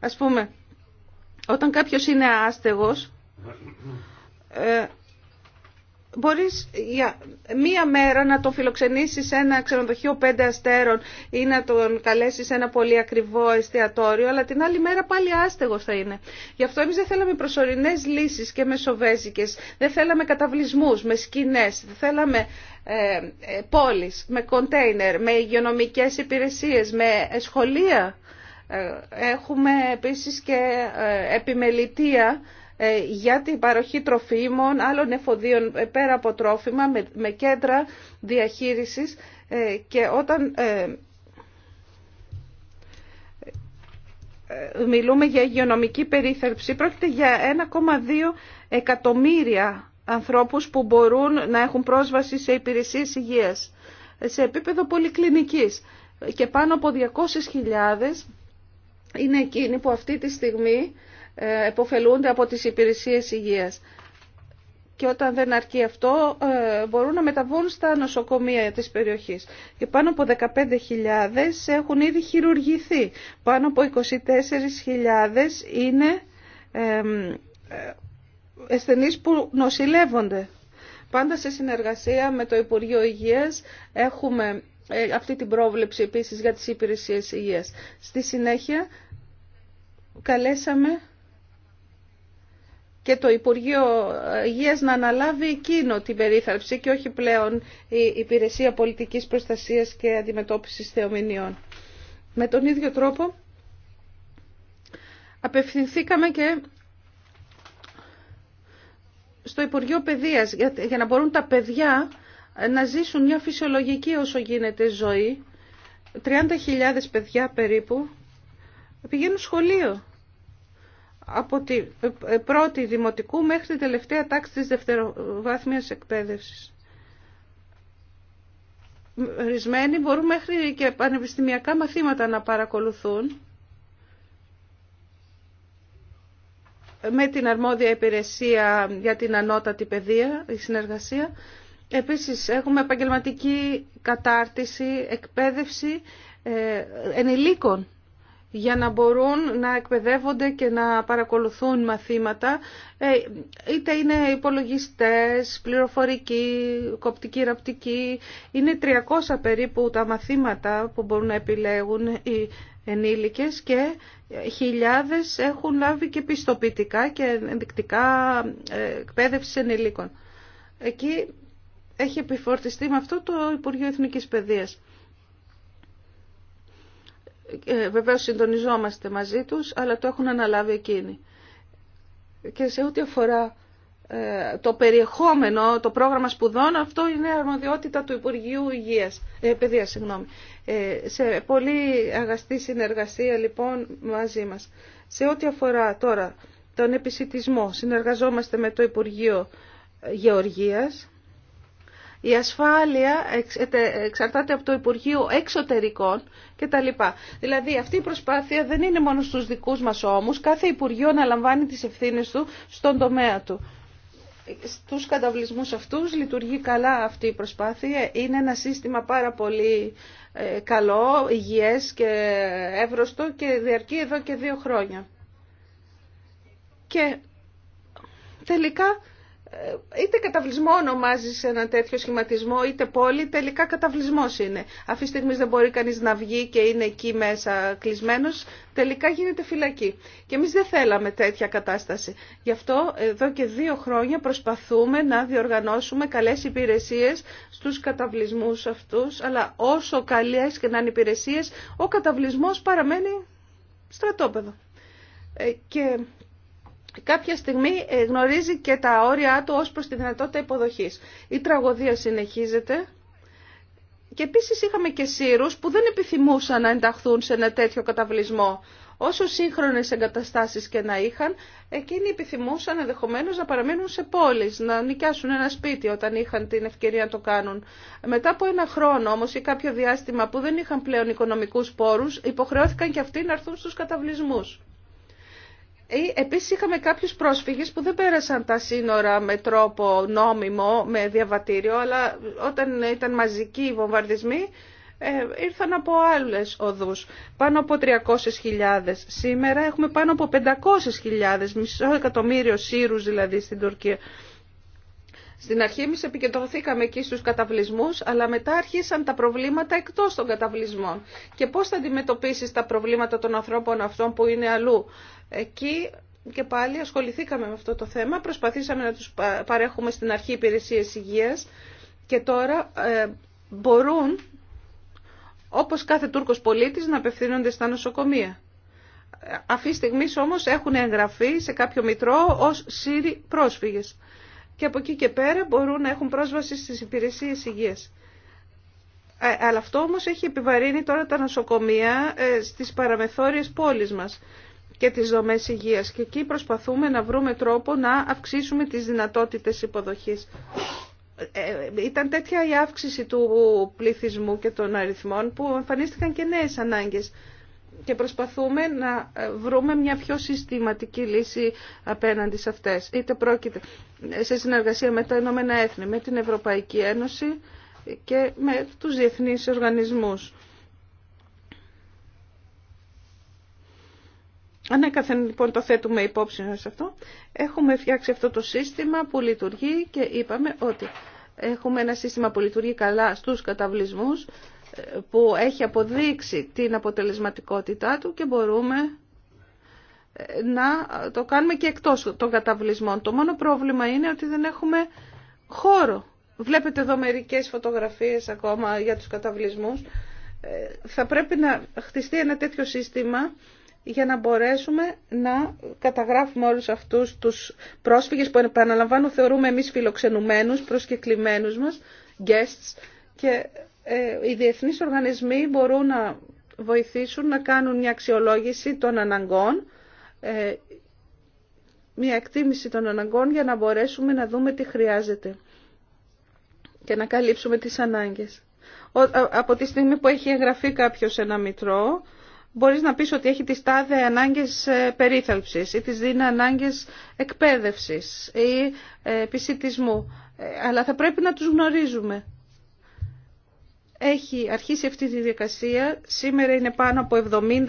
Ας πούμε, όταν κάποιος είναι άστεγος, Μπορεί για μία μέρα να τον φιλοξενήσεις σε ένα ξενοδοχείο πέντε αστέρων ή να τον καλέσει σε ένα πολύ ακριβό εστιατόριο, αλλά την άλλη μέρα πάλι άστεγος θα είναι. Γι' αυτό εμείς δεν θέλαμε προσωρινές λύσεις και μεσοβέζικες, δεν θέλαμε καταβλισμού με σκηνέ, δεν θέλαμε ε, ε, πόλεις, με κοντέινερ, με υγειονομικέ υπηρεσίε, με σχολεία. Ε, έχουμε επίσης και ε, επιμελητεία ε, για την παροχή τροφίμων, άλλων εφοδίων ε, πέρα από τρόφιμα, με κέντρα διαχείρισης ε, και όταν μιλούμε για υγειονομική περίθαλψη, πρόκειται για 1,2 εκατομμύρια ανθρώπους που μπορούν να έχουν πρόσβαση σε υπηρεσίες υγείας σε επίπεδο πολυκλινικής και πάνω από 200.000 είναι εκείνοι που αυτή τη στιγμή ε, εποφελούνται από τις υπηρεσίες υγείας. Και όταν δεν αρκεί αυτό ε, μπορούν να μεταβούν στα νοσοκομεία της περιοχής. Και πάνω από 15.000 έχουν ήδη χειρουργηθεί. Πάνω από 24.000 είναι ε, αισθενείς που νοσηλεύονται. Πάντα σε συνεργασία με το Υπουργείο Υγείας έχουμε αυτή την πρόβλεψη επίσης για τις υπηρεσίες υγείας. Στη συνέχεια καλέσαμε και το Υπουργείο Υγείας να αναλάβει εκείνο την περίθαλψη και όχι πλέον η Υπηρεσία Πολιτικής Προστασίας και Αντιμετώπισης Θεομηνιών. Με τον ίδιο τρόπο απευθυνθήκαμε και στο Υπουργείο Παιδείας για να μπορούν τα παιδιά να ζήσουν μια φυσιολογική όσο γίνεται ζωή. 30.000 παιδιά περίπου πηγαίνουν σχολείο από την πρώτη δημοτικού μέχρι την τελευταία τάξη της δευτεροβάθμιας εκπαίδευσης. Ορισμένοι μπορούν μέχρι και πανεπιστημιακά μαθήματα να παρακολουθούν με την αρμόδια υπηρεσία για την ανώτατη παιδεία, η συνεργασία. Επίσης έχουμε επαγγελματική κατάρτιση, εκπαίδευση ε, ενηλίκων για να μπορούν να εκπαιδεύονται και να παρακολουθούν μαθήματα, ε, είτε είναι υπολογιστές, πληροφορική, κοπτική, ραπτική. Είναι 300 περίπου τα μαθήματα που μπορούν να επιλέγουν οι ενήλικες και χιλιάδες έχουν λάβει και πιστοποιητικά και ενδεικτικά ε, εκπαίδευση ενηλίκων. Εκεί έχει επιφορτιστεί με αυτό το Υπουργείο Εθνικής Παιδείας. Ε, βεβαίως συντονιζόμαστε μαζί τους, αλλά το έχουν αναλάβει εκείνοι. Και σε ό,τι αφορά ε, το περιεχόμενο, το πρόγραμμα σπουδών, αυτό είναι αρμοδιότητα του Υπουργείου Υγείας, ε, ε, σε πολύ αγαστή συνεργασία λοιπόν μαζί μας. Σε ό,τι αφορά τώρα τον επισητισμό, συνεργαζόμαστε με το Υπουργείο Γεωργίας η ασφάλεια ε, εξαρτάται από το Υπουργείο Εξωτερικών κτλ. Δηλαδή αυτή η προσπάθεια δεν είναι μόνο στους δικούς μας ώμους, κάθε Υπουργείο να λαμβάνει τις ευθύνες του στον τομέα του. Στους καταβλισμούς αυτούς λειτουργεί καλά αυτή η προσπάθεια. Είναι ένα σύστημα πάρα πολύ ε, καλό, υγιές και εύρωστο και διαρκεί εδώ και δύο χρόνια. Και τελικά ε, είτε καταβλισμό ονομάζει ένα τέτοιο σχηματισμό, είτε πόλη, τελικά καταβλισμό είναι. Αυτή τη στιγμή δεν μπορεί κανεί να βγει και είναι εκεί μέσα κλεισμένο, τελικά γίνεται φυλακή. Και εμεί δεν θέλαμε τέτοια κατάσταση. Γι' αυτό εδώ και δύο χρόνια προσπαθούμε να διοργανώσουμε καλέ υπηρεσίε στου καταβλισμού αυτού, αλλά όσο καλέ και να είναι υπηρεσίε, ο καταβλισμό παραμένει στρατόπεδο. Ε, και κάποια στιγμή ε, γνωρίζει και τα όρια του ως προς τη δυνατότητα υποδοχής. Η τραγωδία συνεχίζεται και επίσης είχαμε και σύρους που δεν επιθυμούσαν να ενταχθούν σε ένα τέτοιο καταβλισμό. Όσο σύγχρονες εγκαταστάσεις και να είχαν, εκείνοι επιθυμούσαν ενδεχομένω να παραμείνουν σε πόλεις, να νοικιάσουν ένα σπίτι όταν είχαν την ευκαιρία να το κάνουν. Μετά από ένα χρόνο όμως ή κάποιο διάστημα που δεν είχαν πλέον οικονομικούς πόρους, υποχρεώθηκαν και αυτοί να έρθουν στους καταβλισμούς. Ε, επίσης είχαμε κάποιους πρόσφυγες που δεν πέρασαν τα σύνορα με τρόπο νόμιμο, με διαβατήριο, αλλά όταν ήταν μαζικοί οι βομβαρδισμοί ε, ήρθαν από άλλες οδούς. Πάνω από 300.000. Σήμερα έχουμε πάνω από 500.000, μισό εκατομμύριο Σύρους δηλαδή στην Τουρκία. Στην αρχή εμείς επικεντρωθήκαμε εκεί στους καταβλισμούς, αλλά μετά αρχίσαν τα προβλήματα εκτός των καταβλισμών. Και πώς θα αντιμετωπίσεις τα προβλήματα των ανθρώπων αυτών που είναι αλλού. Εκεί και πάλι ασχοληθήκαμε με αυτό το θέμα, προσπαθήσαμε να τους παρέχουμε στην αρχή υπηρεσίες υγείας και τώρα ε, μπορούν, όπως κάθε Τούρκος πολίτης, να απευθύνονται στα νοσοκομεία. Αυτή τη στιγμή όμως έχουν εγγραφεί σε κάποιο μητρό ως ΣΥΡΙ πρόσφυγες. Και από εκεί και πέρα μπορούν να έχουν πρόσβαση στις υπηρεσίες υγείας. Ε, αλλά αυτό όμως έχει επιβαρύνει τώρα τα νοσοκομεία ε, στις παραμεθόριες πόλεις μας και τις δομές υγείας και εκεί προσπαθούμε να βρούμε τρόπο να αυξήσουμε τις δυνατότητες υποδοχής. Ε, ήταν τέτοια η αύξηση του πληθυσμού και των αριθμών που εμφανίστηκαν και νέες ανάγκες και προσπαθούμε να ε, βρούμε μια πιο συστηματική λύση απέναντι σε αυτές. Είτε πρόκειται σε συνεργασία με τα Ηνωμένα Έθνη, με την Ευρωπαϊκή Ένωση και με τους διεθνείς οργανισμούς. Ανέκαθεν λοιπόν το θέτουμε υπόψη σε αυτό. Έχουμε φτιάξει αυτό το σύστημα που λειτουργεί και είπαμε ότι έχουμε ένα σύστημα που λειτουργεί καλά στους καταβλισμούς που έχει αποδείξει την αποτελεσματικότητά του και μπορούμε ε, να το κάνουμε και εκτός των καταβλισμών. Το μόνο πρόβλημα είναι ότι δεν έχουμε χώρο. Βλέπετε εδώ μερικές φωτογραφίες ακόμα για τους καταβλισμούς. Ε, θα πρέπει να χτιστεί ένα τέτοιο σύστημα για να μπορέσουμε να καταγράφουμε όλους αυτούς τους πρόσφυγες που επαναλαμβάνω θεωρούμε εμείς φιλοξενουμένους, προσκεκλημένους μας, guests και ε, οι διεθνείς οργανισμοί μπορούν να βοηθήσουν να κάνουν μια αξιολόγηση των αναγκών, ε, μια εκτίμηση των αναγκών για να μπορέσουμε να δούμε τι χρειάζεται και να καλύψουμε τις ανάγκες. Ε, από τη στιγμή που έχει εγγραφεί κάποιος ένα μητρό, μπορείς να πεις ότι έχει τις τάδε ανάγκες ε, περίθαλψης ή τις δίνει ανάγκες εκπαίδευσης ή ε, επισητισμού. Ε, αλλά θα πρέπει να τους γνωρίζουμε. Έχει αρχίσει αυτή τη διαδικασία. Σήμερα είναι πάνω από 70.000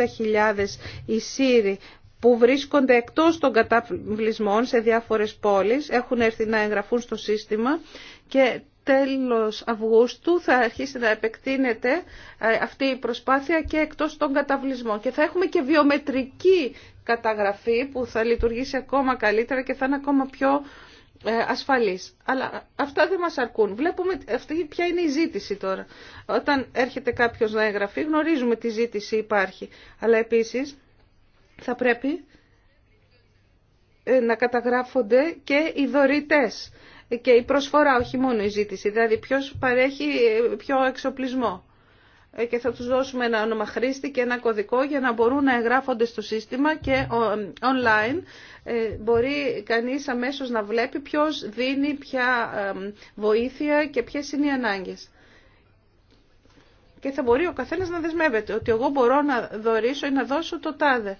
οι Σύριοι που βρίσκονται εκτός των καταβλισμών σε διάφορες πόλεις, έχουν έρθει να εγγραφούν στο σύστημα και τέλος Αυγούστου θα αρχίσει να επεκτείνεται ε, αυτή η προσπάθεια και εκτός των καταβλισμών. Και θα έχουμε και βιομετρική καταγραφή που θα λειτουργήσει ακόμα καλύτερα και θα είναι ακόμα πιο ε, ασφαλής. Αλλά αυτά δεν μας αρκούν. Βλέπουμε αυτή ποια είναι η ζήτηση τώρα. Όταν έρχεται κάποιος να εγγραφεί γνωρίζουμε τι ζήτηση υπάρχει. Αλλά επίσης θα πρέπει ε, να καταγράφονται και οι δωρητές και η προσφορά, όχι μόνο η ζήτηση. Δηλαδή ποιο παρέχει πιο εξοπλισμό. Ε, και θα τους δώσουμε ένα όνομα χρήστη και ένα κωδικό για να μπορούν να εγγράφονται στο σύστημα και online ε, μπορεί κανείς αμέσως να βλέπει ποιος δίνει ποια ε, βοήθεια και ποιες είναι οι ανάγκες. Και θα μπορεί ο καθένας να δεσμεύεται ότι εγώ μπορώ να δωρήσω ή να δώσω το τάδε.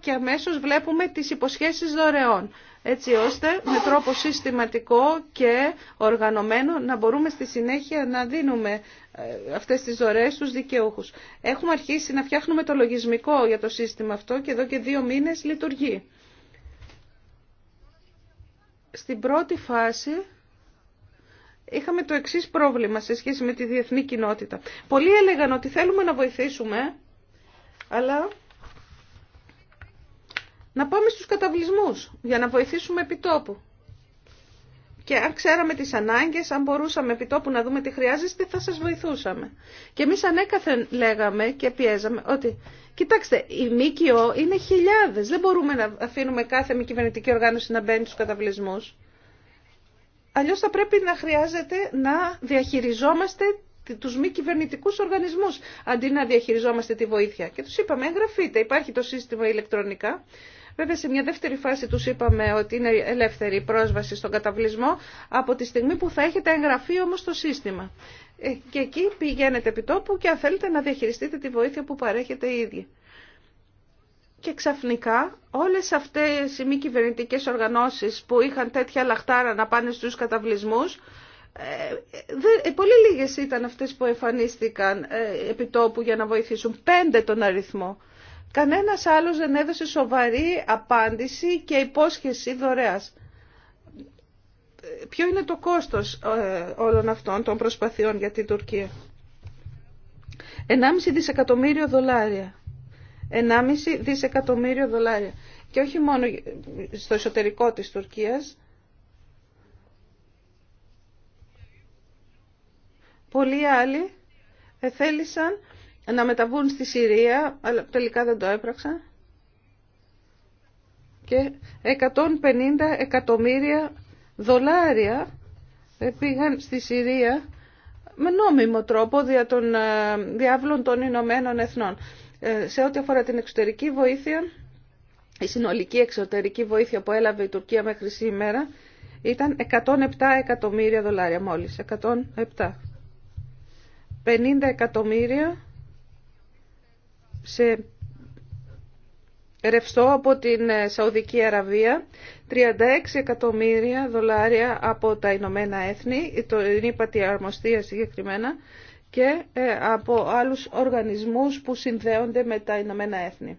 Και αμέσως βλέπουμε τις υποσχέσεις δωρεών έτσι ώστε με τρόπο συστηματικό και οργανωμένο να μπορούμε στη συνέχεια να δίνουμε ε, αυτές τις δωρεές στους δικαιούχους. Έχουμε αρχίσει να φτιάχνουμε το λογισμικό για το σύστημα αυτό και εδώ και δύο μήνες λειτουργεί. Στην πρώτη φάση είχαμε το εξής πρόβλημα σε σχέση με τη διεθνή κοινότητα. Πολλοί έλεγαν ότι θέλουμε να βοηθήσουμε, αλλά να πάμε στους καταβλισμούς για να βοηθήσουμε επιτόπου. Και αν ξέραμε τις ανάγκες, αν μπορούσαμε επιτόπου να δούμε τι χρειάζεστε, θα σας βοηθούσαμε. Και εμείς ανέκαθεν λέγαμε και πιέζαμε ότι, κοιτάξτε, η ΜΚΟ είναι χιλιάδες. Δεν μπορούμε να αφήνουμε κάθε μη κυβερνητική οργάνωση να μπαίνει στους καταβλισμούς. Αλλιώς θα πρέπει να χρειάζεται να διαχειριζόμαστε τους μη κυβερνητικού οργανισμούς, αντί να διαχειριζόμαστε τη βοήθεια. Και τους είπαμε, εγγραφείτε, υπάρχει το σύστημα ηλεκτρονικά. Βέβαια σε μια δεύτερη φάση τους είπαμε ότι είναι ελεύθερη η πρόσβαση στον καταβλισμό από τη στιγμή που θα έχετε εγγραφεί όμως το σύστημα. Ε, και εκεί πηγαίνετε επί τόπου και αν θέλετε να διαχειριστείτε τη βοήθεια που παρέχετε οι ίδιοι. Και ξαφνικά όλες αυτές οι μη κυβερνητικέ οργανώσεις που είχαν τέτοια λαχτάρα να πάνε στους καταβλισμούς, ε, ε, πολύ λίγες ήταν αυτές που εμφανίστηκαν επί τόπου για να βοηθήσουν, πέντε τον αριθμό. Κανένας άλλος δεν έδωσε σοβαρή απάντηση και υπόσχεση δωρεάς. Ποιο είναι το κόστος ε, όλων αυτών των προσπαθειών για την Τουρκία. 1,5 δισεκατομμύριο δολάρια. 1,5 δισεκατομμύριο δολάρια. Και όχι μόνο στο εσωτερικό της Τουρκίας. Πολλοί άλλοι θέλησαν να μεταβούν στη Συρία, αλλά τελικά δεν το έπραξαν. Και 150 εκατομμύρια δολάρια ε, πήγαν στη Συρία με νόμιμο τρόπο δια των ε, διάβλων των Ηνωμένων Εθνών. Ε, σε ό,τι αφορά την εξωτερική βοήθεια, η συνολική εξωτερική βοήθεια που έλαβε η Τουρκία μέχρι σήμερα ήταν 107 εκατομμύρια δολάρια μόλις. 107. 50 εκατομμύρια σε ρευστό από την ε, Σαουδική Αραβία, 36 εκατομμύρια δολάρια από τα Ηνωμένα Έθνη, το ύπατη αρμοστία συγκεκριμένα, και ε, από άλλους οργανισμούς που συνδέονται με τα Ηνωμένα Έθνη.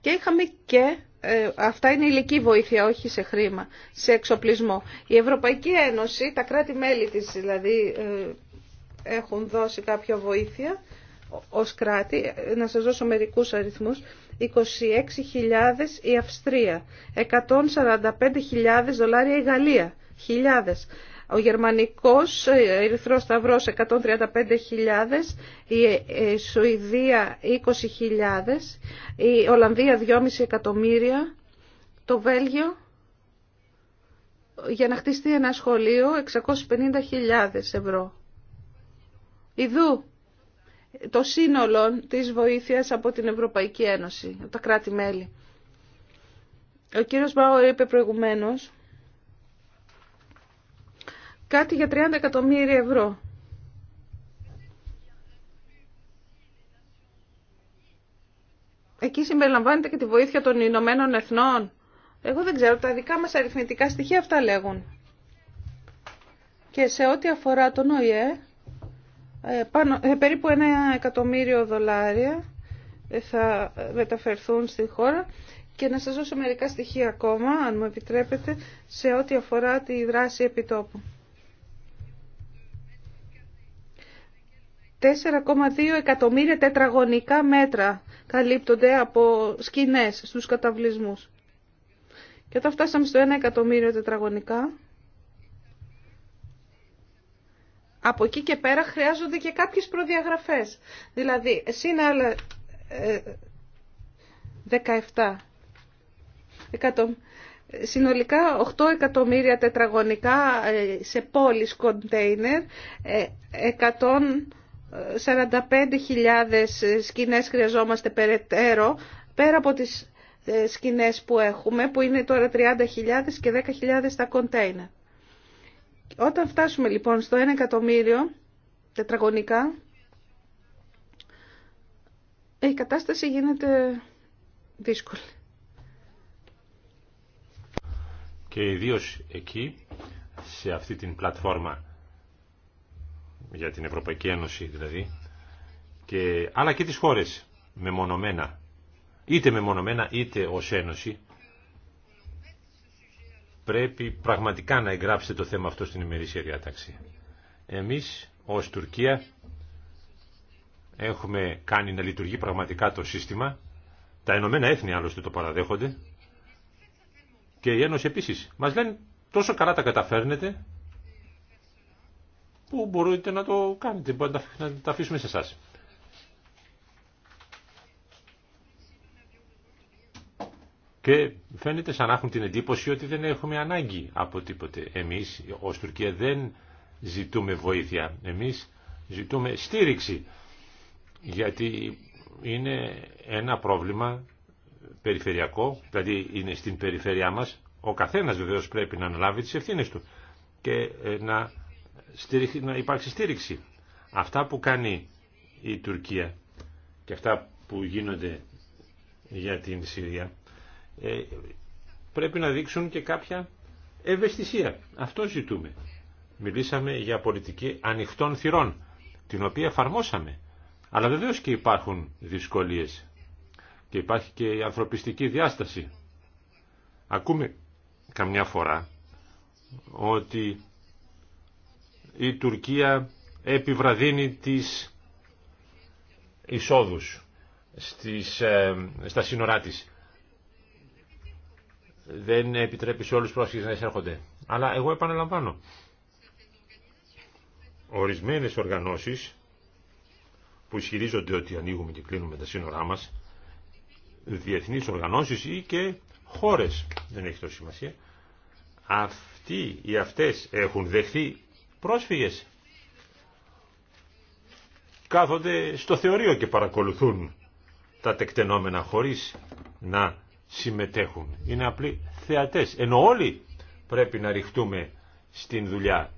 Και είχαμε και, ε, αυτά είναι ηλική βοήθεια, όχι σε χρήμα, σε εξοπλισμό. Η Ευρωπαϊκή Ένωση, τα κράτη-μέλη της δηλαδή, έχουν δώσει κάποια βοήθεια ως κράτη. Να σας δώσω μερικούς αριθμούς. 26.000 η Αυστρία, 145.000 δολάρια η Γαλλία, χιλιάδες. Ο Γερμανικός ε, Ερυθρός Σταυρός 135.000, η ε, Σουηδία 20.000, η Ολλανδία 2,5 εκατομμύρια, το Βέλγιο για να χτιστεί ένα σχολείο 650.000 ευρώ. Ιδού το σύνολο της βοήθειας από την Ευρωπαϊκή Ένωση, από τα κράτη-μέλη. Ο κύριος Μπάουερ είπε προηγουμένως κάτι για 30 εκατομμύρια ευρώ. Εκεί συμπεριλαμβάνεται και τη βοήθεια των Ηνωμένων Εθνών. Εγώ δεν ξέρω, τα δικά μας αριθμητικά στοιχεία αυτά λέγουν. Και σε ό,τι αφορά τον ΟΗΕ, ε, πάνω, ε, περίπου ένα εκατομμύριο δολάρια ε, θα μεταφερθούν στη χώρα και να σας δώσω μερικά στοιχεία ακόμα, αν μου επιτρέπετε, σε ό,τι αφορά τη δράση επιτόπου. 4,2 εκατομμύρια τετραγωνικά μέτρα καλύπτονται από σκηνές στους καταβλισμούς. Και όταν φτάσαμε στο 1 εκατομμύριο τετραγωνικά, από εκεί και πέρα χρειάζονται και κάποιες προδιαγραφές. Δηλαδή, είναι 17 ε, Συνολικά 8 εκατομμύρια τετραγωνικά ε, σε πόλεις κοντέινερ, 145.000 ε, σκηνές χρειαζόμαστε περαιτέρω, πέρα από τις σκηνές που έχουμε, που είναι τώρα 30.000 και 10.000 τα κοντέινερ. Όταν φτάσουμε λοιπόν στο 1 εκατομμύριο τετραγωνικά, η κατάσταση γίνεται δύσκολη. Και ιδίω εκεί, σε αυτή την πλατφόρμα για την Ευρωπαϊκή Ένωση δηλαδή, και, αλλά και τις χώρες μεμονωμένα, είτε μεμονωμένα είτε ως Ένωση, πρέπει πραγματικά να εγγράψετε το θέμα αυτό στην ημερήσια διάταξη. Εμείς ως Τουρκία έχουμε κάνει να λειτουργεί πραγματικά το σύστημα. Τα Ηνωμένα Έθνη άλλωστε το παραδέχονται. Και η Ένωση επίσης. Μας λένε τόσο καλά τα καταφέρνετε που μπορείτε να το κάνετε, να τα αφήσουμε σε εσάς. και φαίνεται σαν να έχουν την εντύπωση ότι δεν έχουμε ανάγκη από τίποτε. Εμείς ως Τουρκία δεν ζητούμε βοήθεια, εμείς ζητούμε στήριξη γιατί είναι ένα πρόβλημα περιφερειακό, δηλαδή είναι στην περιφέρειά μας, ο καθένας βεβαίως πρέπει να αναλάβει τις ευθύνε του και ε, να, στήριξη, να υπάρξει στήριξη. Αυτά που κάνει η Τουρκία και αυτά που γίνονται για την Συρία ε, πρέπει να δείξουν και κάποια ευαισθησία. Αυτό ζητούμε. Μιλήσαμε για πολιτική ανοιχτών θυρών, την οποία εφαρμόσαμε. Αλλά βεβαίω και υπάρχουν δυσκολίες και υπάρχει και η ανθρωπιστική διάσταση. Ακούμε καμιά φορά ότι η Τουρκία επιβραδύνει τις εισόδους στις, ε, στα σύνορά της δεν επιτρέπει σε όλους πρόσφυγες να εισέρχονται. Αλλά εγώ επαναλαμβάνω. Ορισμένες οργανώσεις που ισχυρίζονται ότι ανοίγουμε και κλείνουμε τα σύνορά μας, διεθνείς οργανώσεις ή και χώρες, δεν έχει τόση σημασία, αυτοί ή αυτές έχουν δεχθεί πρόσφυγες. Κάθονται στο θεωρείο και παρακολουθούν τα τεκτενόμενα χωρίς να συμμετέχουν. Είναι απλοί θεατές. Ενώ όλοι πρέπει να ρηχτούμε στην δουλειά.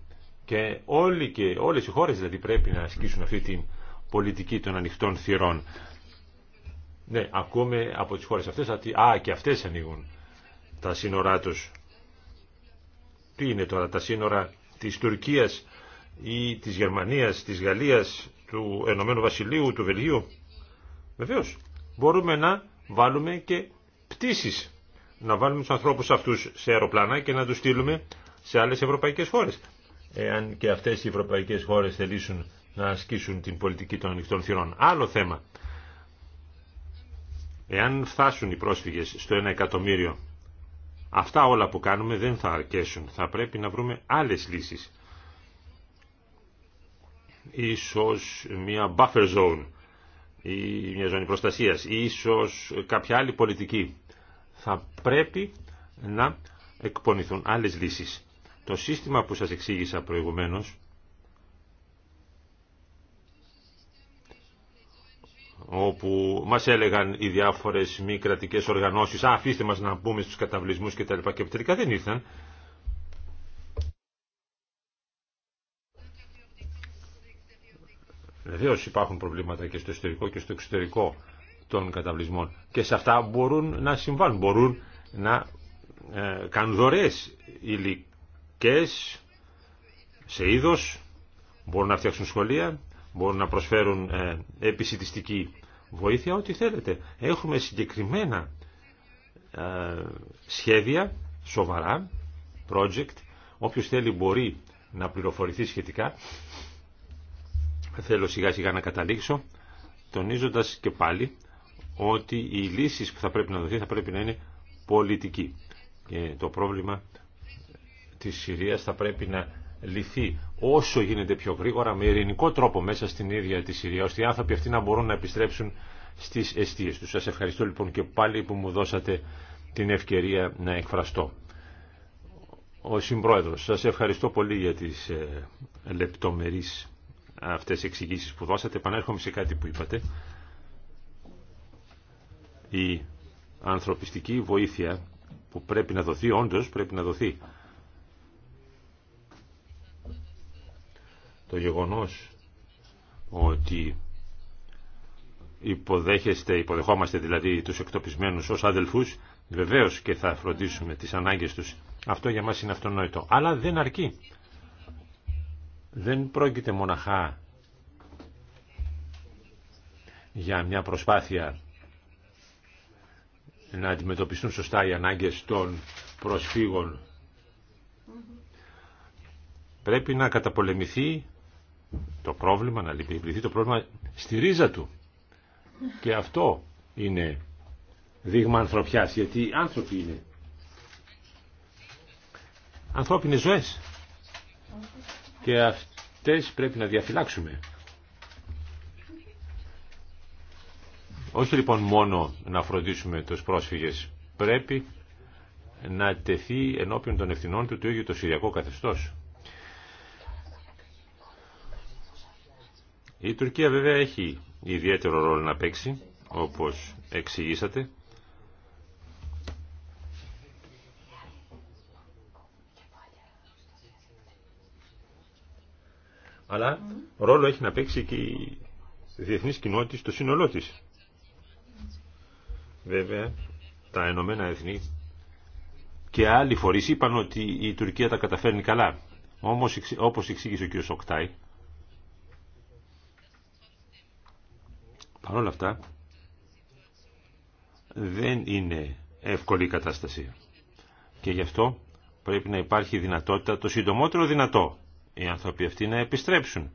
Και, όλοι και όλες οι χώρες δηλαδή πρέπει να ασκήσουν αυτή την πολιτική των ανοιχτών θυρών. Ναι, ακούμε από τις χώρες αυτές ότι α, και αυτές ανοίγουν τα σύνορά τους. Τι είναι τώρα τα σύνορα της Τουρκίας ή της Γερμανίας, της Γαλλίας, του Ενωμένου Βασιλείου, του Βελγίου. Βεβαίως, μπορούμε να βάλουμε και πτήσεις. Να βάλουμε τους ανθρώπους αυτούς σε αεροπλάνα και να τους στείλουμε σε άλλες ευρωπαϊκές χώρες. Εάν και αυτές οι ευρωπαϊκές χώρες θελήσουν να ασκήσουν την πολιτική των ανοιχτών θυρών. Άλλο θέμα. Εάν φτάσουν οι πρόσφυγες στο ένα εκατομμύριο, αυτά όλα που κάνουμε δεν θα αρκέσουν. Θα πρέπει να βρούμε άλλες λύσεις. Ίσως μια buffer zone ή μια ζώνη προστασίας, ίσως κάποια άλλη πολιτική θα πρέπει να εκπονηθούν άλλες λύσεις. Το σύστημα που σας εξήγησα προηγουμένως, όπου μας έλεγαν οι διάφορες μη κρατικέ οργανώσεις «Α, αφήστε μας να μπούμε στους καταβλισμούς» και τα λοιπά και τελικά δεν ήρθαν. Βεβαίω υπάρχουν προβλήματα και στο εσωτερικό και στο εξωτερικό των καταβλισμών και σε αυτά μπορούν να συμβάνουν μπορούν να ε, κάνουν δωρεές υλικές σε είδος, μπορούν να φτιάξουν σχολεία, μπορούν να προσφέρουν ε, επισητιστική βοήθεια, ό,τι θέλετε. Έχουμε συγκεκριμένα ε, σχέδια, σοβαρά, project, όποιος θέλει μπορεί να πληροφορηθεί σχετικά. Θέλω σιγά σιγά να καταλήξω, τονίζοντας και πάλι ότι οι λύσει που θα πρέπει να δοθεί θα πρέπει να είναι πολιτική. Και το πρόβλημα της Συρίας θα πρέπει να λυθεί όσο γίνεται πιο γρήγορα με ειρηνικό τρόπο μέσα στην ίδια τη Συρία ώστε οι άνθρωποι αυτοί να μπορούν να επιστρέψουν στις αιστείες τους. Σας ευχαριστώ λοιπόν και πάλι που μου δώσατε την ευκαιρία να εκφραστώ. Ο Συμπρόεδρος, σας ευχαριστώ πολύ για τις ε, λεπτομερείς αυτές εξηγήσεις που δώσατε. Επανέρχομαι σε κάτι που είπατε. Η ανθρωπιστική βοήθεια που πρέπει να δοθεί, όντως πρέπει να δοθεί. Το γεγονός ότι υποδέχεστε, υποδεχόμαστε δηλαδή τους εκτοπισμένους ως αδελφούς, βεβαίως και θα φροντίσουμε τις ανάγκες τους. Αυτό για μας είναι αυτονόητο. Αλλά δεν αρκεί. Δεν πρόκειται μοναχά για μια προσπάθεια να αντιμετωπιστούν σωστά οι ανάγκες των προσφύγων. Πρέπει να καταπολεμηθεί το πρόβλημα, να λυπηθεί το πρόβλημα στη ρίζα του. Και αυτό είναι δείγμα ανθρωπιάς, γιατί οι άνθρωποι είναι. Ανθρώπινες ζωές. Και αυτές πρέπει να διαφυλάξουμε. Όχι λοιπόν μόνο να φροντίσουμε τους πρόσφυγες, πρέπει να τεθεί ενώπιον των ευθυνών του το ίδιο το Συριακό καθεστώς. Η Τουρκία βέβαια έχει ιδιαίτερο ρόλο να παίξει, όπως εξηγήσατε. Αλλά ρόλο έχει να παίξει και η διεθνής κοινότητα στο σύνολό της. Βέβαια, τα Ενωμένα Εθνή και άλλοι φορείς είπαν ότι η Τουρκία τα καταφέρνει καλά. Όμως, όπως εξήγησε ο κ. Σοκτάι, παρόλα αυτά, δεν είναι εύκολη η κατάσταση. Και γι' αυτό πρέπει να υπάρχει δυνατότητα το συντομότερο δυνατό οι άνθρωποι αυτοί να επιστρέψουν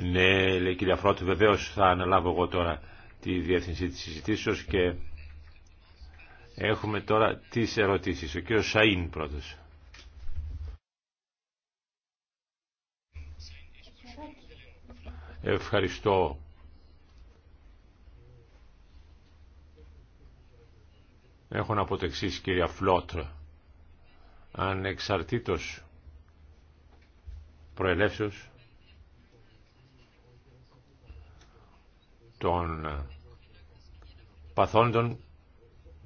Ναι, λέει η κυρία Φρότ, βεβαίω θα αναλάβω εγώ τώρα τη διεύθυνση τη συζητήσεω και έχουμε τώρα τι ερωτήσει. Ο κύριο Σαΐν πρώτο. Ευχαριστώ. Έχω να πω το κυρία Φλότρ. Ανεξαρτήτως προελεύσεως των παθόντων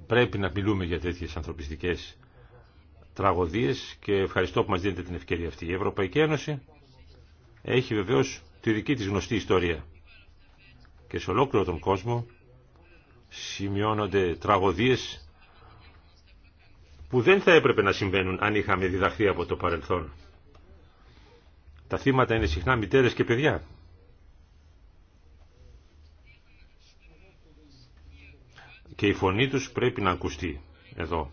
πρέπει να μιλούμε για τέτοιες ανθρωπιστικές τραγωδίες και ευχαριστώ που μας δίνετε την ευκαιρία αυτή. Η Ευρωπαϊκή Ένωση έχει βεβαίως τη δική της γνωστή ιστορία και σε ολόκληρο τον κόσμο σημειώνονται τραγωδίες που δεν θα έπρεπε να συμβαίνουν αν είχαμε διδαχθεί από το παρελθόν. Τα θύματα είναι συχνά μητέρες και παιδιά. και η φωνή τους πρέπει να ακουστεί εδώ.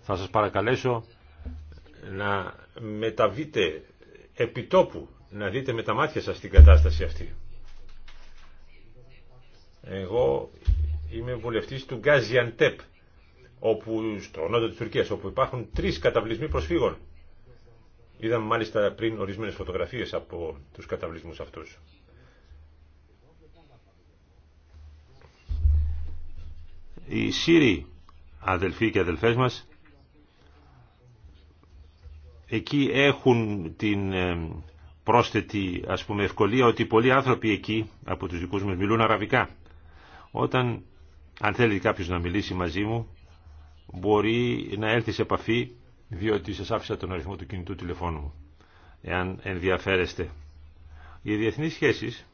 Θα σας παρακαλέσω να μεταβείτε επιτόπου, να δείτε με τα μάτια σας την κατάσταση αυτή. Εγώ είμαι βουλευτής του Gaziantep, όπου, στο νότο της Τουρκίας, όπου υπάρχουν τρεις καταβλισμοί προσφύγων. Είδαμε μάλιστα πριν ορισμένες φωτογραφίες από τους καταβλισμούς αυτούς. Οι Σύριοι αδελφοί και αδελφές μας εκεί έχουν την ε, πρόσθετη ας πούμε ευκολία ότι πολλοί άνθρωποι εκεί από τους δικούς μας μιλούν αραβικά. Όταν αν θέλει κάποιος να μιλήσει μαζί μου μπορεί να έρθει σε επαφή διότι σας άφησα τον αριθμό του κινητού τηλεφώνου μου εάν ενδιαφέρεστε. Οι διεθνείς σχέσεις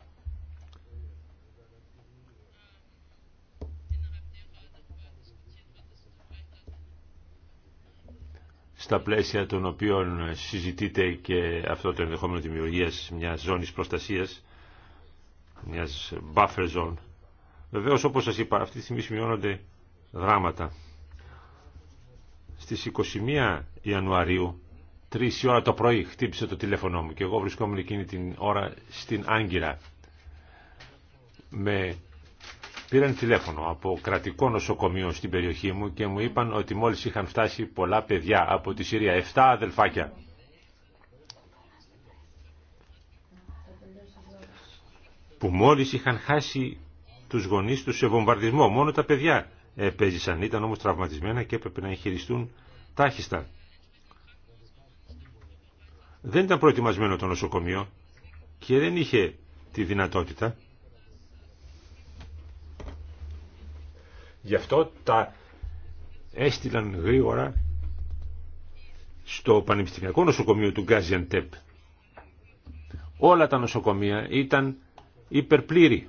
στα πλαίσια των οποίων συζητείται και αυτό το ενδεχόμενο δημιουργία μιας ζώνης προστασίας, μιας buffer zone. Βεβαίως, όπως σας είπα, αυτή τη στιγμή σημειώνονται δράματα. Στις 21 Ιανουαρίου, 3 ώρα το πρωί, χτύπησε το τηλέφωνό μου και εγώ βρισκόμουν εκείνη την ώρα στην Άγκυρα με πήραν τηλέφωνο από κρατικό νοσοκομείο στην περιοχή μου και μου είπαν ότι μόλις είχαν φτάσει πολλά παιδιά από τη Συρία, 7 αδελφάκια. που μόλις είχαν χάσει τους γονείς τους σε βομβαρδισμό. Μόνο τα παιδιά επέζησαν, ήταν όμως τραυματισμένα και έπρεπε να εγχειριστούν τάχιστα. Δεν ήταν προετοιμασμένο το νοσοκομείο και δεν είχε τη δυνατότητα Γι' αυτό τα έστειλαν γρήγορα στο Πανεπιστημιακό Νοσοκομείο του Γκάζιαντεπ. Όλα τα νοσοκομεία ήταν υπερπλήρη.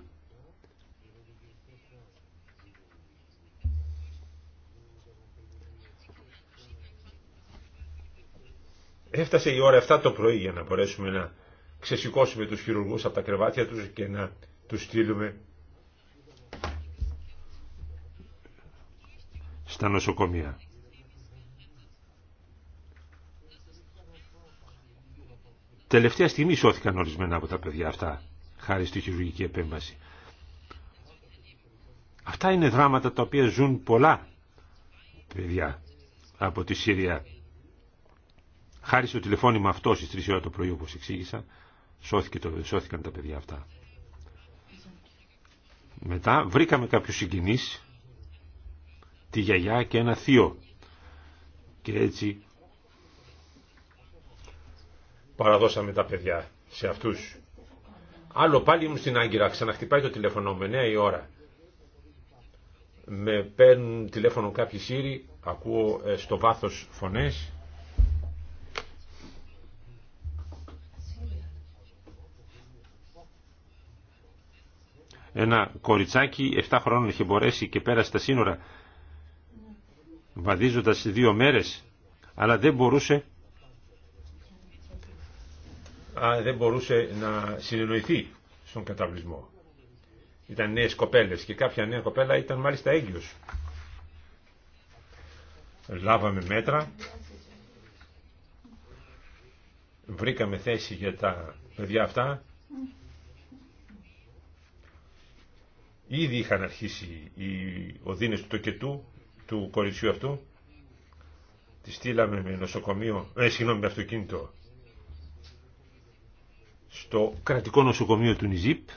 Έφτασε η ώρα αυτά το πρωί για να μπορέσουμε να ξεσηκώσουμε τους χειρουργούς από τα κρεβάτια τους και να τους στείλουμε στα νοσοκομεία. Τελευταία στιγμή σώθηκαν ορισμένα από τα παιδιά αυτά, χάρη στη χειρουργική επέμβαση. Αυτά είναι δράματα τα οποία ζουν πολλά παιδιά από τη Συρία. Χάρη στο τηλεφώνημα αυτό στις 3 ώρα το πρωί όπως εξήγησα, σώθηκε το, σώθηκαν τα παιδιά αυτά. Μετά βρήκαμε κάποιους συγκινήσεις τη γιαγιά και ένα θείο. Και έτσι παραδώσαμε τα παιδιά σε αυτούς. Άλλο πάλι ήμουν στην Άγκυρα, ξαναχτυπάει το τηλέφωνο με 9 η ώρα. Με παίρνουν τηλέφωνο κάποιοι σύροι. ακούω ε, στο βάθος φωνές. Ένα κοριτσάκι 7 χρόνων είχε μπορέσει και πέρασε τα σύνορα βαδίζοντας δύο μέρες, αλλά δεν μπορούσε, α, δεν μπορούσε να συνενοηθεί στον καταβλισμό. Ήταν νέες κοπέλες και κάποια νέα κοπέλα ήταν μάλιστα έγκυος. Λάβαμε μέτρα, βρήκαμε θέση για τα παιδιά αυτά. Ήδη είχαν αρχίσει οι οδύνες του τοκετού του κοριτσιού αυτού. Τη στείλαμε με νοσοκομείο, ε, συγγνώμη, με αυτοκίνητο στο κρατικό νοσοκομείο του Νιζίπ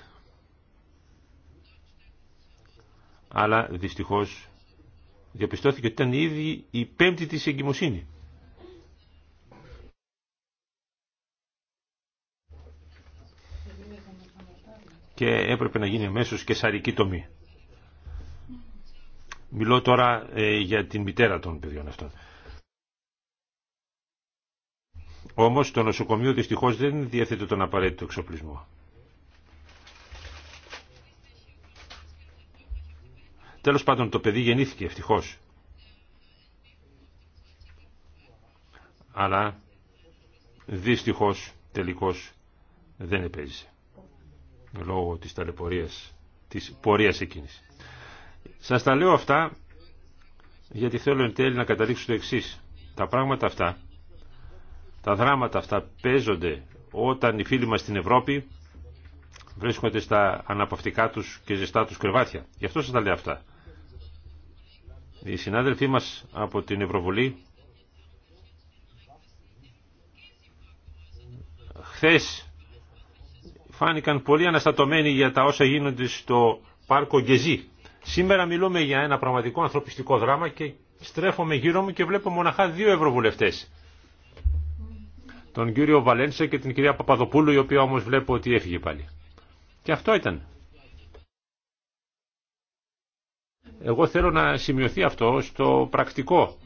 αλλά δυστυχώς διαπιστώθηκε ότι ήταν ήδη η πέμπτη της εγκυμοσύνη. Και έπρεπε να γίνει αμέσως και σαρική τομή. Μιλώ τώρα ε, για την μητέρα των παιδιών αυτών. Όμως το νοσοκομείο δυστυχώς δεν διέθετε τον απαραίτητο εξοπλισμό. Τέλος πάντων το παιδί γεννήθηκε ευτυχώς. Αλλά δυστυχώς τελικώς δεν επέζησε. Λόγω της ταλαιπωρίας, της πορείας εκείνης. Σας τα λέω αυτά γιατί θέλω εν τέλει να καταλήξω το εξή. Τα πράγματα αυτά, τα δράματα αυτά παίζονται όταν οι φίλοι μας στην Ευρώπη βρίσκονται στα αναπαυτικά τους και ζεστά τους κρεβάτια. Γι' αυτό σας τα λέω αυτά. Οι συνάδελφοί μας από την Ευρωβουλή χθες φάνηκαν πολύ αναστατωμένοι για τα όσα γίνονται στο πάρκο Γκεζί Σήμερα μιλούμε για ένα πραγματικό ανθρωπιστικό δράμα και στρέφομαι γύρω μου και βλέπω μοναχά δύο ευρωβουλευτέ. Τον κύριο Βαλένσα και την κυρία Παπαδοπούλου, η οποία όμως βλέπω ότι έφυγε πάλι. Και αυτό ήταν. Εγώ θέλω να σημειωθεί αυτό στο πρακτικό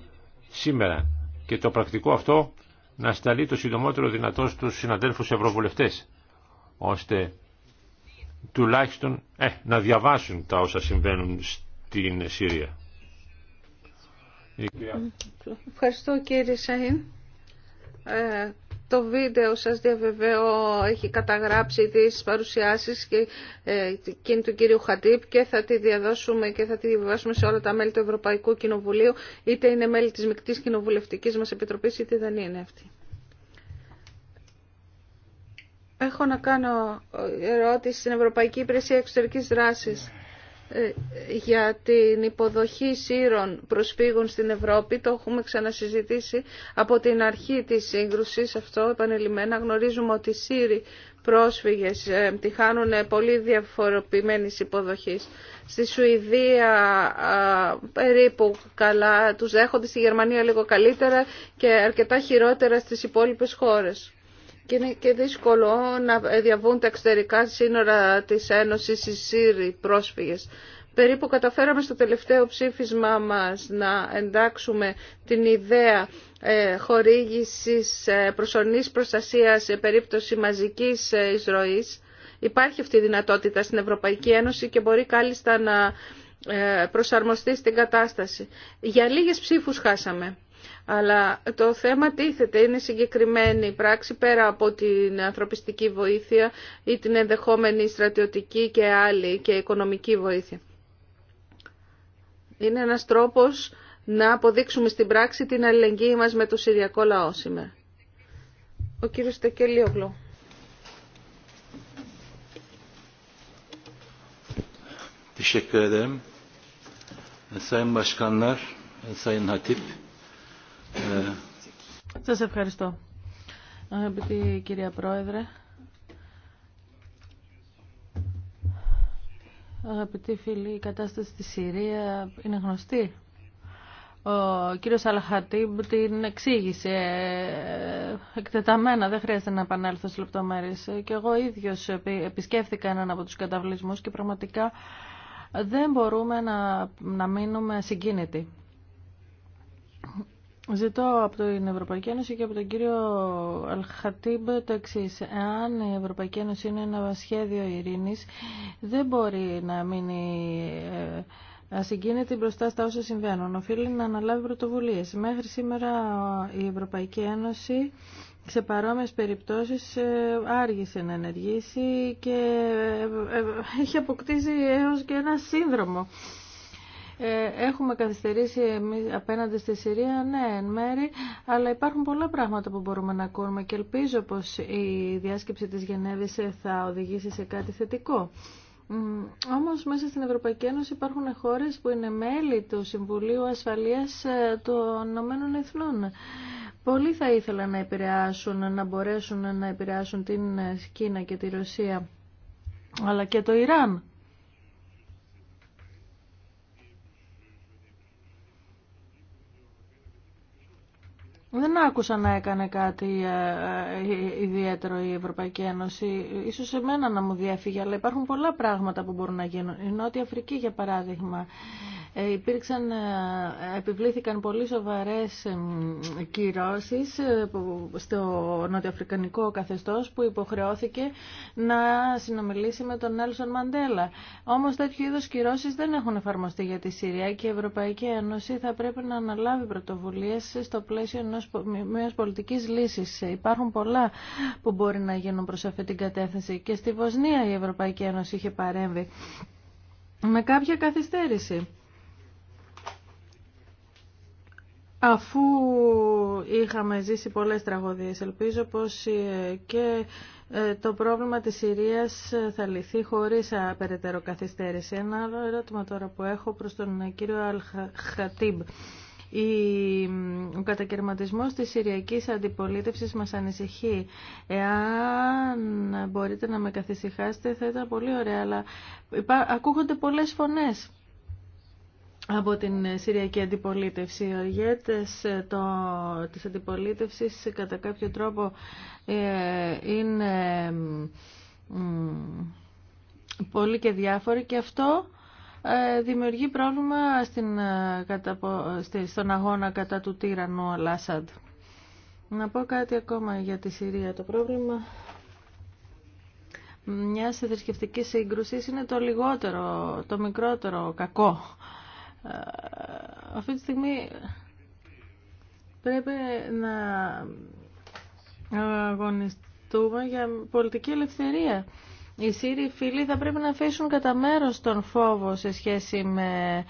σήμερα και το πρακτικό αυτό να σταλεί το συντομότερο δυνατό στους συναδέλφους ευρωβουλευτές ώστε τουλάχιστον ε, να διαβάσουν τα όσα συμβαίνουν στην Συρία. Ευχαριστώ κύριε Σαΐν. Ε, το βίντεο σας διαβεβαίω έχει καταγράψει τις παρουσιάσεις και, ε, του κύριου Χατύπ και θα τη διαδώσουμε και θα τη διαβάσουμε σε όλα τα μέλη του Ευρωπαϊκού Κοινοβουλίου είτε είναι μέλη της Μικτής Κοινοβουλευτικής μας Επιτροπής είτε δεν είναι αυτή. Έχω να κάνω ερώτηση στην Ευρωπαϊκή Υπηρεσία Εξωτερικής Δράσης ε, για την υποδοχή σύρων προσφύγων στην Ευρώπη. Το έχουμε ξανασυζητήσει από την αρχή της σύγκρουσης αυτό επανελειμμένα. Γνωρίζουμε ότι οι Σύροι πρόσφυγες ε, τυχάνουν πολύ διαφοροποιημένης υποδοχής. Στη Σουηδία περίπου καλά τους δέχονται, στη Γερμανία λίγο καλύτερα και αρκετά χειρότερα στις υπόλοιπες χώρες και είναι και δύσκολο να διαβούν τα εξωτερικά σύνορα της Ένωσης οι Σύριοι πρόσφυγες. Περίπου καταφέραμε στο τελευταίο ψήφισμα μας να εντάξουμε την ιδέα ε, χορήγησης ε, προσωρινής προστασίας σε περίπτωση μαζικής ε, εισρωής. Υπάρχει αυτή η δυνατότητα στην Ευρωπαϊκή Ένωση και μπορεί κάλλιστα να προσαρμοστεί στην κατάσταση. Για λίγες ψήφους χάσαμε. Αλλά το θέμα τίθεται, είναι συγκεκριμένη η πράξη πέρα από την ανθρωπιστική βοήθεια ή την ενδεχόμενη στρατιωτική και άλλη και οικονομική βοήθεια. Είναι ένας τρόπος να αποδείξουμε στην πράξη την αλληλεγγύη μας με το Συριακό λαό σήμερα. Ο κύριος Τεκελίογλου. Teşekkür ederim. Sayın Başkanlar, ε. Σας ευχαριστώ. Αγαπητή κυρία Πρόεδρε, αγαπητοί φίλοι, η κατάσταση στη Συρία είναι γνωστή. Ο κύριος Αλχατίμπ την εξήγησε ε, εκτεταμένα, δεν χρειάζεται να επανέλθω στις λεπτομέρειες. Και εγώ ίδιος επισκέφθηκα έναν από τους καταβλισμούς και πραγματικά δεν μπορούμε να, να μείνουμε συγκίνητοι. Ζητώ από την Ευρωπαϊκή Ένωση και από τον κύριο Αλχατίμπ το εξή. Εάν η Ευρωπαϊκή Ένωση είναι ένα σχέδιο ειρήνης, δεν μπορεί να μείνει ε, ασυγκίνητη μπροστά στα όσα συμβαίνουν. Οφείλει να αναλάβει πρωτοβουλίε. Μέχρι σήμερα η Ευρωπαϊκή Ένωση σε παρόμοιες περιπτώσεις ε, άργησε να ενεργήσει και ε, έχει αποκτήσει έως και ένα σύνδρομο. Ε, έχουμε καθυστερήσει εμείς απέναντι στη Συρία, ναι, εν μέρη, αλλά υπάρχουν πολλά πράγματα που μπορούμε να κάνουμε και ελπίζω πως η διάσκεψη της Γενέβης θα οδηγήσει σε κάτι θετικό. Όμως μέσα στην Ευρωπαϊκή Ένωση υπάρχουν χώρες που είναι μέλη του Συμβουλίου Ασφαλείας ε, των Ηνωμένων Εθνών. Πολλοί θα ήθελαν να επηρεάσουν, να μπορέσουν να επηρεάσουν την Κίνα και τη Ρωσία, αλλά και το Ιράν. Δεν άκουσα να έκανε κάτι ε, ε, ιδιαίτερο η Ευρωπαϊκή Ένωση. Ίσως εμένα να μου διέφυγε, αλλά υπάρχουν πολλά πράγματα που μπορούν να γίνουν. Η Νότια Αφρική, για παράδειγμα, ε, υπήρξαν, ε, επιβλήθηκαν πολύ σοβαρές κυρώσεις ε, στο νοτιοαφρικανικό καθεστώς που υποχρεώθηκε να συνομιλήσει με τον Νέλσον Μαντέλα. Όμως τέτοιου είδους κυρώσεις δεν έχουν εφαρμοστεί για τη Συρία και η Ευρωπαϊκή Ένωση θα πρέπει να αναλάβει πρωτοβουλίες στο πλαίσιο ενός, μιας πολιτικής λύσης. Υπάρχουν πολλά που μπορεί να γίνουν προς αυτή την κατεύθυνση και στη Βοσνία η Ευρωπαϊκή Ένωση είχε παρέμβει με κάποια καθυστέρηση. Αφού είχαμε ζήσει πολλές τραγωδίες, ελπίζω πως ε, και ε, το πρόβλημα της Συρίας ε, θα λυθεί χωρίς απεραιτέρω καθυστέρηση. Ένα άλλο ερώτημα τώρα που έχω προς τον κύριο Αλχατίμπ. Ο κατακαιρματισμός της Συριακής Αντιπολίτευσης μας ανησυχεί. Εάν μπορείτε να με καθησυχάσετε θα ήταν πολύ ωραία, αλλά ακούγονται πολλές φωνές από την Συριακή Αντιπολίτευση. Οι οργέτες ε, το, της αντιπολίτευσης κατά κάποιο τρόπο ε, είναι πολύ και διάφοροι και αυτό ε, δημιουργεί πρόβλημα στην, στον αγώνα κατά του τύραννου Αλάσαντ. Να πω κάτι ακόμα για τη Συρία. Το πρόβλημα μια θρησκευτική σύγκρουση είναι το λιγότερο, το μικρότερο κακό ε, αυτή τη στιγμή πρέπει να αγωνιστούμε για πολιτική ελευθερία. Οι Σύριοι φίλοι θα πρέπει να αφήσουν κατά μέρο τον φόβο σε σχέση με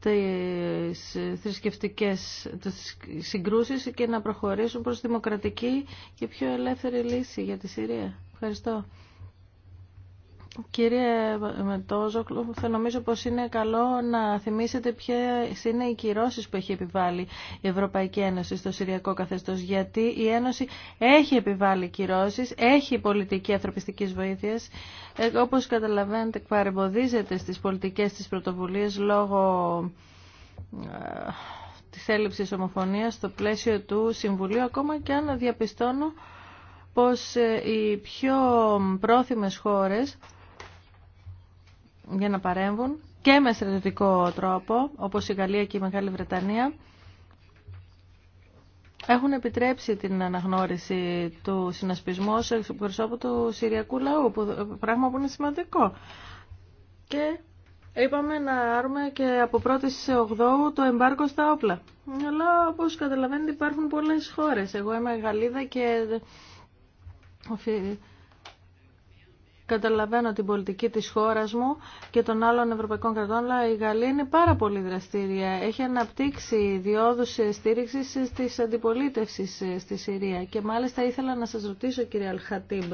τις θρησκευτικές τις συγκρούσεις και να προχωρήσουν προς δημοκρατική και πιο ελεύθερη λύση για τη Συρία. Ευχαριστώ. Κύριε Μετόζοκλου, θα νομίζω πως είναι καλό να θυμίσετε ποιες είναι οι κυρώσεις που έχει επιβάλει η Ευρωπαϊκή Ένωση στο Συριακό καθεστώς, γιατί η Ένωση έχει επιβάλει κυρώσεις, έχει πολιτική ανθρωπιστικής βοήθειας, ε, όπως καταλαβαίνετε παρεμποδίζεται στις πολιτικές της πρωτοβουλίες λόγω ε, της έλλειψης ομοφωνίας στο πλαίσιο του Συμβουλίου, ακόμα και αν διαπιστώνω πως ε, οι πιο πρόθυμες χώρες για να παρέμβουν και με στρατιωτικό τρόπο, όπως η Γαλλία και η Μεγάλη Βρετανία, έχουν επιτρέψει την αναγνώριση του συνασπισμού σε προσώπου του Συριακού λαού, που, πράγμα που είναι σημαντικό. Και είπαμε να άρουμε και απο πρώτη 1η σε 8 το εμπάρκο στα όπλα. Αλλά όπως καταλαβαίνετε υπάρχουν πολλές χώρες. Εγώ είμαι Γαλλίδα και Καταλαβαίνω την πολιτική της χώρας μου και των άλλων ευρωπαϊκών κρατών, αλλά η Γαλλία είναι πάρα πολύ δραστήρια. Έχει αναπτύξει διόδους στήριξη της αντιπολίτευσης στη Συρία. Και μάλιστα ήθελα να σας ρωτήσω, κύριε Αλχατίμπ,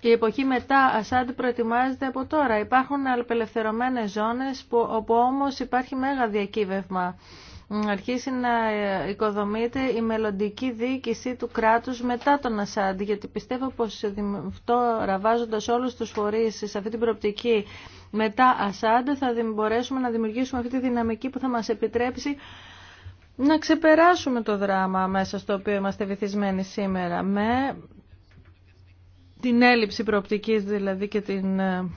Η εποχή μετά Ασάντ προετοιμάζεται από τώρα. Υπάρχουν απελευθερωμένες ζώνες όπου όμως υπάρχει μέγα διακύβευμα αρχίσει να οικοδομείται η μελλοντική διοίκηση του κράτους μετά τον Ασάντ, γιατί πιστεύω πως αυτό ραβάζοντας όλους τους φορείς σε αυτή την προοπτική μετά Ασάντ θα μπορέσουμε να δημιουργήσουμε αυτή τη δυναμική που θα μας επιτρέψει να ξεπεράσουμε το δράμα μέσα στο οποίο είμαστε βυθισμένοι σήμερα με την έλλειψη προοπτικής δηλαδή και την ε,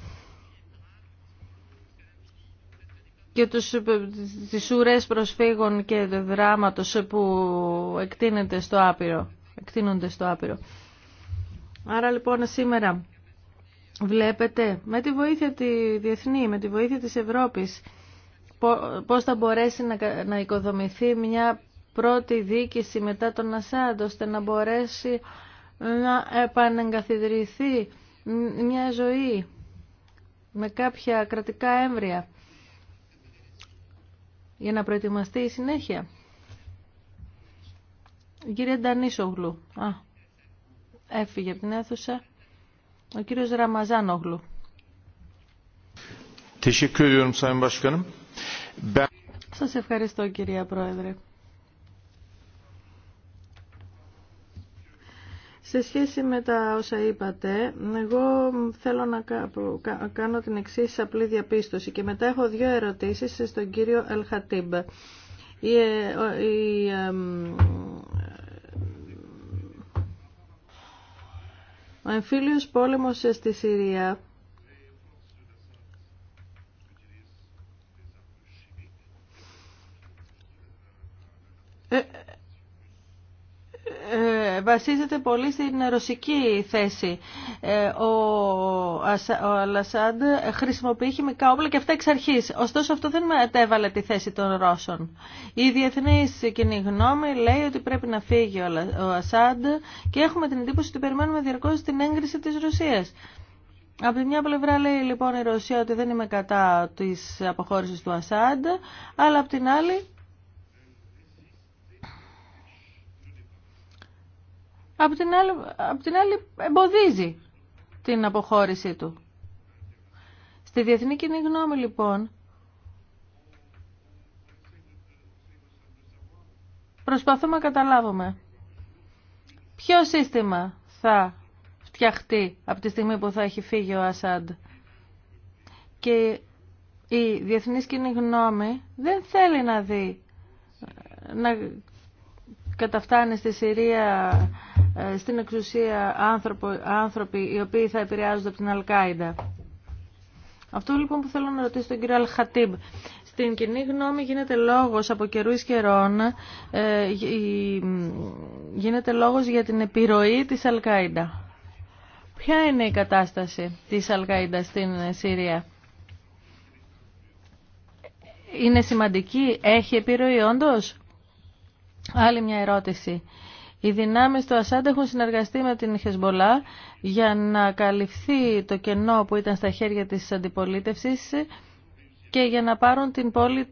και τους, τις ουρές προσφύγων και δράματος που εκτείνεται στο άπειρο, εκτείνονται στο άπειρο. Άρα λοιπόν σήμερα βλέπετε με τη βοήθεια τη διεθνή, με τη βοήθεια της Ευρώπης πώς θα μπορέσει να, να οικοδομηθεί μια πρώτη δίκηση μετά τον Ασάντ ώστε να μπορέσει να επανεγκαθιδρυθεί μια ζωή με κάποια κρατικά έμβρια για να προετοιμαστεί η συνέχεια. Η κυρία Ντανίσογλου. Α, έφυγε από την αίθουσα. Ο κύριος Ραμαζάνογλου. Σας ευχαριστώ κυρία Πρόεδρε. Σε σχέση με τα όσα είπατε, εγώ θέλω να κάνω την εξής απλή διαπίστωση και μετά έχω δύο ερωτήσεις στον κύριο Ελχατίμπ. Η, ε, η, ο εμφύλιος πόλεμος στη Συρία βασίζεται πολύ στην ρωσική θέση. Ε, ο, ο Αλασάντ χρησιμοποιεί χημικά όπλα και αυτά εξ αρχή. Ωστόσο αυτό δεν μετέβαλε τη θέση των Ρώσων. Η διεθνή κοινή γνώμη λέει ότι πρέπει να φύγει ο Ασάντ και έχουμε την εντύπωση ότι περιμένουμε διαρκώ την έγκριση της Ρωσίας. Από τη μια πλευρά λέει λοιπόν η Ρωσία ότι δεν είμαι κατά της αποχώρησης του Ασάντ, αλλά από την άλλη Από την άλλη, την άλλη εμποδίζει την αποχώρησή του. Στη διεθνή κοινή γνώμη λοιπόν προσπαθούμε να καταλάβουμε ποιο σύστημα θα φτιαχτεί από τη στιγμή που θα έχει φύγει ο Ασάντ. Και η διεθνής κοινή γνώμη δεν θέλει να δει καταφτάνει στη Συρία ε, στην εξουσία άνθρωποι, οι οποίοι θα επηρεάζονται από την Αλκάιντα. Αυτό λοιπόν που θέλω να ρωτήσω τον κύριο Αλχατίμπ. Στην κοινή γνώμη γίνεται λόγος από καιρού καιρών ε, γίνεται λόγος για την επιρροή της Αλκάιντα. Ποια είναι η κατάσταση της Αλκάιντα στην Συρία. Είναι σημαντική, έχει επιρροή όντως. Άλλη μια ερώτηση. Οι δυνάμεις του Ασάντ έχουν συνεργαστεί με την Χεσμολά για να καλυφθεί το κενό που ήταν στα χέρια της αντιπολίτευσης και για να πάρουν την πόλη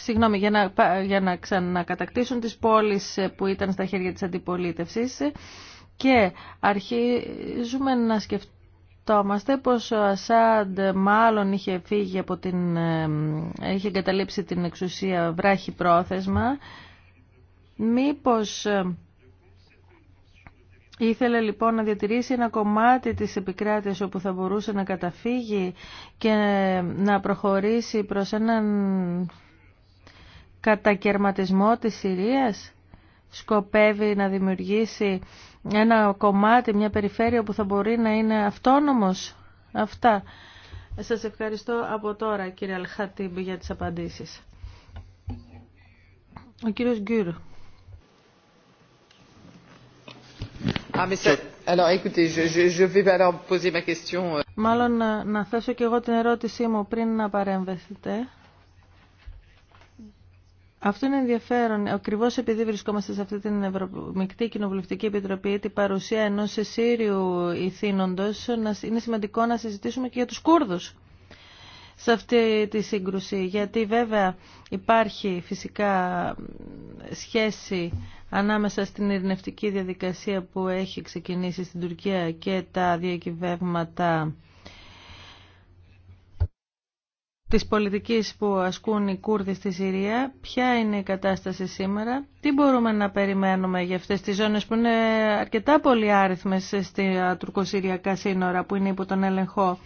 Συγγνώμη, για να, για να ξανακατακτήσουν τις πόλεις που ήταν στα χέρια της αντιπολίτευσης και αρχίζουμε να σκεφτούμε σκεφτόμαστε πως ο Ασάντ μάλλον είχε φύγει από την... Ε, είχε εγκαταλείψει την εξουσία βράχη πρόθεσμα, μήπως... Ε, ήθελε λοιπόν να διατηρήσει ένα κομμάτι της επικράτειας όπου θα μπορούσε να καταφύγει και να προχωρήσει προς έναν κατακαιρματισμό της Συρίας σκοπεύει να δημιουργήσει ένα κομμάτι, μια περιφέρεια που θα μπορεί να είναι αυτόνομος. Αυτά. Σας ευχαριστώ από τώρα κύριε Αλχατίμπη για τις απαντήσεις. Ο κύριος Γκύρου. Ah, euh. Μάλλον να θέσω και εγώ την ερώτησή μου πριν να παρέμβεστε. Αυτό είναι ενδιαφέρον. Ακριβώ επειδή βρισκόμαστε σε αυτή την Ευρωμικτή Κοινοβουλευτική Επιτροπή, την παρουσία ενό εσύριου ηθήνοντο, είναι σημαντικό να συζητήσουμε και για του Κούρδου σε αυτή τη σύγκρουση. Γιατί βέβαια υπάρχει φυσικά σχέση ανάμεσα στην ειρηνευτική διαδικασία που έχει ξεκινήσει στην Τουρκία και τα διακυβεύματα της πολιτικής που ασκούν οι Κούρδοι στη Συρία, ποια είναι η κατάσταση σήμερα, τι μπορούμε να περιμένουμε για αυτές τις ζώνες που είναι αρκετά πολύ άριθμες στα τουρκοσυριακά σύνορα που είναι υπό τον έλεγχο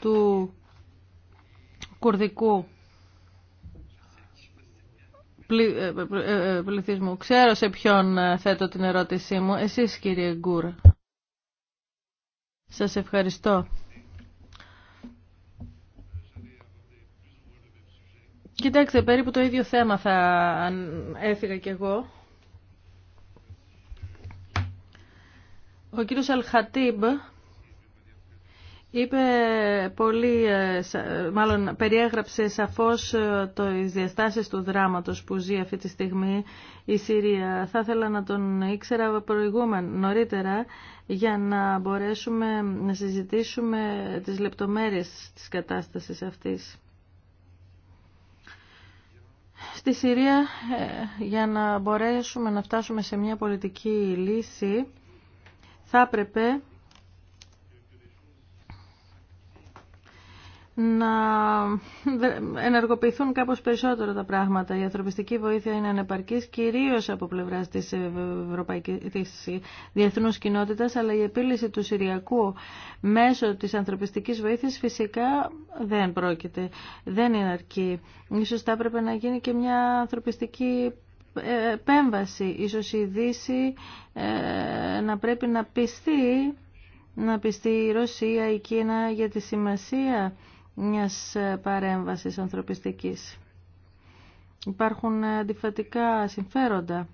του κουρδικού ε, ε, ε, πληθυσμού. Ξέρω σε ποιον θέτω την ερώτησή μου. Εσείς κύριε Γκούρ. Σας ευχαριστώ. Κοιτάξτε, περίπου το ίδιο θέμα θα έφυγα κι εγώ. Ο κύριος Αλχατίμπ είπε πολύ, ε, μάλλον περιέγραψε σαφώς ε, το, τις διαστάσεις του δράματος που ζει αυτή τη στιγμή η Συρία. Θα ήθελα να τον ήξερα προηγούμενα, νωρίτερα, για να μπορέσουμε να συζητήσουμε τις λεπτομέρειες της κατάστασης αυτής στη Συρία ε, για να μπορέσουμε να φτάσουμε σε μια πολιτική λύση θα έπρεπε να ενεργοποιηθούν κάπως περισσότερο τα πράγματα. Η ανθρωπιστική βοήθεια είναι ανεπαρκής κυρίως από πλευράς της, Ευρωπαϊκής, της διεθνούς κοινότητας, αλλά η επίλυση του Συριακού μέσω της ανθρωπιστικής βοήθειας φυσικά δεν πρόκειται, δεν είναι αρκή. Ίσως θα έπρεπε να γίνει και μια ανθρωπιστική ε, επέμβαση. Ίσως η Δύση ε, να πρέπει να πιστεί να πιστεί η Ρωσία, η Κίνα για τη σημασία μιας ε, παρέμβασης ανθρωπιστικής. Υπάρχουν ε, αντιφατικά συμφέροντα,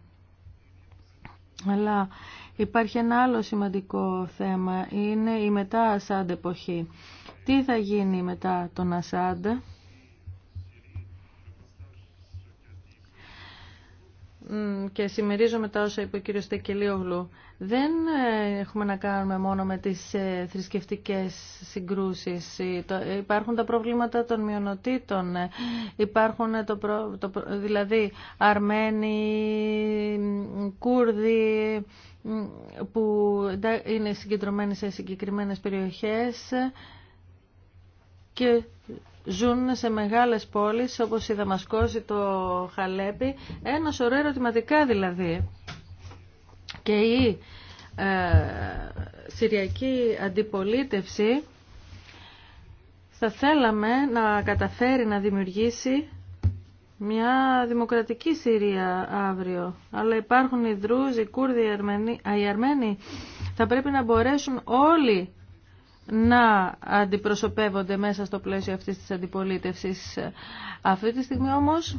αλλά υπάρχει ένα άλλο σημαντικό θέμα, είναι η μετά Ασάντ εποχή. Τι θα γίνει μετά τον Ασάντ... και συμμερίζομαι τα όσα είπε ο κύριος Τεκελιόγλου. Δεν ε, έχουμε να κάνουμε μόνο με τις ε, θρησκευτικές συγκρούσεις. Ε, υπάρχουν τα προβλήματα των μειονοτήτων. Υπάρχουν το, δηλαδή Αρμένοι, Κούρδοι που είναι συγκεντρωμένοι σε συγκεκριμένες περιοχές και ζουν σε μεγάλες πόλεις όπως η Δαμασκόζη, το Χαλέπι, ένα σωρό ερωτηματικά δηλαδή. Και η ε, Συριακή Αντιπολίτευση θα θέλαμε να καταφέρει να δημιουργήσει μια δημοκρατική Συρία αύριο. Αλλά υπάρχουν οι Δρούζοι, οι Κούρδοι, οι Αρμένοι. Οι Αρμένοι θα πρέπει να μπορέσουν όλοι να αντιπροσωπεύονται μέσα στο πλαίσιο αυτής της αντιπολίτευσης. Αυτή τη στιγμή όμως,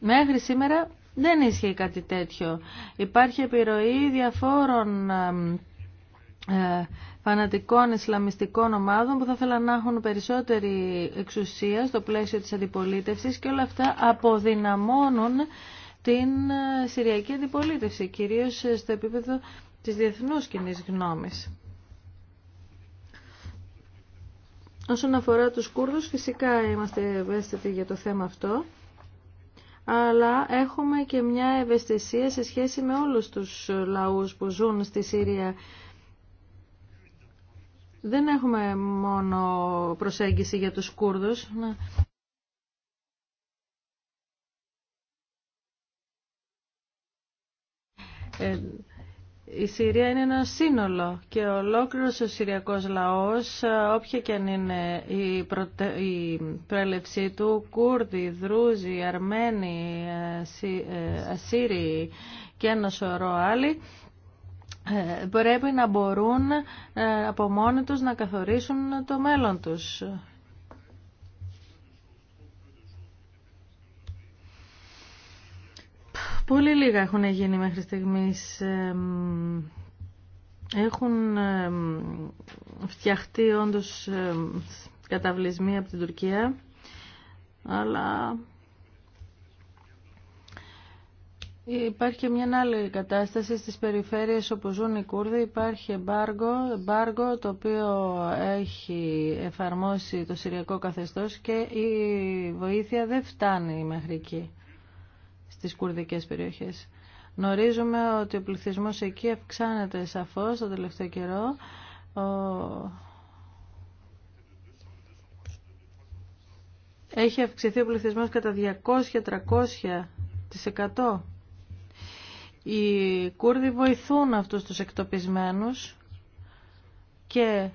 μέχρι σήμερα δεν ίσχυε κάτι τέτοιο. Υπάρχει επιρροή διαφόρων ε, φανατικών Ισλαμιστικών ομάδων που θα θέλαν να έχουν περισσότερη εξουσία στο πλαίσιο της αντιπολίτευσης και όλα αυτά αποδυναμώνουν την ε, Συριακή αντιπολίτευση, κυρίως στο επίπεδο της διεθνούς κοινή γνώμης. Όσον αφορά τους Κούρδους, φυσικά είμαστε ευαίσθητοι για το θέμα αυτό, αλλά έχουμε και μια ευαισθησία σε σχέση με όλους τους λαούς που ζουν στη Σύρια. Δεν έχουμε μόνο προσέγγιση για τους Κούρδους. Ναι. Ε, η Συρία είναι ένα σύνολο και ολόκληρος ο Συριακός λαός, όποια και αν είναι η, προέλευσή του, Κούρδοι, Δρούζοι, Αρμένοι, ε, Ασσύριοι και ένα σωρό άλλοι, ε, πρέπει να μπορούν ε, από μόνοι τους να καθορίσουν το μέλλον τους. Πολύ λίγα έχουν γίνει μέχρι στιγμής. Έχουν φτιαχτεί όντως καταβλισμοί από την Τουρκία, αλλά Υπάρχει και μια άλλη κατάσταση στις περιφέρειες όπου ζουν οι Κούρδοι. Υπάρχει εμπάργο, το οποίο έχει εφαρμόσει το Συριακό καθεστώς και η βοήθεια δεν φτάνει μέχρι εκεί στις κουρδικές περιοχές. Γνωρίζουμε ότι ο πληθυσμός εκεί αυξάνεται σαφώς το τελευταίο καιρό. Έχει αυξηθεί ο πληθυσμός κατά 200-300%. Οι Κούρδοι βοηθούν αυτούς τους εκτοπισμένους και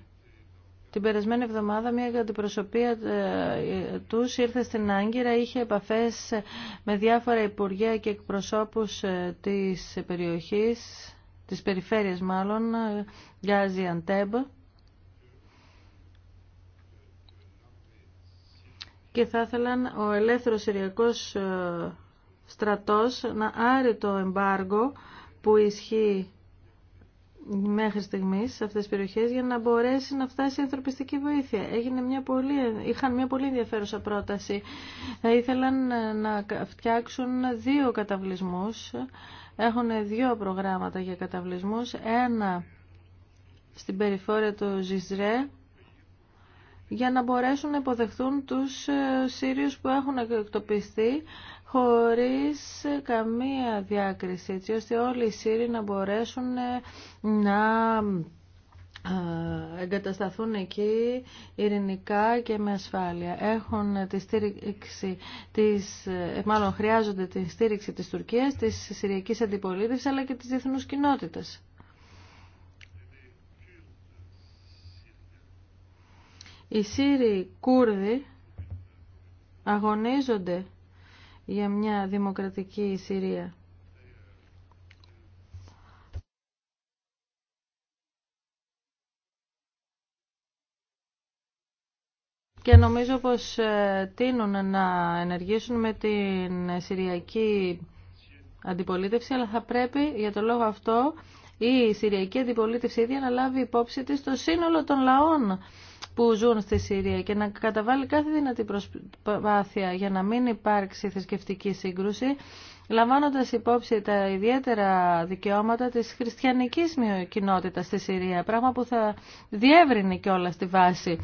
την περασμένη εβδομάδα μια αντιπροσωπεία ε, τους ήρθε στην Άγκυρα, είχε επαφές με διάφορα υπουργεία και εκπροσώπους ε, της περιοχής, της περιφέρειας μάλλον, ε, Γκάζι Αντέμπ. Και θα ήθελαν ο ελεύθερος συριακός στρατός να άρει το εμπάργο που ισχύει μέχρι στιγμής σε αυτές τις περιοχές για να μπορέσει να φτάσει η ανθρωπιστική βοήθεια. Έγινε μια πολύ, είχαν μια πολύ ενδιαφέρουσα πρόταση. Ε, ήθελαν ε, να φτιάξουν δύο καταβλισμούς. Έχουν δύο προγράμματα για καταβλισμούς. Ένα στην περιφόρεια του Ζιζρέ για να μπορέσουν να υποδεχθούν τους ε, Σύριους που έχουν εκτοπιστεί χωρίς καμία διάκριση, έτσι ώστε όλοι οι Σύριοι να μπορέσουν ε, να ε, εγκατασταθούν εκεί ειρηνικά και με ασφάλεια. Έχουν ε, τη στήριξη της, μάλλον χρειάζονται τη στήριξη της Τουρκίας, της Συριακής Αντιπολίτευσης αλλά και της διεθνούς κοινότητας. Οι Σύριοι Κούρδοι αγωνίζονται για μια δημοκρατική Συρία. και νομίζω πως ε, τίνουν να ενεργήσουν με την Συριακή Αντιπολίτευση, αλλά θα πρέπει για το λόγο αυτό η Συριακή Αντιπολίτευση ήδη να λάβει υπόψη της το σύνολο των λαών που ζουν στη Συρία και να καταβάλει κάθε δυνατή προσπάθεια για να μην υπάρξει θρησκευτική σύγκρουση, λαμβάνοντας υπόψη τα ιδιαίτερα δικαιώματα της χριστιανικής κοινότητας στη Συρία, πράγμα που θα διεύρυνει και όλα στη βάση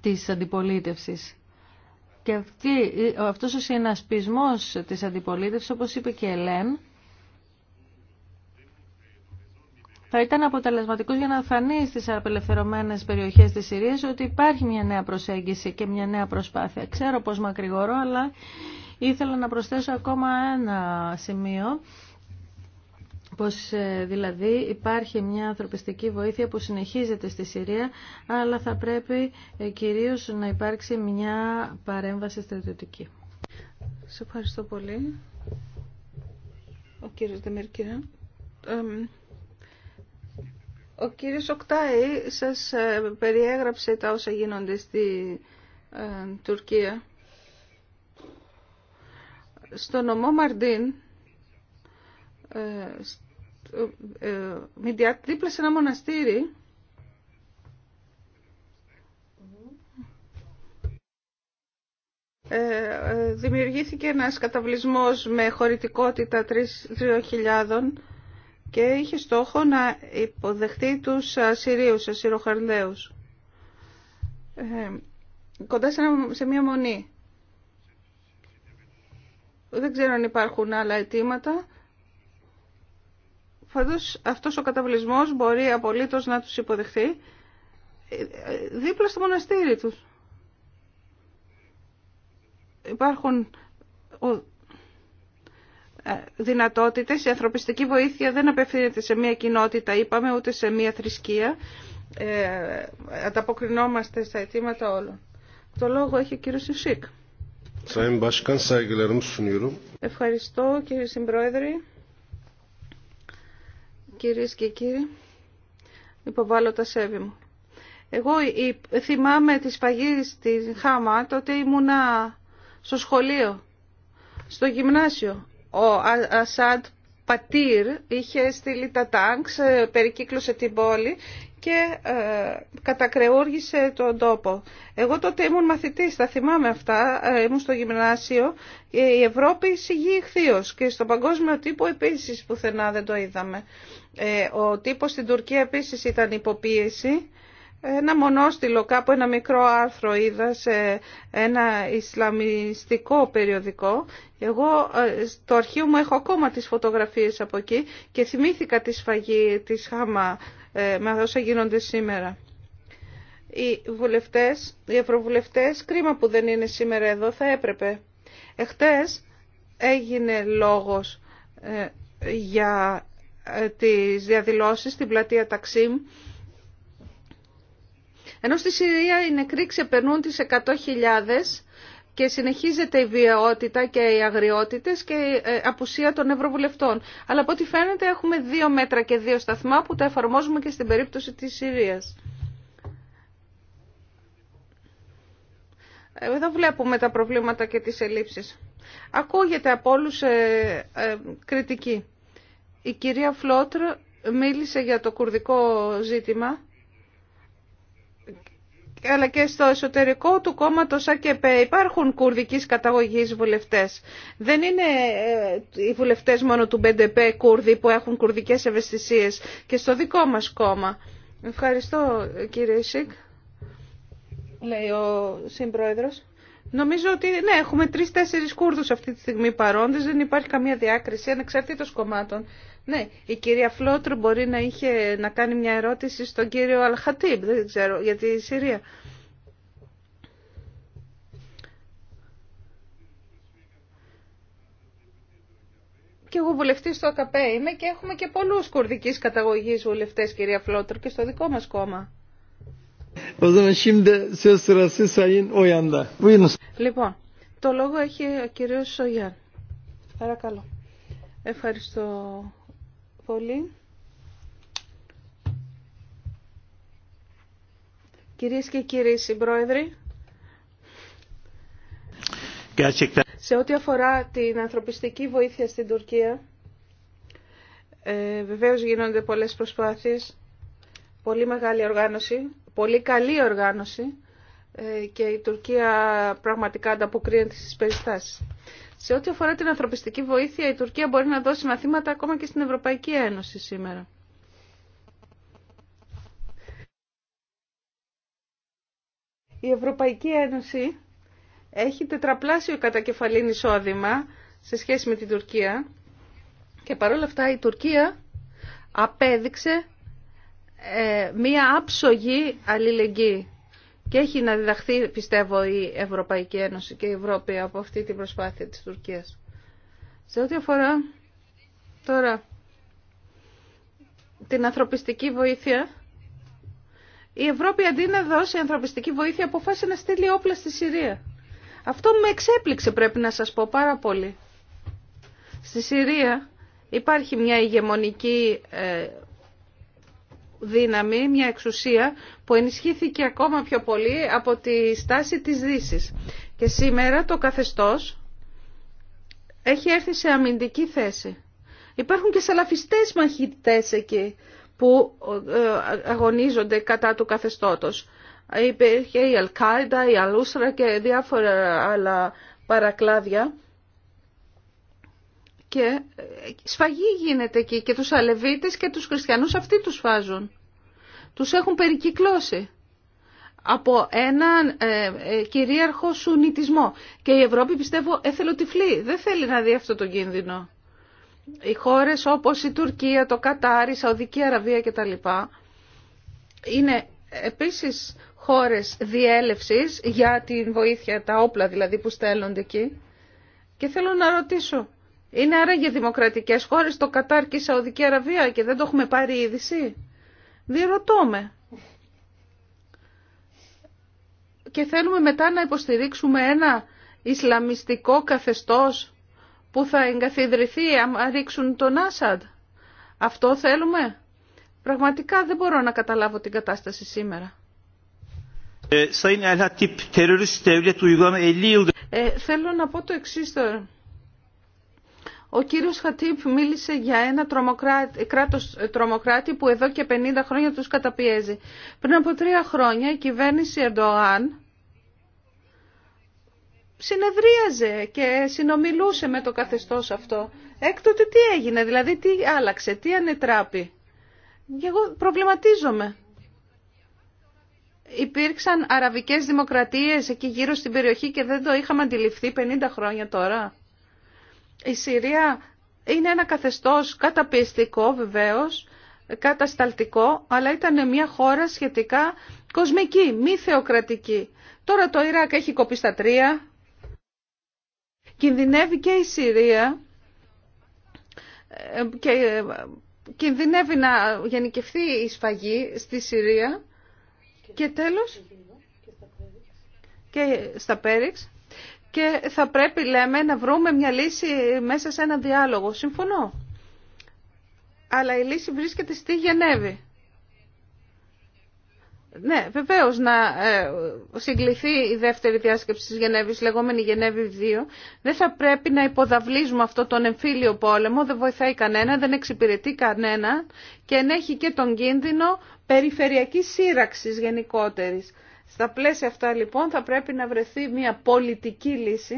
της αντιπολίτευσης. Και αυτή, ε, αυτός ο συνασπισμός της αντιπολίτευσης, όπως είπε και η Ελέν, θα ήταν αποτελεσματικό για να φανεί στις απελευθερωμένε περιοχέ τη Συρίας ότι υπάρχει μια νέα προσέγγιση και μια νέα προσπάθεια. Ξέρω πω μακρηγορώ, αλλά ήθελα να προσθέσω ακόμα ένα σημείο πως ε, δηλαδή υπάρχει μια ανθρωπιστική βοήθεια που συνεχίζεται στη Συρία, αλλά θα πρέπει ε, κυρίως να υπάρξει μια παρέμβαση στρατιωτική. Σα ευχαριστώ πολύ. Ο κύριος Δεμερκυρά. Ο κύριος Οκτάη σας ε, περιέγραψε τα όσα γίνονται στη ε, Τουρκία. Στο νομό Μαρντίν, ε, δίπλα σε ένα μοναστήρι, δημιουργήθηκε ένας καταβλισμός με χωρητικότητα 3.000 και είχε στόχο να υποδεχτεί τους Ασυρίους, Ασυροχαρδαίους. Ε, κοντά σε, μια μονή. Δεν ξέρω αν υπάρχουν άλλα αιτήματα. Φαντός αυτός ο καταβλισμός μπορεί απολύτως να τους υποδεχθεί ε, ε, δίπλα στο μοναστήρι τους. Υπάρχουν ε, δυνατότητες. Η ανθρωπιστική βοήθεια δεν απευθύνεται σε μία κοινότητα, είπαμε, ούτε σε μία θρησκεία. Ε, ανταποκρινόμαστε στα αιτήματα όλων. Το λόγο έχει ο κύριος Ιουσίκ. Ευχαριστώ κύριε Συμπρόεδρε. Κυρίες και κύριοι, υποβάλλω τα σέβη μου. Εγώ θυμάμαι τη σφαγή στη Χάμα, τότε ήμουνα στο σχολείο, στο γυμνάσιο. Ο Ασάντ Πατήρ είχε στείλει τα τάγκς, ε, περικύκλωσε την πόλη και ε, κατακρεούργησε τον τόπο. Εγώ τότε ήμουν μαθητής, θα θυμάμαι αυτά, ε, ήμουν στο γυμνάσιο. Η Ευρώπη εισηγεί ηχθείως και στον παγκόσμιο τύπο επίσης πουθενά δεν το είδαμε. Ε, ο τύπος στην Τουρκία επίσης ήταν υποποίηση ένα μονόστιλο, κάπου ένα μικρό άρθρο είδα σε ένα ισλαμιστικό περιοδικό. Εγώ ε, στο αρχείο μου έχω ακόμα τις φωτογραφίες από εκεί και θυμήθηκα τη σφαγή της Χάμα ε, με όσα γίνονται σήμερα. Οι βουλευτές, οι ευρωβουλευτές, κρίμα που δεν είναι σήμερα εδώ, θα έπρεπε. Εχθές έγινε λόγος ε, για τις διαδηλώσεις στην πλατεία Ταξίμ ενώ στη Συρία οι νεκροί ξεπερνούν τις 100.000 και συνεχίζεται η βιαιότητα και οι αγριότητες και η ε, απουσία των ευρωβουλευτών. Αλλά από ό,τι φαίνεται έχουμε δύο μέτρα και δύο σταθμά που τα εφαρμόζουμε και στην περίπτωση της Συρίας. Ε, εδώ βλέπουμε τα προβλήματα και τις ελλείψεις. Ακούγεται από όλους ε, κριτική. Η κυρία Φλότρ μίλησε για το κουρδικό ζήτημα αλλά και στο εσωτερικό του κόμματος ΑΚΕΠΕ υπάρχουν κουρδικής καταγωγή βουλευτές. Δεν είναι ε, οι βουλευτές μόνο του ΜΠΕΝΤΕΠΕ Κούρδοι που έχουν κουρδικές ευαισθησίε και στο δικό μας κόμμα. Ευχαριστώ κύριε Ισικ, λέει ο συμπρόεδρος. Νομίζω ότι ναι, έχουμε τρει-τέσσερι Κούρδου αυτή τη στιγμή παρόντε, δεν υπάρχει καμία διάκριση ανεξαρτήτω κομμάτων. Ναι, η κυρία Φλότρ μπορεί να είχε να κάνει μια ερώτηση στον κύριο Αλχατίμπ, δεν ξέρω, για τη Συρία. Και εγώ βουλευτή στο ΑΚΠ είμαι και έχουμε και πολλού κουρδική καταγωγή βουλευτέ, κυρία Φλότρου, και στο δικό μα κόμμα. Λοιπόν, το λόγο έχει ο κύριος Σογιάν. Παρακαλώ. Ευχαριστώ πολύ. Κυρίες και κύριοι συμπρόεδροι, σε ό,τι αφορά την ανθρωπιστική βοήθεια στην Τουρκία, ε, βεβαίως γίνονται πολλές προσπάθειες, πολύ μεγάλη οργάνωση πολύ καλή οργάνωση ε, και η Τουρκία πραγματικά ανταποκρίνεται στις περιστάσεις. Σε ό,τι αφορά την ανθρωπιστική βοήθεια, η Τουρκία μπορεί να δώσει μαθήματα ακόμα και στην Ευρωπαϊκή Ένωση σήμερα. Η Ευρωπαϊκή Ένωση έχει τετραπλάσιο κατακεφαλήν εισόδημα σε σχέση με την Τουρκία και παρόλα αυτά η Τουρκία απέδειξε ε, μία άψογη αλληλεγγύη. Και έχει να διδαχθεί, πιστεύω, η Ευρωπαϊκή Ένωση και η Ευρώπη από αυτή την προσπάθεια της Τουρκίας. Σε ό,τι αφορά τώρα την ανθρωπιστική βοήθεια, η Ευρώπη αντί να δώσει ανθρωπιστική βοήθεια αποφάσισε να στείλει όπλα στη Συρία. Αυτό με εξέπληξε πρέπει να σας πω πάρα πολύ. Στη Συρία υπάρχει μια ηγεμονική ε, δύναμη, μια εξουσία που ενισχύθηκε ακόμα πιο πολύ από τη στάση της δύση. Και σήμερα το καθεστώς έχει έρθει σε αμυντική θέση. Υπάρχουν και σαλαφιστές μαχητές εκεί που ε, αγωνίζονται κατά του καθεστώτος. Υπήρχε η Αλκάιντα, η Αλούσρα και διάφορα άλλα παρακλάδια και ε, σφαγή γίνεται εκεί και τους αλεβίτες και τους χριστιανούς αυτοί τους φάζουν. Τους έχουν περικυκλώσει από έναν ε, ε, κυρίαρχο σουνιτισμό. Και η Ευρώπη πιστεύω εθελοτυφλή. Δεν θέλει να δει αυτό το κίνδυνο. Οι χώρες όπως η Τουρκία, το Κατάρ, η Σαουδική Αραβία κτλ. Είναι επίσης χώρες διέλευσης για την βοήθεια, τα όπλα δηλαδή που στέλνονται εκεί. Και θέλω να ρωτήσω, είναι άραγε δημοκρατικές χώρες το Κατάρ και η Σαουδική Αραβία και δεν το έχουμε πάρει είδηση. Διερωτώ με. Και θέλουμε μετά να υποστηρίξουμε ένα Ισλαμιστικό καθεστώς που θα εγκαθιδρυθεί αν ρίξουν τον Άσαντ. Αυτό θέλουμε. Πραγματικά δεν μπορώ να καταλάβω την κατάσταση σήμερα. Ε, ε, ε θέλω να πω το εξής τώρα. Ο κύριος Χατίπ μίλησε για ένα τρομοκράτη, κράτος τρομοκράτη που εδώ και 50 χρόνια τους καταπιέζει. Πριν από τρία χρόνια η κυβέρνηση Ερντογάν συνεδρίαζε και συνομιλούσε με το καθεστώς αυτό. Έκτοτε τι έγινε, δηλαδή τι άλλαξε, τι ανετράπη. Και εγώ προβληματίζομαι. Υπήρξαν αραβικές δημοκρατίες εκεί γύρω στην περιοχή και δεν το είχαμε αντιληφθεί 50 χρόνια τώρα. Η Συρία είναι ένα καθεστώς καταπιστικό βεβαίως, κατασταλτικό, αλλά ήταν μια χώρα σχετικά κοσμική, μη θεοκρατική. Τώρα το Ιράκ έχει κοπεί στα τρία. Κινδυνεύει και η Συρία ε, και ε, κινδυνεύει να γενικευθεί η σφαγή στη Συρία και τέλος και στα Πέριξ και θα πρέπει, λέμε, να βρούμε μια λύση μέσα σε ένα διάλογο. Συμφωνώ. Αλλά η λύση βρίσκεται στη Γενέβη. Ναι, βεβαίω να ε, συγκληθεί η δεύτερη διάσκεψη τη Γενέβη, λεγόμενη Γενέβη 2. Δεν θα πρέπει να υποδαβλίζουμε αυτό τον εμφύλιο πόλεμο, δεν βοηθάει κανένα, δεν εξυπηρετεί κανένα και ενέχει και τον κίνδυνο περιφερειακή σύραξη γενικότερη. Στα πλαίσια αυτά λοιπόν θα πρέπει να βρεθεί μια πολιτική λύση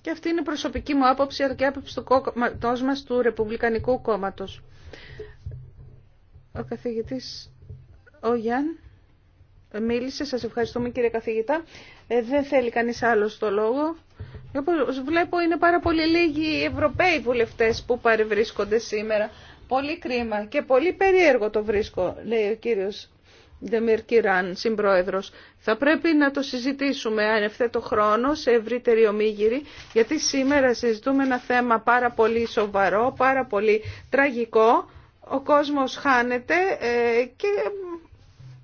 και αυτή είναι η προσωπική μου άποψη αλλά και άποψη του κόμματός μας του Ρεπουμπλικανικού Κόμματος. Ο καθηγητής ο Γιάν μίλησε, σας ευχαριστούμε κύριε καθηγητά. Ε, δεν θέλει κανείς άλλος το λόγο. Όπως βλέπω είναι πάρα πολύ λίγοι οι Ευρωπαίοι βουλευτές που παρευρίσκονται σήμερα. Πολύ κρίμα και πολύ περίεργο το βρίσκω, λέει ο κύριος Ντεμίρ Κιράν, συμπρόεδρος. Θα πρέπει να το συζητήσουμε αν το χρόνο σε ευρύτερη ομίγυρη, γιατί σήμερα συζητούμε ένα θέμα πάρα πολύ σοβαρό, πάρα πολύ τραγικό. Ο κόσμος χάνεται ε, και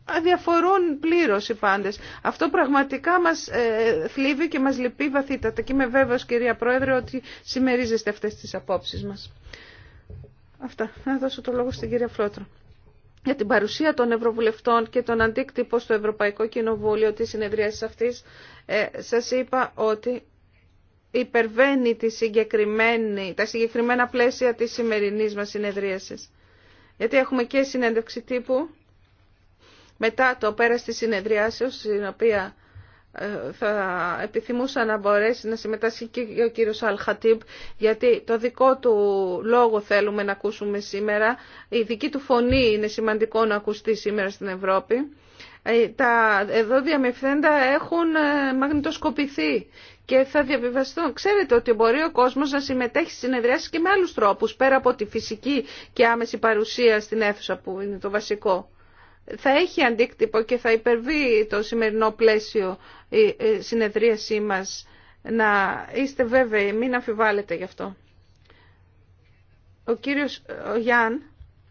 αδιαφορούν πλήρως οι πάντες. Αυτό πραγματικά μας ε, θλίβει και μας λυπεί βαθύτατα. Και είμαι βέβαιος, κυρία Πρόεδρε, ότι συμμερίζεστε αυτές τις απόψεις μας. Αυτά. Να δώσω το λόγο στην κυρία Φλότρο για την παρουσία των Ευρωβουλευτών και τον αντίκτυπο στο Ευρωπαϊκό Κοινοβούλιο της συνεδρίασης αυτής, ε, σας είπα ότι υπερβαίνει τη συγκεκριμένη, τα συγκεκριμένα πλαίσια της σημερινής μας συνεδρίασης. Γιατί έχουμε και συνέντευξη τύπου μετά το πέρας της συνεδριάσεως, στην οποία θα επιθυμούσα να μπορέσει να συμμετάσχει και ο κύριος Αλχατίμπ γιατί το δικό του λόγο θέλουμε να ακούσουμε σήμερα η δική του φωνή είναι σημαντικό να ακουστεί σήμερα στην Ευρώπη ε, τα εδώ διαμευθέντα έχουν ε, μαγνητοσκοπηθεί και θα διαβιβαστούν. Ξέρετε ότι μπορεί ο κόσμος να συμμετέχει στις συνεδριάσεις και με άλλους τρόπους πέρα από τη φυσική και άμεση παρουσία στην αίθουσα που είναι το βασικό θα έχει αντίκτυπο και θα υπερβεί το σημερινό πλαίσιο η συνεδρίασή μας. Να είστε βέβαιοι, μην αμφιβάλλετε γι' αυτό. Ο κύριος Γιάν,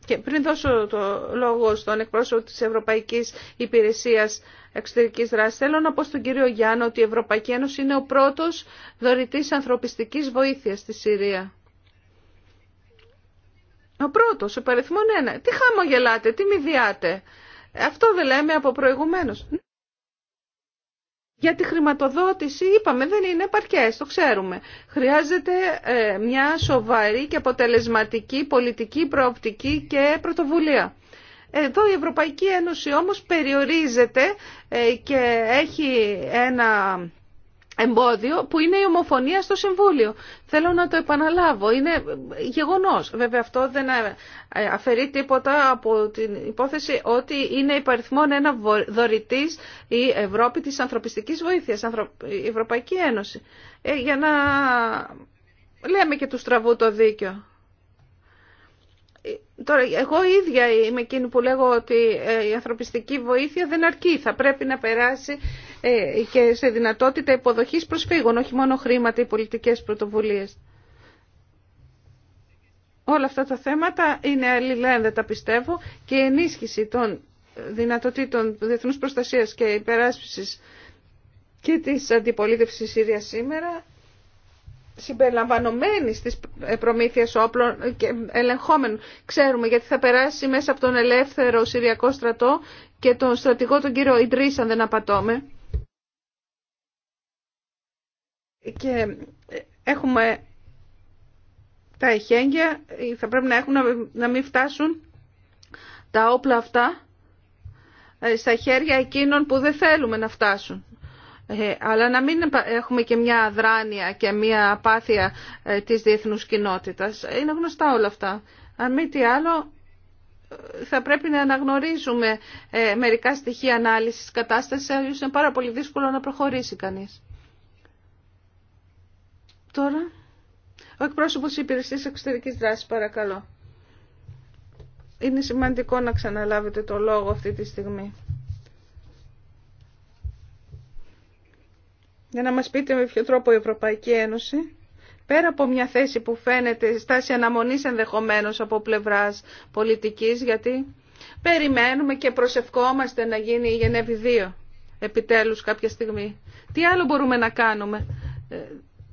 και πριν δώσω το λόγο στον εκπρόσωπο της Ευρωπαϊκής Υπηρεσίας Εξωτερικής Δράσης, θέλω να πω στον κύριο Γιάν ότι η Ευρωπαϊκή Ένωση είναι ο πρώτος δωρητής ανθρωπιστικής βοήθειας στη Συρία. Ο πρώτος, ο παριθμόν ένα. Τι χαμογελάτε, τι μηδιάτε. Αυτό δεν λέμε από προηγουμένως. Για τη χρηματοδότηση είπαμε δεν είναι επαρκές, το ξέρουμε. Χρειάζεται ε, μια σοβαρή και αποτελεσματική πολιτική προοπτική και πρωτοβουλία. Εδώ η Ευρωπαϊκή Ένωση όμως περιορίζεται ε, και έχει ένα εμπόδιο που είναι η ομοφωνία στο Συμβούλιο. Θέλω να το επαναλάβω. Είναι γεγονός. Βέβαια αυτό δεν αφαιρεί τίποτα από την υπόθεση ότι είναι υπαριθμόν ένα δωρητής η Ευρώπη της ανθρωπιστικής βοήθειας, η Ευρωπαϊκή Ένωση. Ε, για να λέμε και του στραβού το δίκιο. Τώρα, εγώ ίδια είμαι εκείνη που λέγω ότι ε, η ανθρωπιστική βοήθεια δεν αρκεί. Θα πρέπει να περάσει ε, και σε δυνατότητα υποδοχής προσφύγων, όχι μόνο χρήματα ή πολιτικές πρωτοβουλίες. Όλα αυτά τα θέματα είναι αλληλένδετα πιστεύω και η ενίσχυση των δυνατοτήτων διεθνούς προστασίας και υπεράσπισης και της αντιπολίτευσης Συρία σήμερα συμπεριλαμβανομένη στις προμήθειες όπλων και ελεγχόμενων. Ξέρουμε γιατί θα περάσει μέσα από τον ελεύθερο Συριακό στρατό και τον στρατηγό τον κύριο Ιντρίς αν δεν απατώμε. Και ε, έχουμε τα εχέγγυα, ε, θα πρέπει να έχουν να μην φτάσουν τα όπλα αυτά ε, στα χέρια εκείνων που δεν θέλουμε να φτάσουν. Ε, αλλά να μην έχουμε και μια αδράνεια και μια απάθεια ε, της διεθνούς κοινότητας. Είναι γνωστά όλα αυτά. Αν μη τι άλλο, ε, θα πρέπει να αναγνωρίζουμε μερικά στοιχεία ανάλυσης κατάστασης, αλλιώς είναι πάρα πολύ δύσκολο να προχωρήσει κανείς. Τώρα, ο εκπρόσωπος της Υπηρεσίας Εξωτερικής Δράσης, παρακαλώ. Είναι σημαντικό να ξαναλάβετε το λόγο αυτή τη στιγμή. για να μας πείτε με ποιο τρόπο η Ευρωπαϊκή Ένωση πέρα από μια θέση που φαίνεται στάση αναμονής ενδεχομένως από πλευράς πολιτικής γιατί περιμένουμε και προσευχόμαστε να γίνει η Γενέβη 2 επιτέλους κάποια στιγμή. Τι άλλο μπορούμε να κάνουμε ε,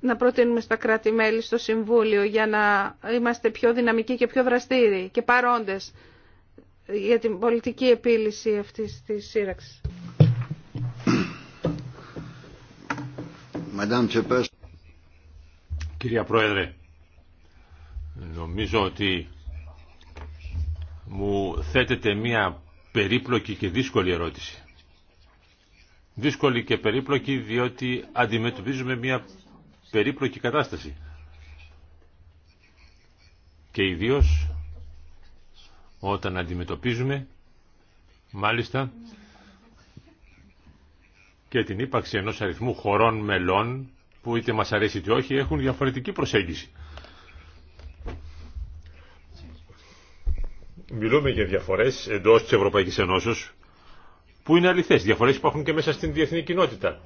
να προτείνουμε στα κράτη-μέλη στο Συμβούλιο για να είμαστε πιο δυναμικοί και πιο δραστήριοι και παρόντες για την πολιτική επίλυση αυτής της σύραξης. Κυρία Πρόεδρε, νομίζω ότι μου θέτεται μία περίπλοκη και δύσκολη ερώτηση. Δύσκολη και περίπλοκη διότι αντιμετωπίζουμε μία περίπλοκη κατάσταση. Και ιδίως όταν αντιμετωπίζουμε μάλιστα και την ύπαρξη ενός αριθμού χωρών μελών που είτε μας αρέσει είτε όχι έχουν διαφορετική προσέγγιση. Μιλούμε για διαφορές εντός της Ευρωπαϊκής Ενώσεως που είναι αληθές. Διαφορές υπάρχουν και μέσα στην διεθνή κοινότητα.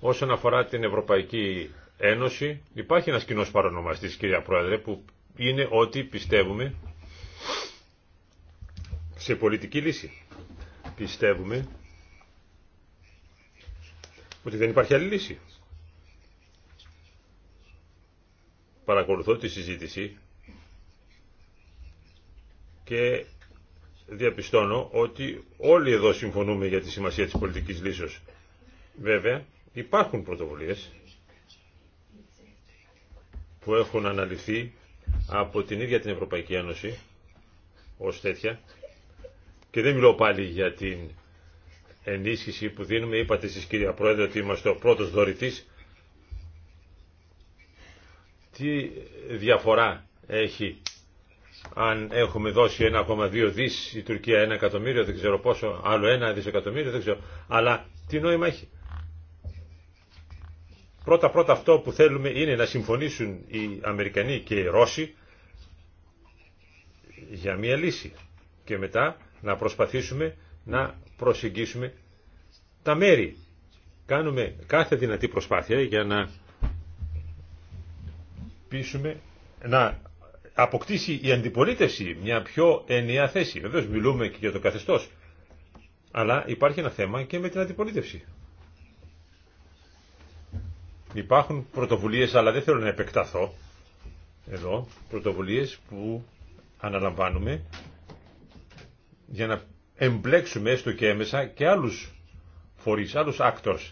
Όσον αφορά την Ευρωπαϊκή Ένωση υπάρχει ένας κοινός παρονομαστής κυρία Πρόεδρε που είναι ότι πιστεύουμε σε πολιτική λύση. Πιστεύουμε ότι δεν υπάρχει άλλη λύση. Παρακολουθώ τη συζήτηση και διαπιστώνω ότι όλοι εδώ συμφωνούμε για τη σημασία της πολιτικής λύσεως. Βέβαια, υπάρχουν πρωτοβουλίες που έχουν αναλυθεί από την ίδια την Ευρωπαϊκή Ένωση ως τέτοια και δεν μιλώ πάλι για την ενίσχυση που δίνουμε. Είπατε εσείς κυρία Πρόεδρε ότι είμαστε ο πρώτος δωρητής. Τι διαφορά έχει αν έχουμε δώσει 1,2 δις η Τουρκία 1 εκατομμύριο, δεν ξέρω πόσο, άλλο 1 δισεκατομμύριο, δεν ξέρω. Αλλά τι νόημα έχει. Πρώτα πρώτα αυτό που θέλουμε είναι να συμφωνήσουν οι Αμερικανοί και οι Ρώσοι για μια λύση. Και μετά να προσπαθήσουμε να προσεγγίσουμε τα μέρη. Κάνουμε κάθε δυνατή προσπάθεια για να πείσουμε να αποκτήσει η αντιπολίτευση μια πιο ενιαία θέση. Βεβαίω μιλούμε και για το καθεστώς. Αλλά υπάρχει ένα θέμα και με την αντιπολίτευση. Υπάρχουν πρωτοβουλίες, αλλά δεν θέλω να επεκταθώ εδώ, πρωτοβουλίες που αναλαμβάνουμε για να εμπλέξουμε έστω και έμεσα και άλλους φορείς, άλλους actors.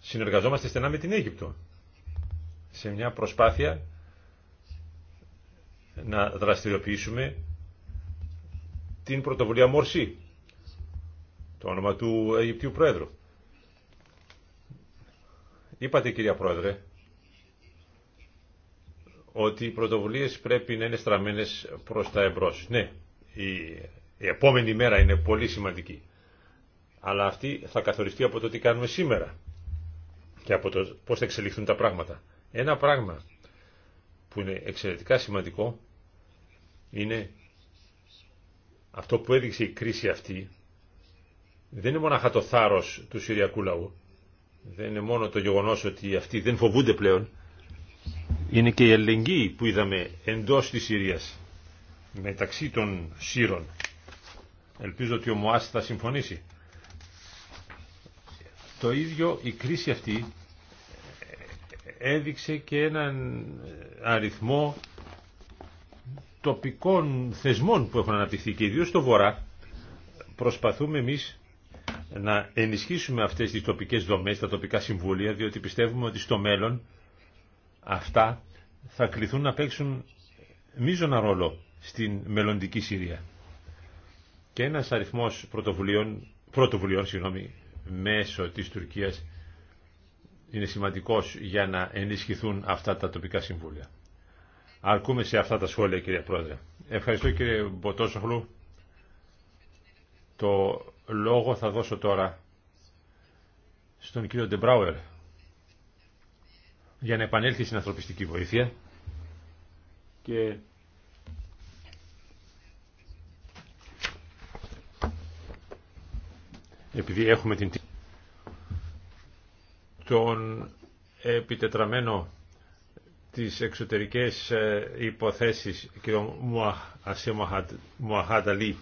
Συνεργαζόμαστε στενά με την Αίγυπτο σε μια προσπάθεια να δραστηριοποιήσουμε την πρωτοβουλία Μορσή, το όνομα του Αιγυπτίου Πρόεδρου. Είπατε κυρία Πρόεδρε ότι οι πρωτοβουλίες πρέπει να είναι στραμμένες προς τα εμπρός. Ναι, η η επόμενη μέρα είναι πολύ σημαντική. Αλλά αυτή θα καθοριστεί από το τι κάνουμε σήμερα και από το πώς θα εξελιχθούν τα πράγματα. Ένα πράγμα που είναι εξαιρετικά σημαντικό είναι αυτό που έδειξε η κρίση αυτή δεν είναι μόνο το θάρρος του Συριακού λαού, δεν είναι μόνο το γεγονός ότι αυτοί δεν φοβούνται πλέον, είναι και η ελεγγύη που είδαμε εντός της Συρίας μεταξύ των Σύρων Ελπίζω ότι ο Μωάς θα συμφωνήσει. Το ίδιο η κρίση αυτή ε, έδειξε και έναν ε, αριθμό τοπικών θεσμών που έχουν αναπτυχθεί και ιδίως στο Βορρά προσπαθούμε εμείς να ενισχύσουμε αυτές τις τοπικές δομές, τα τοπικά συμβούλια, διότι πιστεύουμε ότι στο μέλλον αυτά θα κληθούν να παίξουν μείζωνα ρόλο στην μελλοντική Συρία και ένας αριθμός πρωτοβουλίων, πρωτοβουλίων συγγνώμη, μέσω της Τουρκίας είναι σημαντικός για να ενισχυθούν αυτά τα τοπικά συμβούλια. Αρκούμε σε αυτά τα σχόλια κύριε Πρόεδρε. Ευχαριστώ κύριε Μποτόσοχλου. Το λόγο θα δώσω τώρα στον κύριο Ντεμπράουερ για να επανέλθει στην ανθρωπιστική βοήθεια και επειδή έχουμε την τον επιτετραμένο τις εξωτερικές ε, υποθέσεις κ. Αλή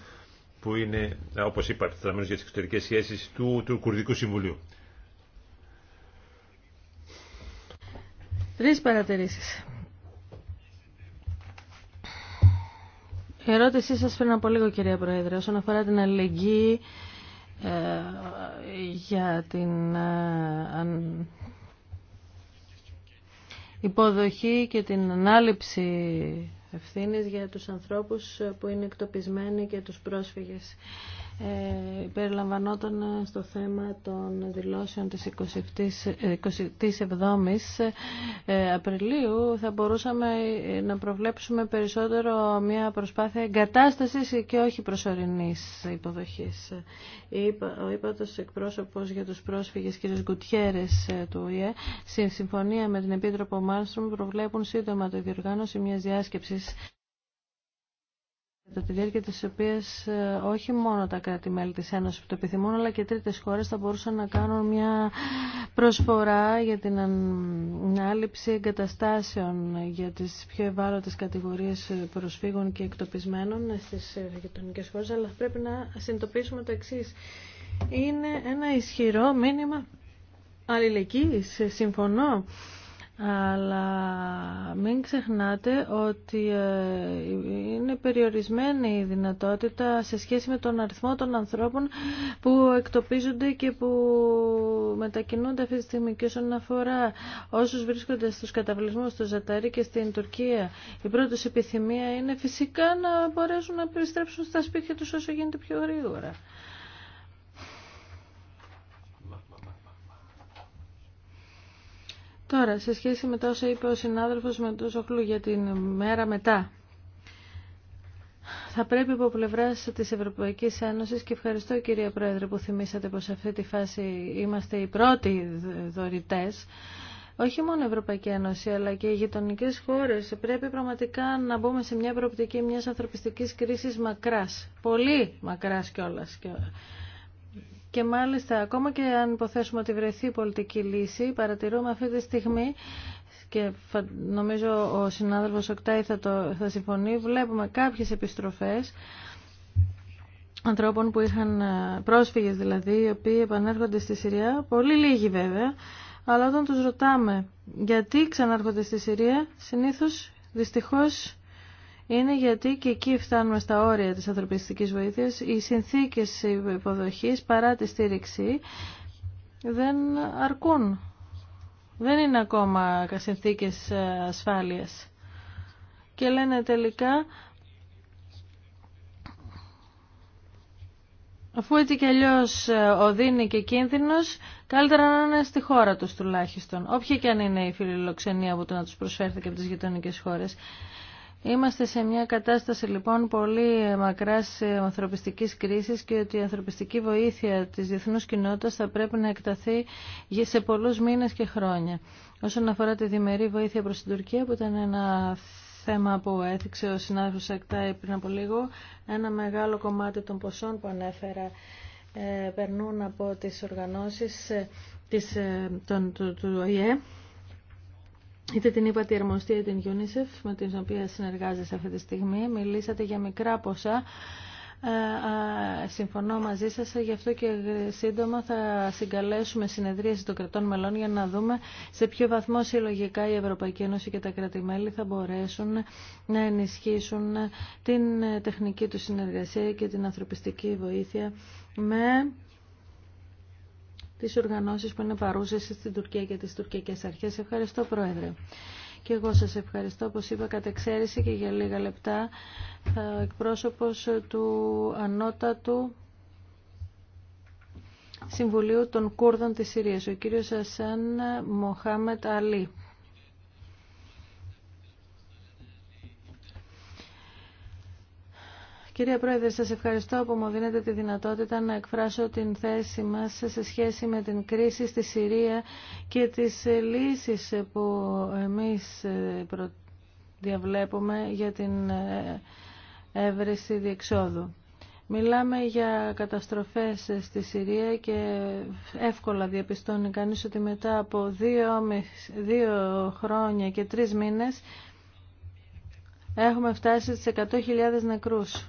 που είναι, ε, όπως είπα, επιτετραμένος για τις εξωτερικές σχέσεις του, του Κουρδικού Συμβουλίου. Τρεις παρατηρήσεις. Η ερώτησή σας πριν από λίγο, κυρία Πρόεδρε, όσον αφορά την αλληλεγγύη για την ε, υποδοχή και την ανάληψη ευθύνης για τους ανθρώπους που είναι εκτοπισμένοι και τους πρόσφυγες. Ε, περιλαμβανόταν στο θέμα των δηλώσεων της 27ης ε, ε, Απριλίου θα μπορούσαμε να προβλέψουμε περισσότερο μια προσπάθεια εγκατάστασης και όχι προσωρινής υποδοχής. Ο ύπατος εκπρόσωπος για τους πρόσφυγες κ. Γκουτιέρες του ΟΗΕ στη συμφωνία με την Επίτροπο Μάνστρομ προβλέπουν σύντομα το διοργάνωση μιας διάσκεψης κατά τη διάρκεια της οποίας ε, όχι μόνο τα κράτη-μέλη της Ένωσης που το επιθυμούν, αλλά και τρίτες χώρες θα μπορούσαν να κάνουν μια προσφορά για την ανάληψη εγκαταστάσεων για τις πιο ευάλωτες κατηγορίες ε, προσφύγων και εκτοπισμένων στις ε, γειτονικές χώρες, αλλά πρέπει να συνειδητοποιήσουμε το εξή. Είναι ένα ισχυρό μήνυμα αλληλεγγύης, συμφωνώ αλλά μην ξεχνάτε ότι ε, είναι περιορισμένη η δυνατότητα σε σχέση με τον αριθμό των ανθρώπων που εκτοπίζονται και που μετακινούνται αυτή τη στιγμή και όσον αφορά όσους βρίσκονται στους καταβλισμούς στο Ζαταρί και στην Τουρκία η πρώτη επιθυμία είναι φυσικά να μπορέσουν να περιστρέψουν στα σπίτια τους όσο γίνεται πιο γρήγορα. Τώρα, σε σχέση με τα όσα είπε ο συνάδελφος με το Σοχλού για την μέρα μετά, θα πρέπει από πλευρά τη Ευρωπαϊκή Ένωση και ευχαριστώ κυρία Πρόεδρε που θυμήσατε πω σε αυτή τη φάση είμαστε οι πρώτοι δωρητέ. Όχι μόνο η Ευρωπαϊκή Ένωση, αλλά και οι γειτονικέ χώρε πρέπει πραγματικά να μπούμε σε μια προοπτική μια ανθρωπιστική κρίση μακρά. Πολύ μακρά κιόλα. Και μάλιστα ακόμα και αν υποθέσουμε ότι βρεθεί πολιτική λύση, παρατηρούμε αυτή τη στιγμή και νομίζω ο συνάδελφος Οκτάη θα, συμφωνεί, βλέπουμε κάποιες επιστροφές ανθρώπων που είχαν ε, πρόσφυγες δηλαδή, οι οποίοι επανέρχονται στη Συρία, πολύ λίγοι βέβαια, αλλά όταν τους ρωτάμε γιατί ξανάρχονται στη Συρία, συνήθως δυστυχώς είναι γιατί και εκεί φτάνουμε στα όρια της ανθρωπιστικής βοήθειας. Οι συνθήκες υποδοχής παρά τη στήριξη δεν αρκούν. Δεν είναι ακόμα συνθήκες ασφάλειας. Και λένε τελικά Αφού έτσι κι αλλιώ ε, οδύνει και κίνδυνος, καλύτερα να είναι στη χώρα του τουλάχιστον. Όποια και αν είναι η φιλοξενία που το να του προσφέρθηκε από τις γειτονικέ χώρες. Είμαστε σε μια κατάσταση λοιπόν πολύ μακράς ανθρωπιστικής κρίσης και ότι η ανθρωπιστική βοήθεια της διεθνούς κοινότητας θα πρέπει να εκταθεί σε πολλούς μήνες και χρόνια. Όσον αφορά τη διμερή βοήθεια προς την Τουρκία που ήταν ένα θέμα που έθιξε ο συνάδελφος Ακτάη πριν από λίγο, ένα μεγάλο κομμάτι των ποσών που ανέφερα ε, περνούν από τις οργανώσεις ε, ε, του ΟΗΕ Είτε την είπατε αρμοστή, την UNICEF με την οποία συνεργάζεσαι αυτή τη στιγμή. Μιλήσατε για μικρά ποσά. Ε, ε, συμφωνώ μαζί σας, γι' αυτό και σύντομα θα συγκαλέσουμε συνεδρίαση των κρατών μελών για να δούμε σε ποιο βαθμό συλλογικά η Ευρωπαϊκή Ένωση και τα κρατημέλη θα μπορέσουν να ενισχύσουν την τεχνική του συνεργασία και την ανθρωπιστική βοήθεια με τις οργανώσει που είναι παρούσες στην Τουρκία και τις Τουρκικέ αρχές. Ευχαριστώ Πρόεδρε. Και εγώ σας ευχαριστώ, όπως είπα, κατ' εξαίρεση και για λίγα λεπτά, ο εκπρόσωπος του ανώτατου Συμβουλίου των Κούρδων της Συρίας, ο κύριος Ασάν Μοχάμετ Αλή. Κύριε Πρόεδρε, σας ευχαριστώ που μου δίνετε τη δυνατότητα να εκφράσω την θέση μας σε σχέση με την κρίση στη Συρία και τις λύσεις που εμείς ε, διαβλέπουμε για την ε, έβρεση διεξόδου. Μιλάμε για καταστροφές στη Συρία και εύκολα διαπιστώνει κανείς ότι μετά από δύο, δύο χρόνια και τρεις μήνες έχουμε φτάσει στις 100.000 νεκρούς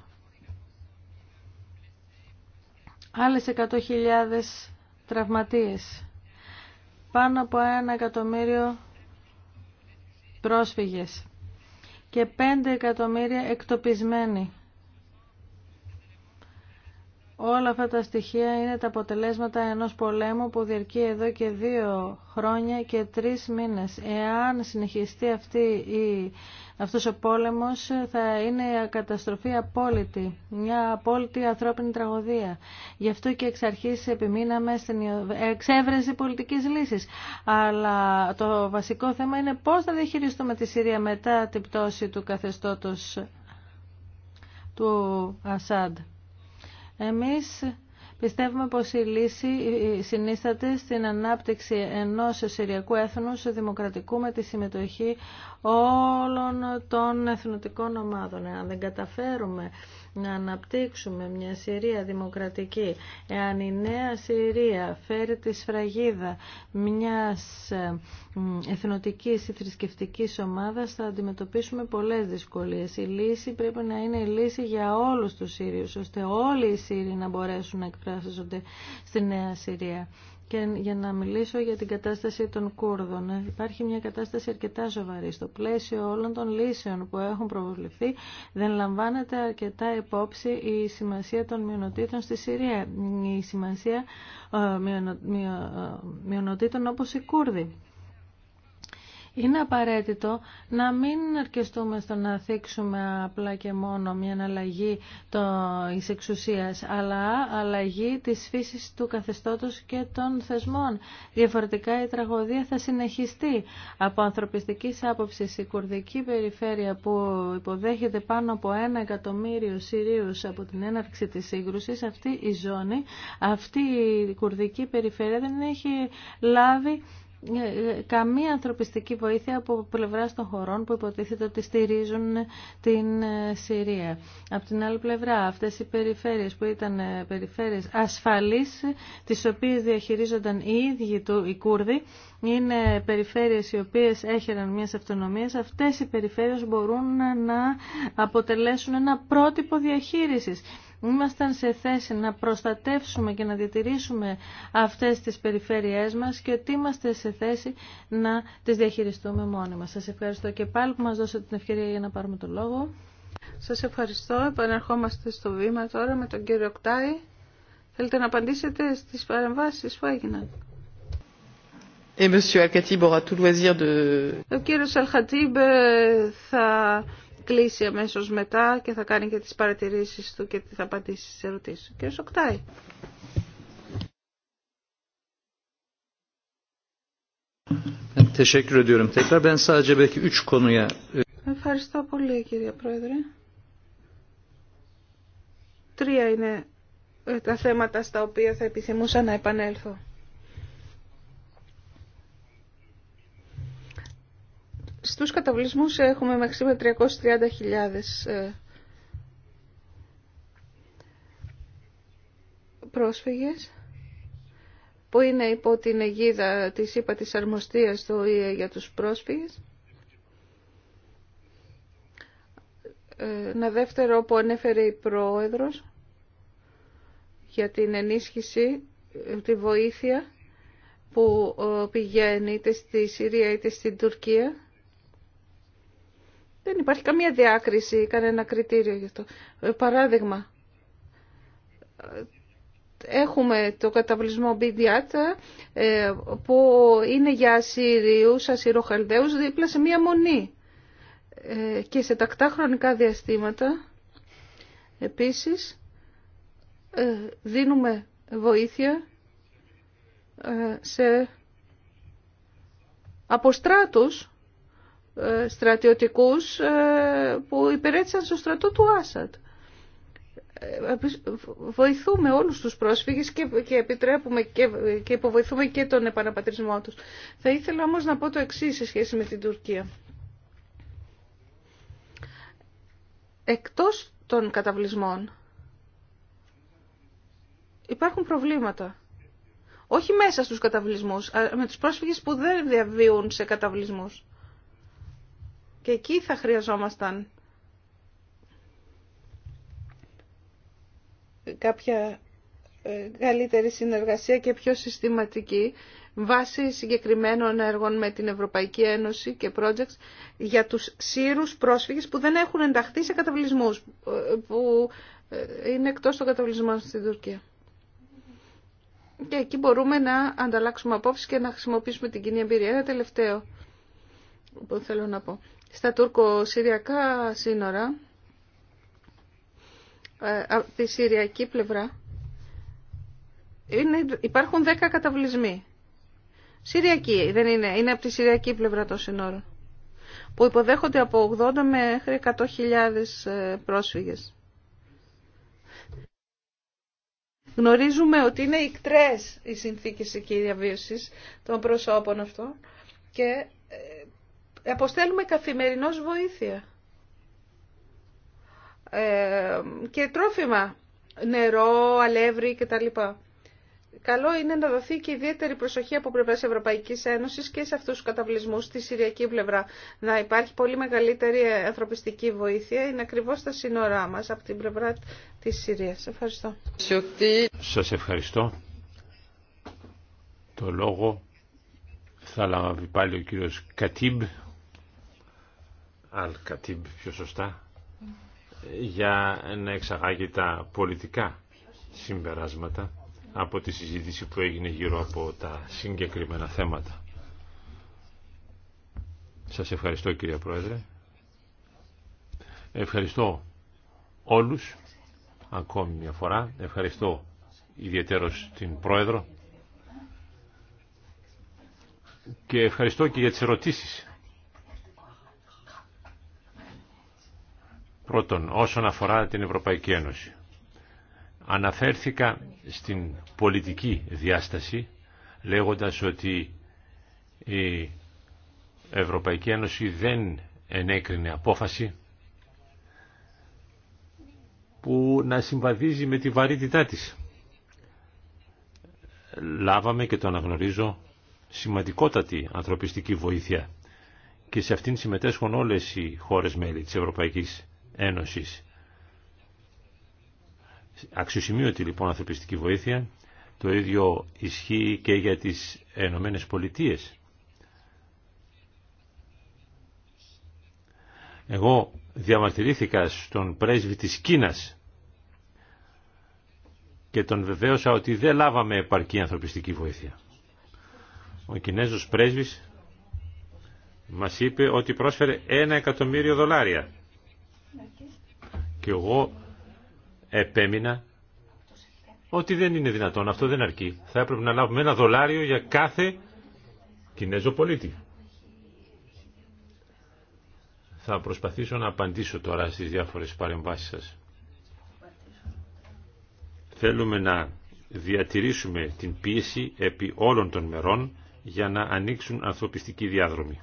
άλλες 100.000 τραυματίες, πάνω από ένα εκατομμύριο πρόσφυγες και 5 εκατομμύρια εκτοπισμένοι. Όλα αυτά τα στοιχεία είναι τα αποτελέσματα ενός πολέμου που διαρκεί εδώ και δύο χρόνια και τρεις μήνες. Εάν συνεχιστεί αυτή η, αυτός ο πόλεμος θα είναι η καταστροφή απόλυτη, μια απόλυτη ανθρώπινη τραγωδία. Γι' αυτό και εξ αρχής επιμείναμε στην εξέβρεση πολιτικής λύσης. Αλλά το βασικό θέμα είναι πώς θα διαχειριστούμε τη Συρία μετά την πτώση του καθεστώτος του Ασάντ. Εμείς Πιστεύουμε πως η λύση συνίσταται στην ανάπτυξη ενός συριακού έθνους δημοκρατικού με τη συμμετοχή όλων των εθνοτικών ομάδων. Αν δεν καταφέρουμε να αναπτύξουμε μια Συρία δημοκρατική, εάν η νέα Συρία φέρει τη σφραγίδα μιας εθνοτικής ή θρησκευτικής ομάδας, θα αντιμετωπίσουμε πολλές δυσκολίες. Η λύση πρέπει να είναι η λύση για όλους τους Σύριους, ώστε όλοι οι Σύριοι να μπορέσουν να εκφράσονται στη νέα Συρία και για να μιλήσω για την κατάσταση των Κούρδων. Υπάρχει μια κατάσταση αρκετά σοβαρή. Στο πλαίσιο όλων των λύσεων που έχουν προβληθεί δεν λαμβάνεται αρκετά υπόψη η σημασία των μειονοτήτων στη Συρία. Η σημασία ε, ε, μειονοτήτων όπως οι Κούρδοι. Είναι απαραίτητο να μην αρκεστούμε στο να θίξουμε απλά και μόνο μια αλλαγή τη εξουσίας, αλλά αλλαγή της φύσης του καθεστώτος και των θεσμών. Διαφορετικά η τραγωδία θα συνεχιστεί. Από ανθρωπιστικής άποψης η κουρδική περιφέρεια που υποδέχεται πάνω από ένα εκατομμύριο Συρίους από την έναρξη της σύγκρουσης, αυτή η ζώνη, αυτή η κουρδική περιφέρεια δεν έχει λάβει ε, ε, καμία ανθρωπιστική βοήθεια από πλευρά των χωρών που υποτίθεται ότι στηρίζουν την ε, Συρία. Από την άλλη πλευρά, αυτές οι περιφέρειες που ήταν περιφέρειες ασφαλή, τις οποίες διαχειρίζονταν οι ίδιοι του, οι Κούρδοι, είναι περιφέρειες οι οποίες έχεραν μια αυτονομία, αυτές οι περιφέρειες μπορούν να αποτελέσουν ένα πρότυπο διαχείρισης ήμασταν σε θέση να προστατεύσουμε και να διατηρήσουμε αυτές τις περιφέρειές μας και ότι είμαστε σε θέση να τις διαχειριστούμε μόνοι μας. Σας ευχαριστώ και πάλι που μας δώσατε την ευκαιρία για να πάρουμε το λόγο. Σας ευχαριστώ. Επανερχόμαστε στο βήμα τώρα με τον κύριο Κτάη. Θέλετε να απαντήσετε στις παρεμβάσεις που έγιναν. Ο κύριος ε, θα κλείσει αμέσω μετά και θα κάνει και τι παρατηρήσει του και θα απαντήσει στις ερωτήσεις. Κύριε Σοκτάη. E, Ευχαριστώ πολύ κύριε Πρόεδρε. Τρία είναι ε, τα θέματα στα οποία θα επιθυμούσα να επανέλθω. Στους καταβλισμούς έχουμε μέχρι σήμερα 330.000 ε, πρόσφυγες που είναι υπό την αιγίδα της ΥΠΑ της Αρμοστίας το ΙΕ για τους πρόσφυγες. Ε, Να δεύτερο που ανέφερε η Πρόεδρος για την ενίσχυση, ε, τη βοήθεια που πηγαίνει είτε στη Συρία είτε στην Τουρκία δεν υπάρχει καμία διάκριση, κανένα κριτήριο γι' αυτό. Ε, παράδειγμα, ε, έχουμε το καταβλισμό ε, που είναι για Ασσυρίους, Ασσυροχαλδαίους δίπλα σε μία μονή ε, και σε τακτά χρονικά διαστήματα επίσης δίνουμε βοήθεια σε αποστράτους ε, στρατιωτικούς ε, που υπηρέτησαν στο στρατό του Άσαντ. Ε, βοηθούμε όλους τους πρόσφυγες και επιτρέπουμε και υποβοηθούμε και τον επαναπατρισμό τους. Θα ήθελα όμως να πω το εξή σε σχέση με την Τουρκία. Εκτός των καταβλισμών υπάρχουν προβλήματα. Όχι μέσα στους καταβλισμούς, αλλά με τους πρόσφυγες που δεν διαβίουν σε καταβλισμούς. Και εκεί θα χρειαζόμασταν κάποια ε, καλύτερη συνεργασία και πιο συστηματική βάσει συγκεκριμένων έργων με την Ευρωπαϊκή Ένωση και projects για τους σύρους πρόσφυγες που δεν έχουν ενταχθεί σε καταβλισμούς, ε, που ε, είναι εκτός των καταβλισμών στην Τουρκία. Και εκεί μπορούμε να ανταλλάξουμε απόψεις και να χρησιμοποιήσουμε την κοινή εμπειρία. Ένα τελευταίο που θέλω να πω στα τουρκο-συριακά σύνορα, ε, από τη συριακή πλευρά, υπάρχουν 10 καταβλισμοί. Συριακοί δεν είναι, είναι από τη συριακή πλευρά των σύνορων, που υποδέχονται από 80 μέχρι 100.000 ε, πρόσφυγες. Γνωρίζουμε ότι είναι ικτρές οι συνθήκες εκεί διαβίωσης των προσώπων αυτών και ε, αποστέλουμε καθημερινώς βοήθεια. Ε, και τρόφιμα, νερό, αλεύρι κτλ. Καλό είναι να δοθεί και ιδιαίτερη προσοχή από πλευρά Ευρωπαϊκή Ένωση και σε αυτού του καταβλισμού στη Συριακή πλευρά. Να υπάρχει πολύ μεγαλύτερη ανθρωπιστική βοήθεια. Είναι ακριβώ τα σύνορά μα από την πλευρά τη Συρία. Ευχαριστώ. Σα ευχαριστώ. Το λόγο θα λάβει πάλι ο κύριο Κατίμπ Αλ-Κατίμπ πιο σωστά για να εξαγάγει τα πολιτικά συμπεράσματα από τη συζήτηση που έγινε γύρω από τα συγκεκριμένα θέματα. Σας ευχαριστώ κύριε Πρόεδρε. Ευχαριστώ όλους ακόμη μια φορά. Ευχαριστώ ιδιαίτερος την Πρόεδρο και ευχαριστώ και για τις ερωτήσεις Πρώτον, όσον αφορά την Ευρωπαϊκή Ένωση. Αναφέρθηκα στην πολιτική διάσταση, λέγοντας ότι η Ευρωπαϊκή Ένωση δεν ενέκρινε απόφαση που να συμβαδίζει με τη βαρύτητά της. Λάβαμε και το αναγνωρίζω σημαντικότατη ανθρωπιστική βοήθεια και σε αυτήν συμμετέσχουν όλες οι χώρες μέλη της Ευρωπαϊκής Ένωσης. Αξιοσημείωτη λοιπόν ανθρωπιστική βοήθεια, το ίδιο ισχύει και για τις Ενωμένε Πολιτείε. Εγώ διαμαρτυρήθηκα στον πρέσβη της Κίνας και τον βεβαίωσα ότι δεν λάβαμε επαρκή ανθρωπιστική βοήθεια. Ο Κινέζος πρέσβης μας είπε ότι πρόσφερε ένα εκατομμύριο δολάρια και εγώ επέμεινα ότι δεν είναι δυνατόν, αυτό δεν αρκεί. Θα έπρεπε να λάβουμε ένα δολάριο για κάθε Κινέζο πολίτη. Θα προσπαθήσω να απαντήσω τώρα στις διάφορες παρεμβάσεις σας. Θέλουμε να διατηρήσουμε την πίεση επί όλων των μερών για να ανοίξουν ανθρωπιστικοί διάδρομοι.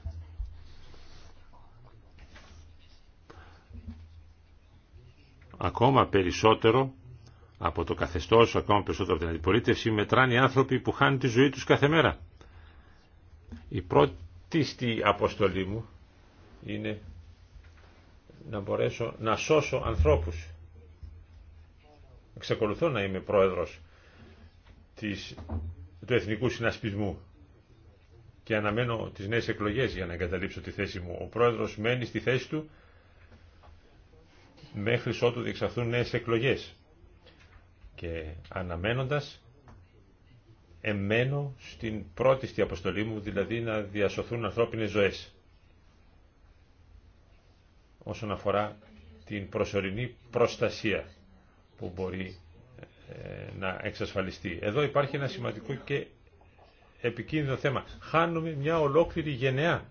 ακόμα περισσότερο από το καθεστώς, ακόμα περισσότερο από την αντιπολίτευση, μετράνε οι άνθρωποι που χάνουν τη ζωή τους κάθε μέρα. Η πρώτη στη αποστολή μου είναι να μπορέσω να σώσω ανθρώπους. Εξακολουθώ να είμαι πρόεδρος του Εθνικού Συνασπισμού και αναμένω τις νέες εκλογές για να εγκαταλείψω τη θέση μου. Ο πρόεδρος μένει στη θέση του μέχρι ότου διεξαχθούν νέες εκλογές. Και αναμένοντας, εμένω στην πρώτη στη αποστολή μου, δηλαδή να διασωθούν ανθρώπινες ζωές. Όσον αφορά την προσωρινή προστασία που μπορεί ε, να εξασφαλιστεί. Εδώ υπάρχει ένα σημαντικό και επικίνδυνο θέμα. Χάνουμε μια ολόκληρη γενεά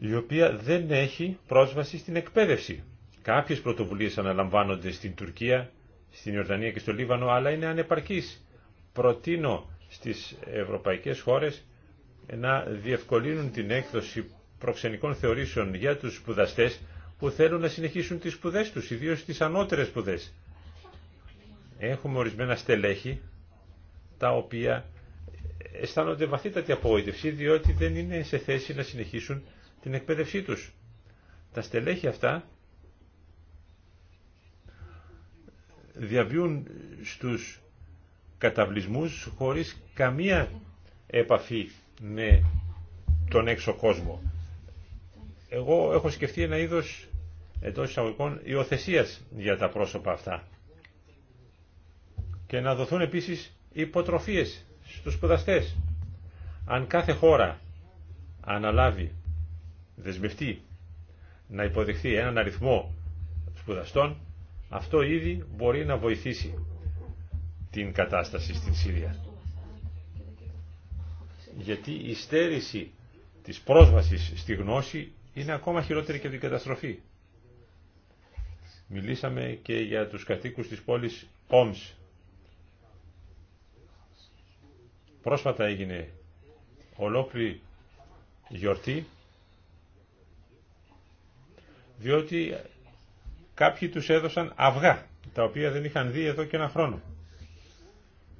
η οποία δεν έχει πρόσβαση στην εκπαίδευση. Κάποιες πρωτοβουλίες αναλαμβάνονται στην Τουρκία, στην Ιορδανία και στο Λίβανο, αλλά είναι ανεπαρκείς. Προτείνω στις ευρωπαϊκές χώρες να διευκολύνουν την έκδοση προξενικών θεωρήσεων για τους σπουδαστέ που θέλουν να συνεχίσουν τις σπουδές τους, ιδίως τις ανώτερες σπουδές. Έχουμε ορισμένα στελέχη, τα οποία αισθάνονται βαθύτατη απογοήτευση, διότι δεν είναι σε θέση να συνεχίσουν την εκπαίδευσή τους. Τα στελέχη αυτά διαβιούν στους καταβλισμούς χωρίς καμία επαφή με τον έξω κόσμο. Εγώ έχω σκεφτεί ένα είδος εντό εισαγωγικών υιοθεσία για τα πρόσωπα αυτά. Και να δοθούν επίσης υποτροφίες στους σπουδαστές. Αν κάθε χώρα αναλάβει δεσμευτεί να υποδεχθεί έναν αριθμό σπουδαστών, αυτό ήδη μπορεί να βοηθήσει την κατάσταση στην Συρία. Γιατί η στέρηση της πρόσβασης στη γνώση είναι ακόμα χειρότερη και από την καταστροφή. Μιλήσαμε και για τους κατοίκους της πόλης Όμς. Πρόσφατα έγινε ολόκληρη γιορτή διότι κάποιοι τους έδωσαν αυγά, τα οποία δεν είχαν δει εδώ και ένα χρόνο.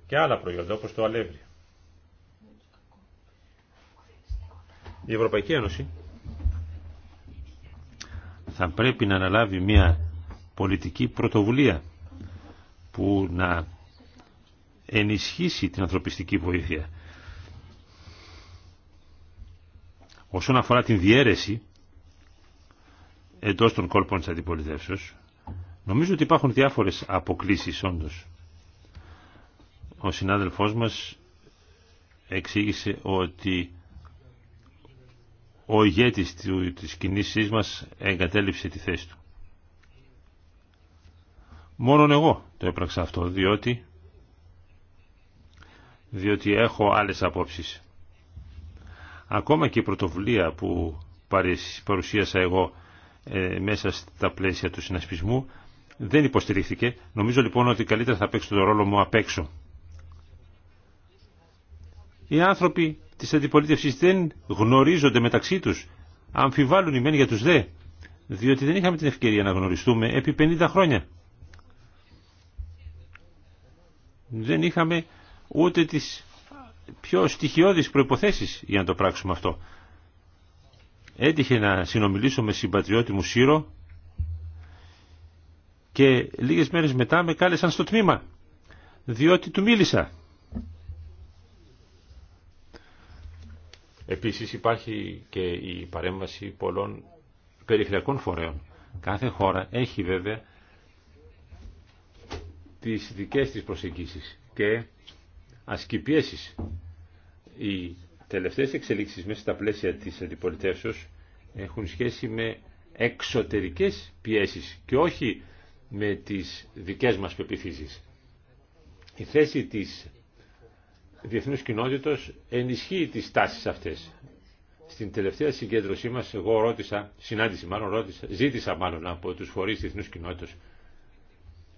Και άλλα προϊόντα, όπως το αλεύρι. Η Ευρωπαϊκή Ένωση θα πρέπει να αναλάβει μια πολιτική πρωτοβουλία που να ενισχύσει την ανθρωπιστική βοήθεια. Όσον αφορά την διέρεση εντός των κόλπων της αντιπολιτεύσεως, νομίζω ότι υπάρχουν διάφορες αποκλήσεις όντως. Ο συνάδελφός μας εξήγησε ότι ο ηγέτης της κινήσής μας εγκατέλειψε τη θέση του. Μόνον εγώ το έπραξα αυτό, διότι, διότι έχω άλλες απόψεις. Ακόμα και η πρωτοβουλία που παρουσίασα εγώ ε, μέσα στα πλαίσια του συνασπισμού δεν υποστηρίχθηκε. Νομίζω λοιπόν ότι καλύτερα θα παίξω τον ρόλο μου απ' έξω. Οι άνθρωποι της αντιπολίτευσης δεν γνωρίζονται μεταξύ τους. Αμφιβάλλουν οι μεν για τους δε. Διότι δεν είχαμε την ευκαιρία να γνωριστούμε επί 50 χρόνια. Δεν είχαμε ούτε τις πιο στοιχειώδεις προϋποθέσεις για να το πράξουμε αυτό έτυχε να συνομιλήσω με συμπατριώτη μου Σύρο και λίγες μέρες μετά με κάλεσαν στο τμήμα διότι του μίλησα. Επίσης υπάρχει και η παρέμβαση πολλών περιφερειακών φορέων. Κάθε χώρα έχει βέβαια τις δικές της προσεγγίσεις και ασκεί Τελευταίες εξελίξεις μέσα στα πλαίσια της αντιπολιτεύσεως έχουν σχέση με εξωτερικές πιέσεις και όχι με τις δικές μας πεπιθήσεις. Η θέση της διεθνούς κοινότητας ενισχύει τις τάσεις αυτές. Στην τελευταία συγκέντρωσή μας εγώ ρώτησα, συνάντηση μάλλον ρώτησα, ζήτησα μάλλον από τους φορείς διεθνούς κοινότητας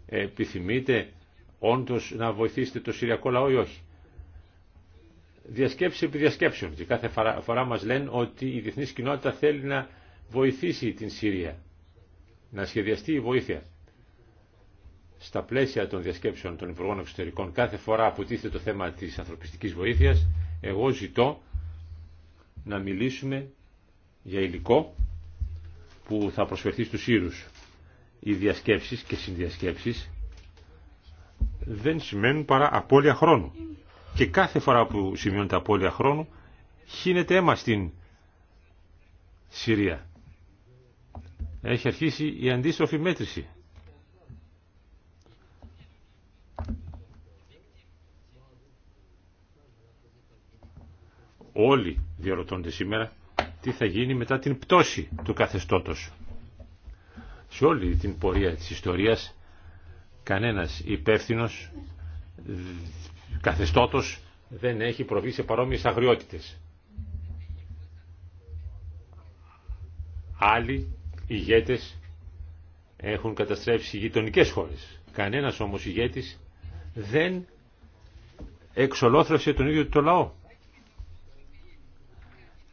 επιθυμείτε όντως να βοηθήσετε το Συριακό λαό ή όχι διασκέψει επί διασκέψεων και κάθε φορά μας λένε ότι η διεθνή κοινότητα θέλει να βοηθήσει την Συρία, να σχεδιαστεί η βοήθεια. Στα πλαίσια των διασκέψεων των Υπουργών Εξωτερικών κάθε φορά που τίθεται το θέμα της ανθρωπιστικής βοήθειας, εγώ ζητώ να μιλήσουμε για υλικό που θα προσφερθεί στους Σύρους. Οι διασκέψεις και συνδιασκέψεις δεν σημαίνουν παρά απώλεια χρόνου και κάθε φορά που σημειώνεται απώλεια χρόνου χύνεται αίμα στην Συρία. Έχει αρχίσει η αντίστροφη μέτρηση. Όλοι διαρωτώνται σήμερα τι θα γίνει μετά την πτώση του καθεστώτος. Σε όλη την πορεία της ιστορίας κανένας υπεύθυνος καθεστώτος δεν έχει προβεί σε παρόμοιες αγριότητες. Άλλοι ηγέτες έχουν καταστρέψει γειτονικέ χώρες. Κανένας όμως ηγέτης δεν εξολόθρευσε τον ίδιο το λαό.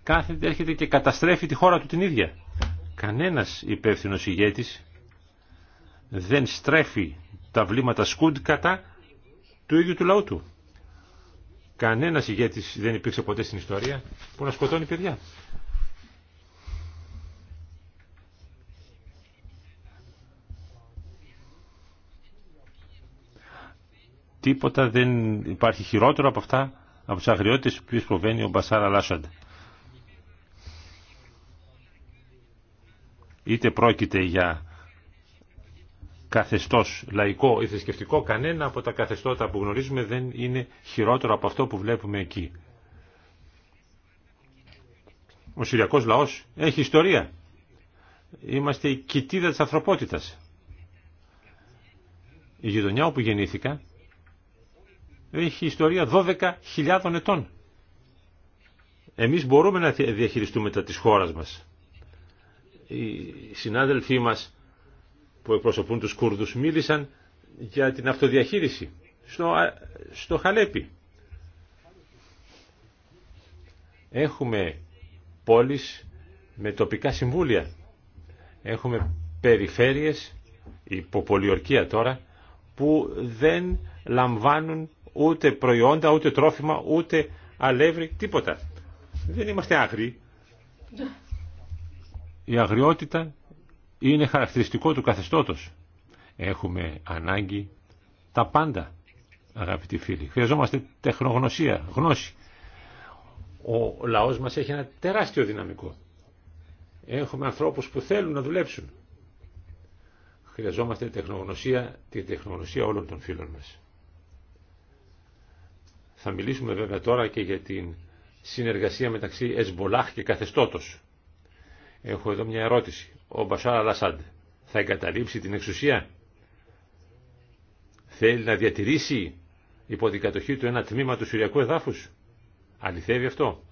Κάθεται, και καταστρέφει τη χώρα του την ίδια. Κανένας υπεύθυνος ηγέτης δεν στρέφει τα βλήματα σκούντ κατά του ίδιου του λαού του. Κανένα ηγέτης δεν υπήρξε ποτέ στην ιστορία που να σκοτώνει παιδιά. Τίποτα δεν υπάρχει χειρότερο από αυτά, από τι αγριότητες που προβαίνει ο Μπασάρα Λάσαντ. Είτε πρόκειται για καθεστώς λαϊκό ή θρησκευτικό, κανένα από τα καθεστώτα που γνωρίζουμε δεν είναι χειρότερο από αυτό που βλέπουμε εκεί. Ο Συριακός λαός έχει ιστορία. Είμαστε η κοιτίδα της ανθρωπότητας. Η γειτονιά όπου γεννήθηκα έχει ιστορία 12.000 ετών. Εμείς μπορούμε να διαχειριστούμε τα της χώρας μας. Οι συνάδελφοί μας που εκπροσωπούν τους Κούρδους μίλησαν για την αυτοδιαχείριση στο, στο Χαλέπι. Έχουμε πόλεις με τοπικά συμβούλια. Έχουμε περιφέρειες, πολιορκία τώρα, που δεν λαμβάνουν ούτε προϊόντα, ούτε τρόφιμα, ούτε αλεύρι, τίποτα. Δεν είμαστε άγριοι. Η αγριότητα είναι χαρακτηριστικό του καθεστώτος. Έχουμε ανάγκη τα πάντα, αγαπητοί φίλοι. Χρειαζόμαστε τεχνογνωσία, γνώση. Ο λαός μας έχει ένα τεράστιο δυναμικό. Έχουμε ανθρώπους που θέλουν να δουλέψουν. Χρειαζόμαστε τεχνογνωσία, την τεχνογνωσία όλων των φίλων μας. Θα μιλήσουμε βέβαια τώρα και για την συνεργασία μεταξύ Εσμπολάχ και καθεστώτος. Έχω εδώ μια ερώτηση ο Μπασάρα Λασάντ θα εγκαταλείψει την εξουσία. Θέλει να διατηρήσει υπό την του ένα τμήμα του Συριακού εδάφους. Αληθεύει αυτό.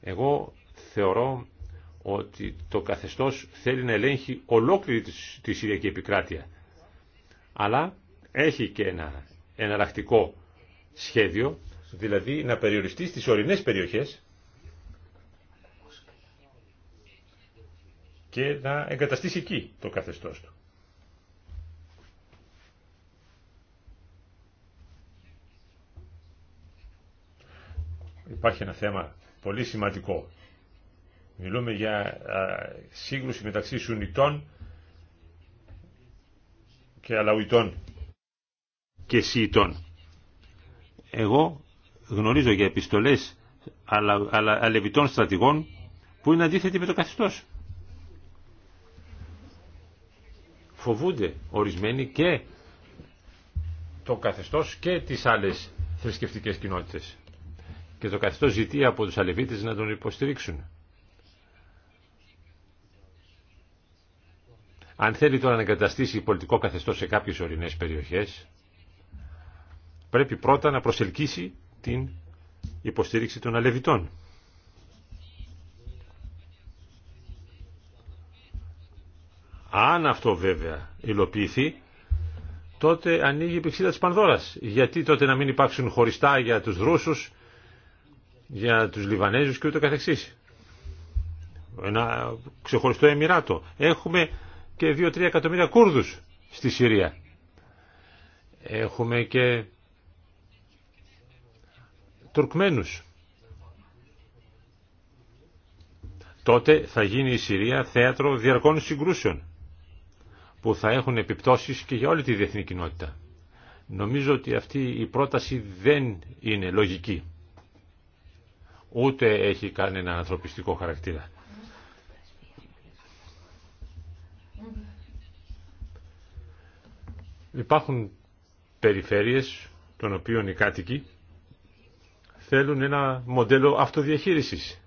Εγώ θεωρώ ότι το καθεστώς θέλει να ελέγχει ολόκληρη τη Συριακή επικράτεια. Αλλά έχει και ένα εναλλακτικό σχέδιο, δηλαδή να περιοριστεί στις ορεινές περιοχές και να εγκαταστήσει εκεί το καθεστώς του. Υπάρχει ένα θέμα πολύ σημαντικό. Μιλούμε για σύγκρουση μεταξύ Σουνιτών και Αλαουιτών και Σιητών. Εγώ γνωρίζω για επιστολές αλεβιτών στρατηγών που είναι αντίθετοι με το καθεστώς. φοβούνται ορισμένοι και το καθεστώς και τις άλλες θρησκευτικέ κοινότητες. Και το καθεστώς ζητεί από τους Αλεβίτες να τον υποστηρίξουν. Αν θέλει τώρα να εγκαταστήσει πολιτικό καθεστώς σε κάποιες ορεινές περιοχές, πρέπει πρώτα να προσελκύσει την υποστήριξη των Αλεβιτών. Αν αυτό βέβαια υλοποιηθεί, τότε ανοίγει η πηξίδα της Πανδώρας. Γιατί τότε να μην υπάρξουν χωριστά για τους Ρούσους, για τους Λιβανέζους και ούτω καθεξής. Ένα ξεχωριστό Εμμυράτο. Έχουμε και 2-3 εκατομμύρια Κούρδους στη Συρία. Έχουμε και Τουρκμένους. Τότε θα γίνει η Συρία θέατρο διαρκών συγκρούσεων που θα έχουν επιπτώσεις και για όλη τη διεθνή κοινότητα. Νομίζω ότι αυτή η πρόταση δεν είναι λογική. Ούτε έχει κανένα ανθρωπιστικό χαρακτήρα. Υπάρχουν περιφέρειες των οποίων οι κάτοικοι θέλουν ένα μοντέλο αυτοδιαχείρισης.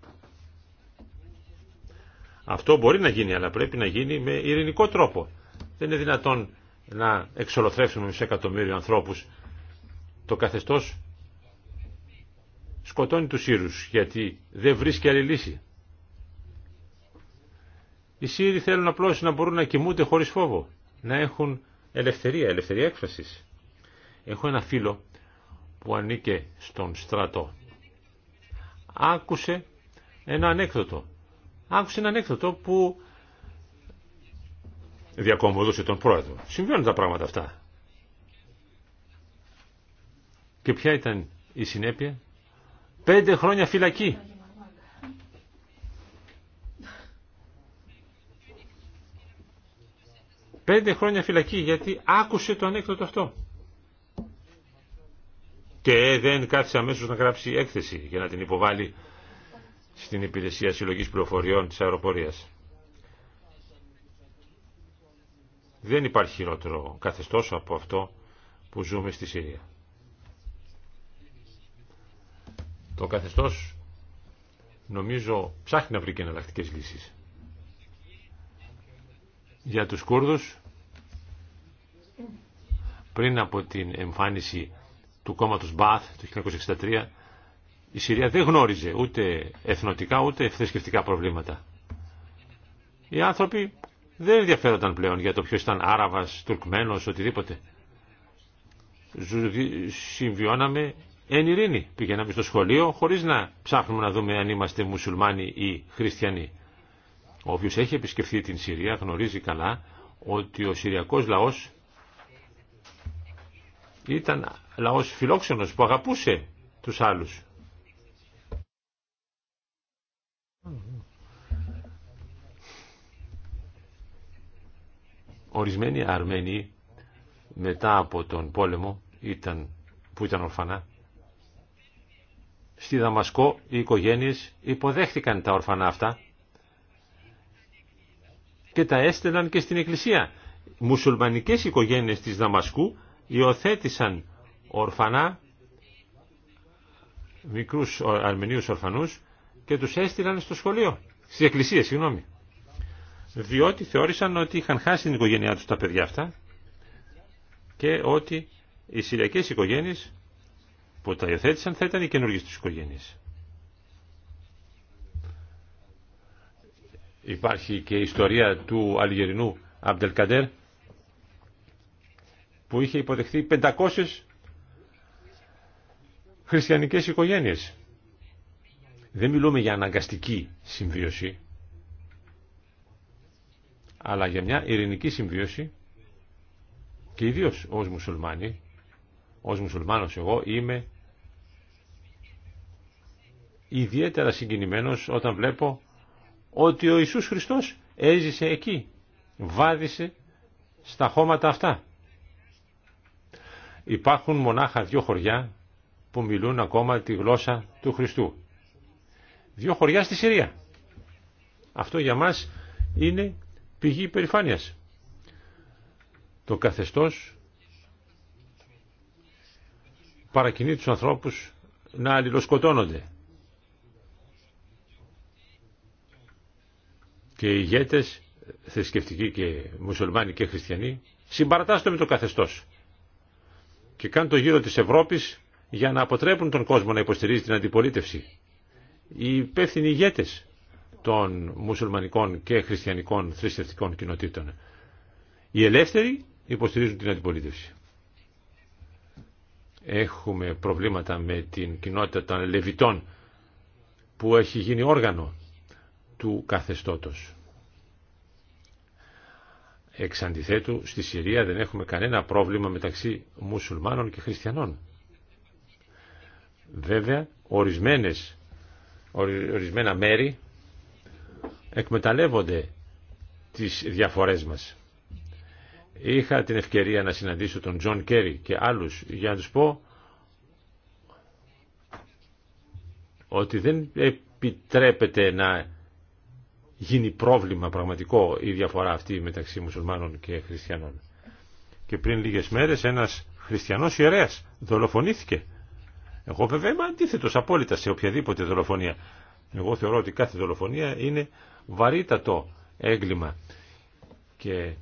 Αυτό μπορεί να γίνει, αλλά πρέπει να γίνει με ειρηνικό τρόπο. Δεν είναι δυνατόν να εξολοθρεύσουμε μισό εκατομμύριο ανθρώπους. Το καθεστώς σκοτώνει του Σύρου γιατί δεν βρίσκει άλλη λύση. Οι Σύροι θέλουν απλώ να μπορούν να κοιμούνται χωρίς φόβο, να έχουν ελευθερία, ελευθερία έκφραση. Έχω ένα φίλο που ανήκε στον στρατό. Άκουσε ένα ανέκδοτο. Άκουσε ένα ανέκδοτο που διακομωδούσε τον πρόεδρο. Συμβαίνουν τα πράγματα αυτά. Και ποια ήταν η συνέπεια. Πέντε χρόνια φυλακή. Πέντε χρόνια φυλακή γιατί άκουσε το ανέκδοτο αυτό. Και δεν κάθισε αμέσως να γράψει έκθεση για να την υποβάλει στην Υπηρεσία Συλλογής Πληροφοριών της Αεροπορίας. Δεν υπάρχει χειρότερο καθεστώς από αυτό που ζούμε στη Συρία. Το καθεστώς νομίζω ψάχνει να βρει και εναλλακτικέ λύσεις. Για τους Κούρδους πριν από την εμφάνιση του κόμματος Μπαθ το 1963 η Συρία δεν γνώριζε ούτε εθνοτικά ούτε θρησκευτικά προβλήματα. Οι άνθρωποι δεν ενδιαφέρονταν πλέον για το ποιος ήταν Άραβας, Τουρκμένος, οτιδήποτε. Συμβιώναμε εν ειρήνη. Πήγαιναμε στο σχολείο χωρίς να ψάχνουμε να δούμε αν είμαστε μουσουλμάνοι ή χριστιανοί. Όποιος έχει επισκεφθεί την Συρία γνωρίζει καλά ότι ο Συριακός λαός ήταν λαός φιλόξενος που αγαπούσε τους άλλους. Ορισμένοι Αρμένοι μετά από τον πόλεμο ήταν, που ήταν ορφανά στη Δαμασκό οι οικογένειες υποδέχτηκαν τα ορφανά αυτά και τα έστελαν και στην εκκλησία. Μουσουλμανικές οικογένειες της Δαμασκού υιοθέτησαν ορφανά, μικρούς αρμενίους ορφανούς και τους έστειλαν στο σχολείο, Στην εκκλησία, συγγνώμη διότι θεώρησαν ότι είχαν χάσει την οικογένειά τους τα παιδιά αυτά και ότι οι Συριακές οικογένειες που τα υιοθέτησαν θα ήταν οι καινούργιες τους οικογένειες. Υπάρχει και η ιστορία του Αλγερινού Αμπτελκαντέρ που είχε υποδεχθεί 500 χριστιανικές οικογένειες. Δεν μιλούμε για αναγκαστική συμβίωση, αλλά για μια ειρηνική συμβίωση και ιδίω ως μουσουλμάνοι, ως μουσουλμάνος εγώ είμαι ιδιαίτερα συγκινημένος όταν βλέπω ότι ο Ιησούς Χριστός έζησε εκεί, βάδισε στα χώματα αυτά. Υπάρχουν μονάχα δύο χωριά που μιλούν ακόμα τη γλώσσα του Χριστού. Δύο χωριά στη Συρία. Αυτό για μας είναι πηγή υπερηφάνειας. Το καθεστώς παρακινεί τους ανθρώπους να αλληλοσκοτώνονται. Και οι ηγέτες, θρησκευτικοί και μουσουλμάνοι και χριστιανοί, συμπαρατάσσονται με το καθεστώς. Και κάνουν το γύρο της Ευρώπης για να αποτρέπουν τον κόσμο να υποστηρίζει την αντιπολίτευση. Οι υπεύθυνοι ηγέτες των μουσουλμανικών και χριστιανικών θρησκευτικών κοινοτήτων. Οι ελεύθεροι υποστηρίζουν την αντιπολίτευση. Έχουμε προβλήματα με την κοινότητα των Λεβιτών που έχει γίνει όργανο του καθεστώτος. Εξ αντιθέτου, στη Συρία δεν έχουμε κανένα πρόβλημα μεταξύ μουσουλμάνων και χριστιανών. Βέβαια, ορισμένες, ορισμένα μέρη εκμεταλλεύονται τις διαφορές μας. Είχα την ευκαιρία να συναντήσω τον Τζον Κέρι και άλλους για να τους πω ότι δεν επιτρέπεται να γίνει πρόβλημα πραγματικό η διαφορά αυτή μεταξύ μουσουλμάνων και χριστιανών. Και πριν λίγες μέρες ένας χριστιανός ιερέας δολοφονήθηκε. Εγώ βέβαια είμαι αντίθετος απόλυτα σε οποιαδήποτε δολοφονία. Εγώ θεωρώ ότι κάθε δολοφονία είναι βαρύτατο έγκλημα και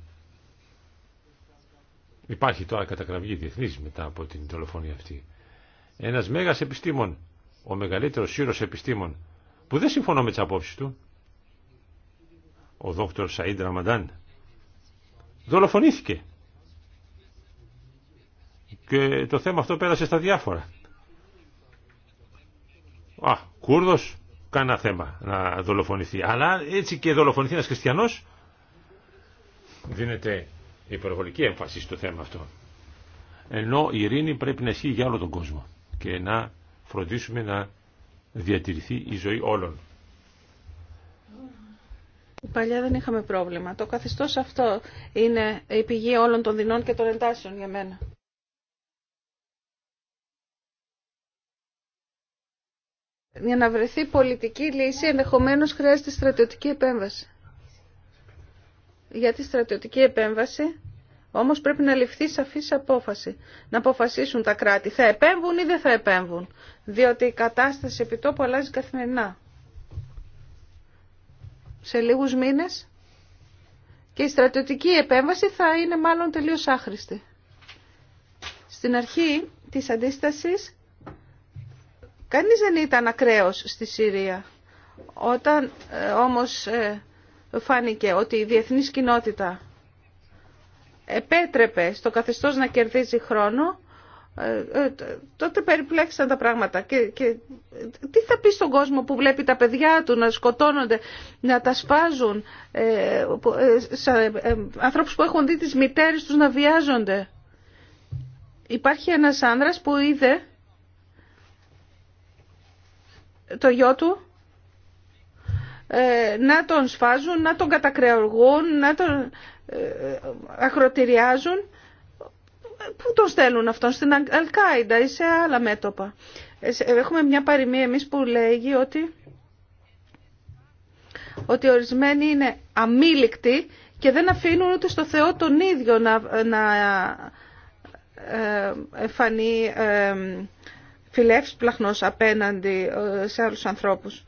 υπάρχει τώρα κατακραυγή διεθνής μετά από την δολοφονία αυτή. Ένας μέγας επιστήμων ο μεγαλύτερος σύρος επιστήμων που δεν συμφωνώ με τις απόψεις του, ο δόκτωρ Σαΐντ Ραμαντάν, δολοφονήθηκε. Και το θέμα αυτό πέρασε στα διάφορα. Α, Κούρδος, κανένα θέμα να δολοφονηθεί. Αλλά έτσι και δολοφονηθεί ένας χριστιανός δίνεται υπερβολική έμφαση στο θέμα αυτό. Ενώ η ειρήνη πρέπει να ισχύει για όλο τον κόσμο και να φροντίσουμε να διατηρηθεί η ζωή όλων. Παλιά δεν είχαμε πρόβλημα. Το καθεστώς αυτό είναι η πηγή όλων των δεινών και των εντάσεων για μένα. για να βρεθεί πολιτική λύση ενδεχομένως χρειάζεται στρατιωτική επέμβαση. Για τη στρατιωτική επέμβαση όμως πρέπει να ληφθεί σαφής απόφαση. Να αποφασίσουν τα κράτη θα επέμβουν ή δεν θα επέμβουν. Διότι η κατάσταση επιτόπου αλλάζει καθημερινά. Σε λίγους μήνες και η στρατιωτική επέμβαση θα είναι μάλλον τελείως άχρηστη. Στην αρχή της αντίστασης Κανείς δεν ήταν ακραίος στη Συρία. Όταν ε, όμως ε, φάνηκε ότι η διεθνής κοινότητα επέτρεπε στο καθεστώς να κερδίζει χρόνο, ε, τότε περιπλέξαν τα πράγματα. Και, και τι θα πει στον κόσμο που βλέπει τα παιδιά του να σκοτώνονται, να τα σπάζουν, ε, ανθρώπους που έχουν δει τις μητέρες τους να βιάζονται. Υπάρχει ένας άνδρας που είδε το γιο του ε, να τον σφάζουν, να τον κατακρεουργούν, να τον ε, ακροτηριάζουν. Πού τον στέλνουν αυτόν, στην Αλκάιντα ή σε άλλα μέτωπα. Ε, έχουμε μια παροιμία εμείς που λέγει ότι, ότι ορισμένοι είναι αμήλικτοι και δεν αφήνουν ούτε στο Θεό τον ίδιο να, να πλαχνός απέναντι ε, σε άλλους ανθρώπους.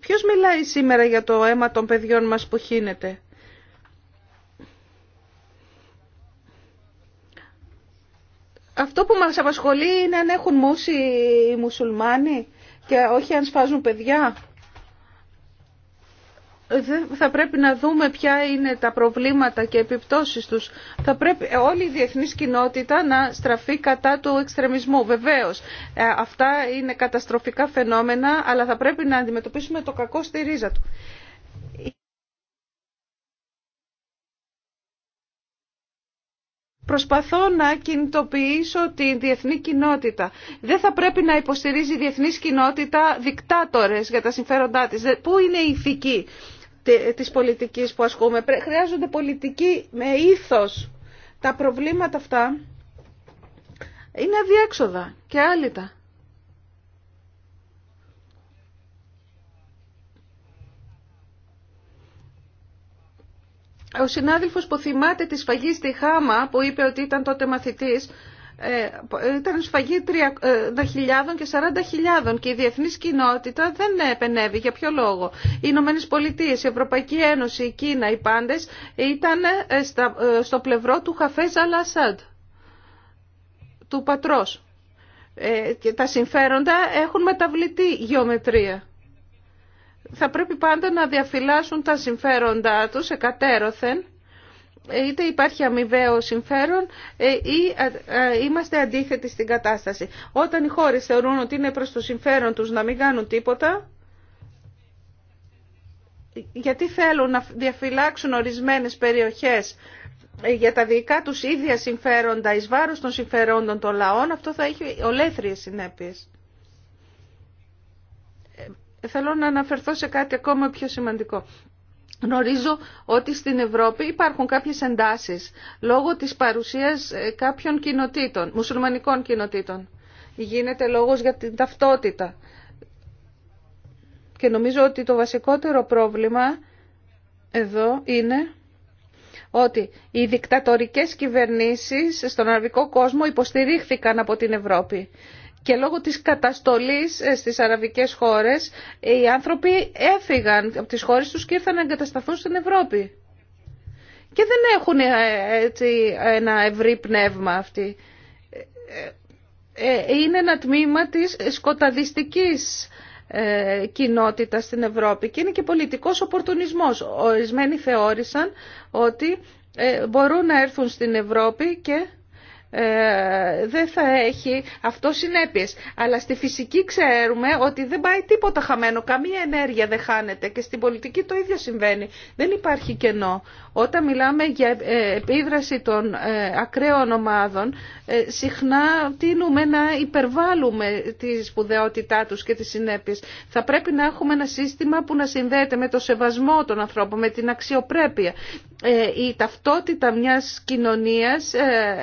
Ποιος μιλάει σήμερα για το αίμα των παιδιών μας που χύνεται. Αυτό που μας απασχολεί είναι αν έχουν μούσει οι μουσουλμάνοι και όχι αν σφάζουν παιδιά θα πρέπει να δούμε ποια είναι τα προβλήματα και επιπτώσεις τους. Θα πρέπει όλη η διεθνής κοινότητα να στραφεί κατά του εξτρεμισμού. Βεβαίως, ε, αυτά είναι καταστροφικά φαινόμενα, αλλά θα πρέπει να αντιμετωπίσουμε το κακό στη ρίζα του. Προσπαθώ να κινητοποιήσω τη διεθνή κοινότητα. Δεν θα πρέπει να υποστηρίζει η διεθνή κοινότητα δικτάτορες για τα συμφέροντά της. Πού είναι η ηθική της πολιτικής που ασκούμε. Χρειάζονται πολιτική με ήθος. Τα προβλήματα αυτά είναι αδιέξοδα και άλυτα. Ο συνάδελφος που θυμάται τη σφαγή στη Χάμα που είπε ότι ήταν τότε μαθητής ε, ήταν σφαγή 30.000 ε, και 40.000 και η διεθνή κοινότητα δεν επενεύει. Για ποιο λόγο. Οι Ηνωμένε Πολιτείε, η Ευρωπαϊκή Ένωση, η Κίνα, οι πάντε ήταν ε, στο πλευρό του Χαφέζ Αλασάντ, του πατρός. Και τα συμφέροντα έχουν μεταβλητή γεωμετρία. Θα πρέπει πάντα να διαφυλάσσουν τα συμφέροντά τους εκατέρωθεν είτε υπάρχει αμοιβαίο συμφέρον ε, ή ε, ε, είμαστε αντίθετοι στην κατάσταση. Όταν οι χώρες θεωρούν ότι είναι προς το συμφέρον τους να μην κάνουν τίποτα, γιατί θέλουν να διαφυλάξουν ορισμένες περιοχές για τα δικά τους ίδια συμφέροντα εις βάρος των συμφερόντων των λαών, αυτό θα έχει ολέθριες συνέπειες. Θέλω να αναφερθώ σε κάτι ακόμα πιο σημαντικό. Γνωρίζω ότι στην Ευρώπη υπάρχουν κάποιες εντάσεις λόγω της παρουσίας ε, κάποιων κοινοτήτων, μουσουλμανικών κοινοτήτων. Γίνεται λόγος για την ταυτότητα. Και νομίζω ότι το βασικότερο πρόβλημα εδώ είναι ότι οι δικτατορικές κυβερνήσεις στον αραβικό κόσμο υποστηρίχθηκαν από την Ευρώπη και λόγω της καταστολής ε, στις αραβικές χώρες οι άνθρωποι έφυγαν από τις χώρες τους και ήρθαν να εγκατασταθούν στην Ευρώπη. Και δεν έχουν ε, έτσι, ένα ευρύ πνεύμα αυτή. Ε, είναι ένα τμήμα της σκοταδιστικής κοινότητα στην Ευρώπη και είναι και πολιτικός οπορτουνισμός. Ορισμένοι θεώρησαν ότι μπορούν να έρθουν στην Ευρώπη και ε, δεν θα έχει αυτό συνέπειες. Αλλά στη φυσική ξέρουμε ότι δεν πάει τίποτα χαμένο, καμία ενέργεια δεν χάνεται και στην πολιτική το ίδιο συμβαίνει. Δεν υπάρχει κενό. Όταν μιλάμε για ε, επίδραση των ε, ακραίων ομάδων, συχνά τίνουμε να υπερβάλλουμε τη σπουδαιότητά τους και τις συνέπειες. Θα πρέπει να έχουμε ένα σύστημα που να συνδέεται με το σεβασμό των ανθρώπων, με την αξιοπρέπεια. Η ταυτότητα μιας κοινωνίας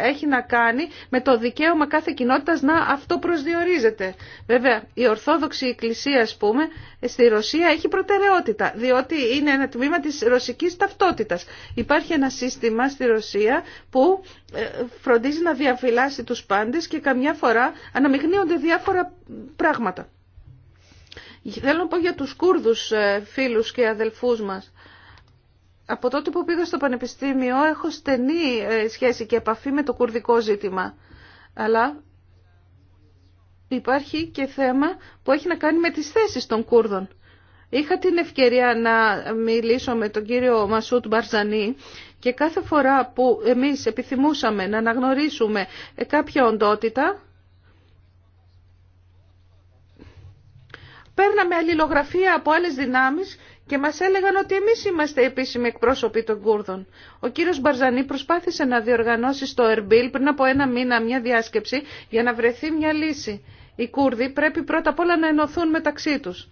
έχει να κάνει κάνει με το δικαίωμα κάθε κοινότητας να αυτοπροσδιορίζεται. Βέβαια, η Ορθόδοξη Εκκλησία, ας πούμε, στη Ρωσία έχει προτεραιότητα, διότι είναι ένα τμήμα της ρωσικής ταυτότητας. Υπάρχει ένα σύστημα στη Ρωσία που ε, φροντίζει να διαφυλάσει τους πάντες και καμιά φορά αναμειγνύονται διάφορα πράγματα. Θέλω να πω για τους Κούρδους ε, φίλους και αδελφούς μας από τότε που πήγα στο Πανεπιστήμιο έχω στενή ε, σχέση και επαφή με το κουρδικό ζήτημα. Αλλά υπάρχει και θέμα που έχει να κάνει με τις θέσεις των Κούρδων. Είχα την ευκαιρία να μιλήσω με τον κύριο Μασούτ Μπαρζανή και κάθε φορά που εμείς επιθυμούσαμε να αναγνωρίσουμε ε, κάποια οντότητα, παίρναμε αλληλογραφία από άλλες δυνάμεις και μας έλεγαν ότι εμείς είμαστε επίσημοι εκπρόσωποι των Κούρδων. Ο κύριος Μπαρζανή προσπάθησε να διοργανώσει στο Ερμπίλ πριν από ένα μήνα μια διάσκεψη για να βρεθεί μια λύση. Οι Κούρδοι πρέπει πρώτα απ' όλα να ενωθούν μεταξύ τους.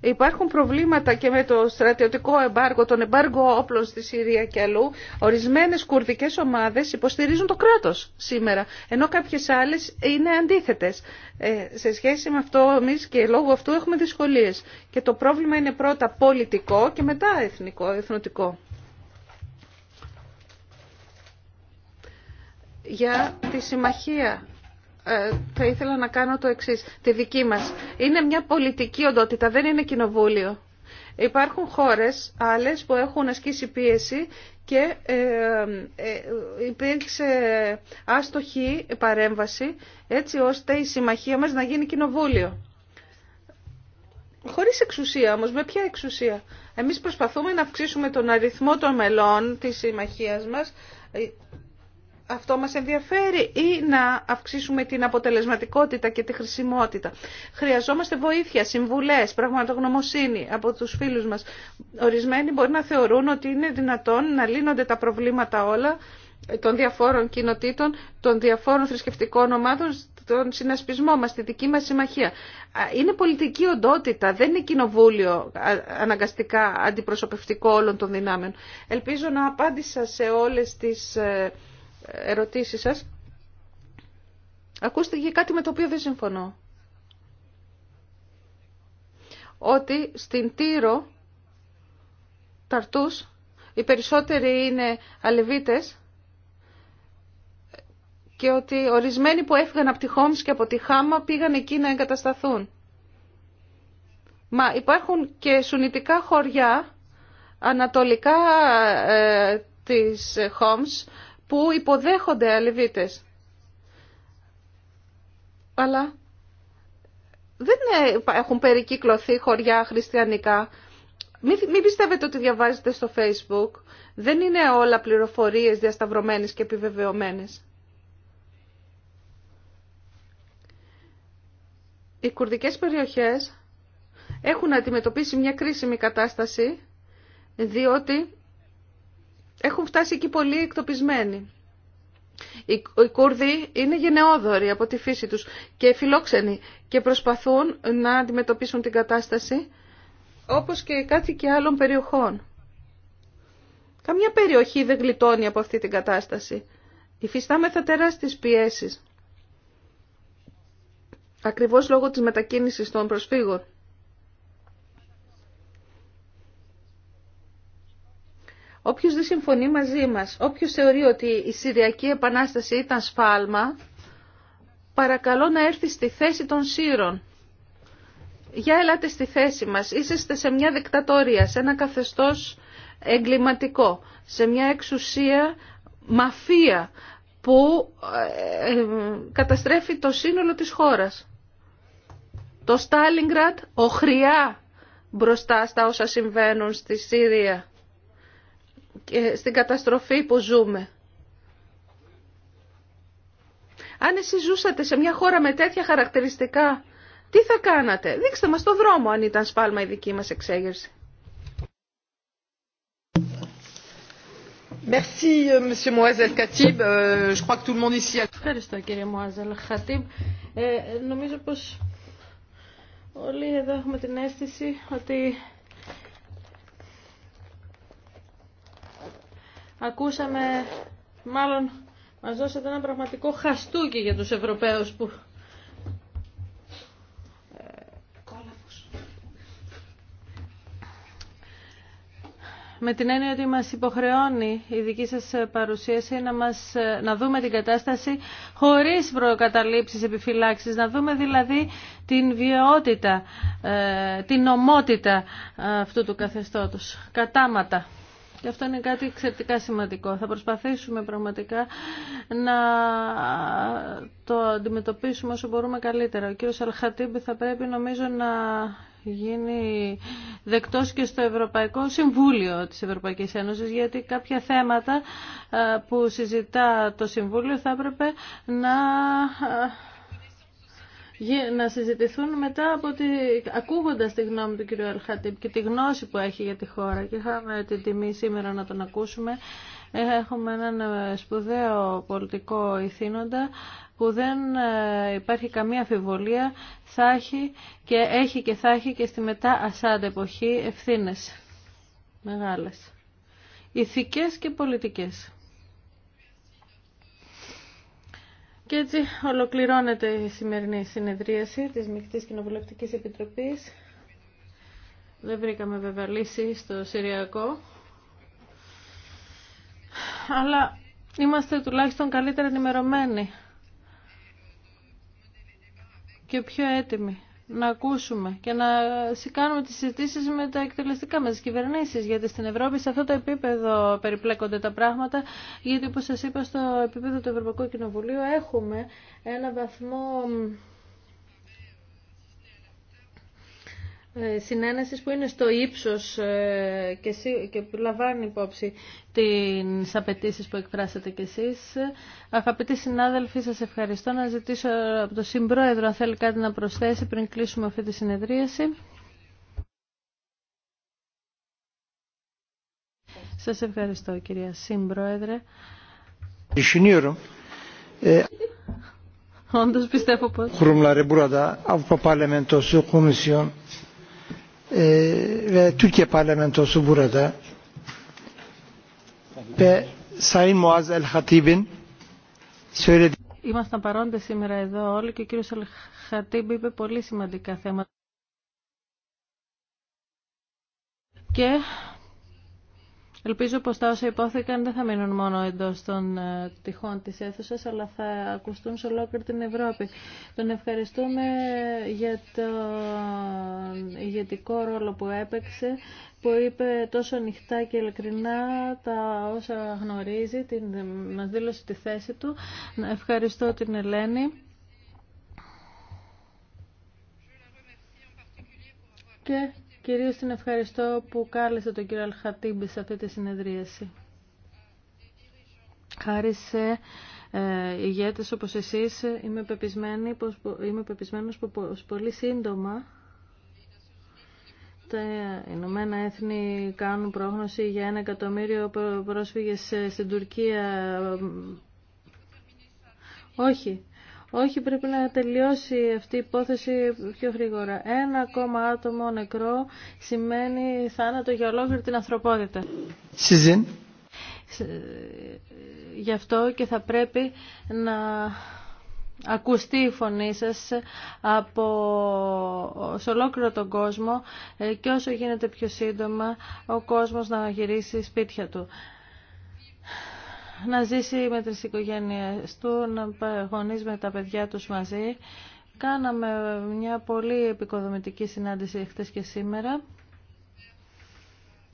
Υπάρχουν προβλήματα και με το στρατιωτικό εμπάργο, τον εμπάργο όπλων στη Συρία και αλλού. Ορισμένες κουρδικές ομάδες υποστηρίζουν το κράτος σήμερα, ενώ κάποιε άλλες είναι αντίθετες. Ε, σε σχέση με αυτό εμεί και λόγω αυτού έχουμε δυσκολίε. Και το πρόβλημα είναι πρώτα πολιτικό και μετά εθνικό, εθνοτικό. Για τη συμμαχία ε, θα ήθελα να κάνω το εξή. τη δική μας. Είναι μια πολιτική οντότητα, δεν είναι κοινοβούλιο. Υπάρχουν χώρες άλλες που έχουν ασκήσει πίεση και ε, ε, υπήρξε άστοχη παρέμβαση έτσι ώστε η συμμαχία μας να γίνει κοινοβούλιο. Χωρίς εξουσία όμως, με ποια εξουσία. Εμείς προσπαθούμε να αυξήσουμε τον αριθμό των μελών της συμμαχίας μας αυτό μας ενδιαφέρει ή να αυξήσουμε την αποτελεσματικότητα και τη χρησιμότητα. Χρειαζόμαστε βοήθεια, συμβουλές, πραγματογνωμοσύνη από τους φίλους μας. Ορισμένοι μπορεί να θεωρούν ότι είναι δυνατόν να λύνονται τα προβλήματα όλα των διαφόρων κοινοτήτων, των διαφόρων θρησκευτικών ομάδων, τον συνασπισμό μας, τη δική μας συμμαχία. Είναι πολιτική οντότητα, δεν είναι κοινοβούλιο αναγκαστικά αντιπροσωπευτικό όλων των δυνάμεων. Ελπίζω να απάντησα σε όλες τις ε, ερωτήσεις σας. Ακούστε και κάτι με το οποίο δεν συμφωνώ. Ότι στην Τύρο, Ταρτούς, οι περισσότεροι είναι αλεβίτες και ότι ορισμένοι που έφυγαν από τη Χόμς και από τη Χάμα πήγαν εκεί να εγκατασταθούν. Μα υπάρχουν και σουνητικά χωριά ανατολικά ε, της Χόμς που υποδέχονται αλεβίτες. Αλλά δεν ε, έχουν περικύκλωθεί χωριά χριστιανικά. Μην, μην πιστεύετε ότι διαβάζετε στο facebook. Δεν είναι όλα πληροφορίες διασταυρωμένες και επιβεβαιωμένες. Οι κουρδικές περιοχές έχουν αντιμετωπίσει μια κρίσιμη κατάσταση διότι έχουν φτάσει εκεί πολύ εκτοπισμένοι. Οι Κούρδοι είναι γενναιόδοροι από τη φύση τους και φιλόξενοι και προσπαθούν να αντιμετωπίσουν την κατάσταση όπως και κάτι και άλλων περιοχών. Καμιά περιοχή δεν γλιτώνει από αυτή την κατάσταση. Υφιστάμεθα τεράστιες πιέσεις. Ακριβώς λόγω της μετακίνησης των προσφύγων. Όποιος δεν συμφωνεί μαζί μας, όποιος θεωρεί ότι η Συριακή Επανάσταση ήταν σφάλμα, παρακαλώ να έρθει στη θέση των Σύρων. Για ελάτε στη θέση μας. Είσαστε σε μια δικτατορία, σε ένα καθεστώς εγκληματικό, σε μια εξουσία μαφία που ε, ε, καταστρέφει το σύνολο της χώρας. Το Στάλιγκρατ οχριά μπροστά στα όσα συμβαίνουν στη Σύρια και στην καταστροφή που ζούμε. Αν εσείς ζούσατε σε μια χώρα με τέτοια χαρακτηριστικά, τι θα κάνατε. Δείξτε μας το δρόμο αν ήταν σπάλμα η δική μας εξέγερση. Ευχαριστώ κύριε Μουάζελ Χατίμ. νομίζω πως όλοι εδώ έχουμε την αίσθηση ότι ακούσαμε, μάλλον μας δώσατε ένα πραγματικό χαστούκι για τους Ευρωπαίους που... Με την έννοια ότι μας υποχρεώνει η δική σας παρουσίαση να, μας, να δούμε την κατάσταση χωρίς προκαταλήψεις, επιφυλάξεις, να δούμε δηλαδή την βιαιότητα, ε, την ομότητα ε, αυτού του καθεστώτος, κατάματα. Και αυτό είναι κάτι εξαιρετικά σημαντικό. Θα προσπαθήσουμε πραγματικά να το αντιμετωπίσουμε όσο μπορούμε καλύτερα. Ο κύριος Αλχατίμπη θα πρέπει νομίζω να γίνει δεκτός και στο Ευρωπαϊκό Συμβούλιο της Ευρωπαϊκής Ένωσης γιατί κάποια θέματα ε, που συζητά το Συμβούλιο θα έπρεπε να ε, να συζητηθούν μετά από τη, ακούγοντας τη γνώμη του κ. Αλχατήπ και τη γνώση που έχει για τη χώρα και είχαμε την τιμή σήμερα να τον ακούσουμε. Έχουμε έναν ε, σπουδαίο πολιτικό ηθήνοντα που δεν ε, υπάρχει καμία αφιβολία, θα έχει και έχει και θα έχει και στη μετά Ασάντ εποχή ευθύνες μεγάλες, ηθικές και πολιτικές. Και έτσι ολοκληρώνεται η σημερινή συνεδρίαση της Μικτής Κοινοβουλευτικής Επιτροπής. Δεν βρήκαμε βέβαια λύση στο Συριακό. Αλλά είμαστε τουλάχιστον καλύτερα ενημερωμένοι και πιο έτοιμοι να ακούσουμε και να κάνουμε τις συζητήσεις με τα εκτελεστικά μας τις κυβερνήσεις, γιατί στην Ευρώπη σε αυτό το επίπεδο περιπλέκονται τα πράγματα, γιατί όπως σας είπα στο επίπεδο του Ευρωπαϊκού Κοινοβουλίου έχουμε ένα βαθμό Ε, συνένεσης που είναι στο ύψος ε, και που λαμβάνει υπόψη τις απαιτήσει που εκφράσατε κι εσείς. Αγαπητοί συνάδελφοι, σας ευχαριστώ να ζητήσω από τον Συμπρόεδρο αν θέλει κάτι να προσθέσει πριν κλείσουμε αυτή τη συνεδρίαση. Σας ευχαριστώ κυρία Συμπρόεδρε. Ε, Όντως πιστεύω πως e, ve Türkiye parlamentosu burada ve Sayın Muaz El-Hatib'in söylediği Είμασταν παρόντε σήμερα εδώ όλοι και ο κύριος Αλχατίμπ είπε πολύ σημαντικά θέματα. Και Ελπίζω πως τα όσα υπόθηκαν δεν θα μείνουν μόνο εντός των ε, τυχών της αίθουσα, αλλά θα ακουστούν σε ολόκληρη την Ευρώπη. Τον ευχαριστούμε για τον ηγετικό ρόλο που έπαιξε, που είπε τόσο ανοιχτά και ειλικρινά τα όσα γνωρίζει, την, μας δήλωσε τη θέση του. Ευχαριστώ την Ελένη. Και Κυρίως την ευχαριστώ που κάλεσε τον κύριο Αλχατίμπη σε αυτή τη συνεδρίαση. Χάρη σε ε, ηγέτες όπως εσείς είμαι, πεπισμένη, πως, είμαι πεπισμένος πως πολύ σύντομα τα Ηνωμένα Έθνη κάνουν πρόγνωση για ένα εκατομμύριο πρόσφυγες ε, στην Τουρκία. Όχι, όχι, πρέπει να τελειώσει αυτή η υπόθεση πιο γρήγορα. Ένα ακόμα άτομο νεκρό σημαίνει θάνατο για ολόκληρη την ανθρωπότητα. Γι' αυτό και θα πρέπει να ακουστεί η φωνή σας από σε ολόκληρο τον κόσμο ε, και όσο γίνεται πιο σύντομα ο κόσμος να γυρίσει σπίτια του να ζήσει με τις οικογένειες του, να γονείς με τα παιδιά τους μαζί. Κάναμε μια πολύ επικοδομητική συνάντηση χτες και σήμερα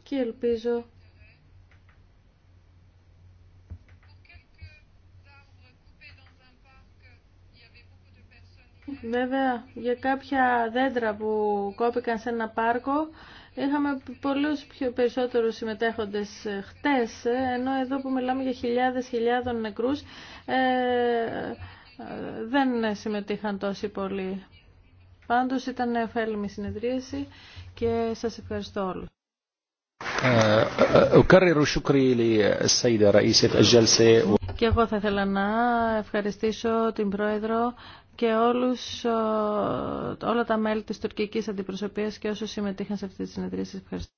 και ελπίζω Βέβαια, για κάποια δέντρα που κόπηκαν σε ένα πάρκο Είχαμε πολλούς πιο περισσότερους συμμετέχοντες ε, χτες, ε, ενώ εδώ που μιλάμε για χιλιάδες χιλιάδων νεκρούς ε, δεν συμμετείχαν τόσοι πολλοί. Πάντως ήταν ωφέλιμη συνεδρίαση και σας ευχαριστώ όλους. Και εγώ θα ήθελα να ευχαριστήσω την Πρόεδρο και όλους, όλα τα μέλη της τουρκικής αντιπροσωπείας και όσους συμμετείχαν σε αυτή τη συνεδρία. ευχαριστώ.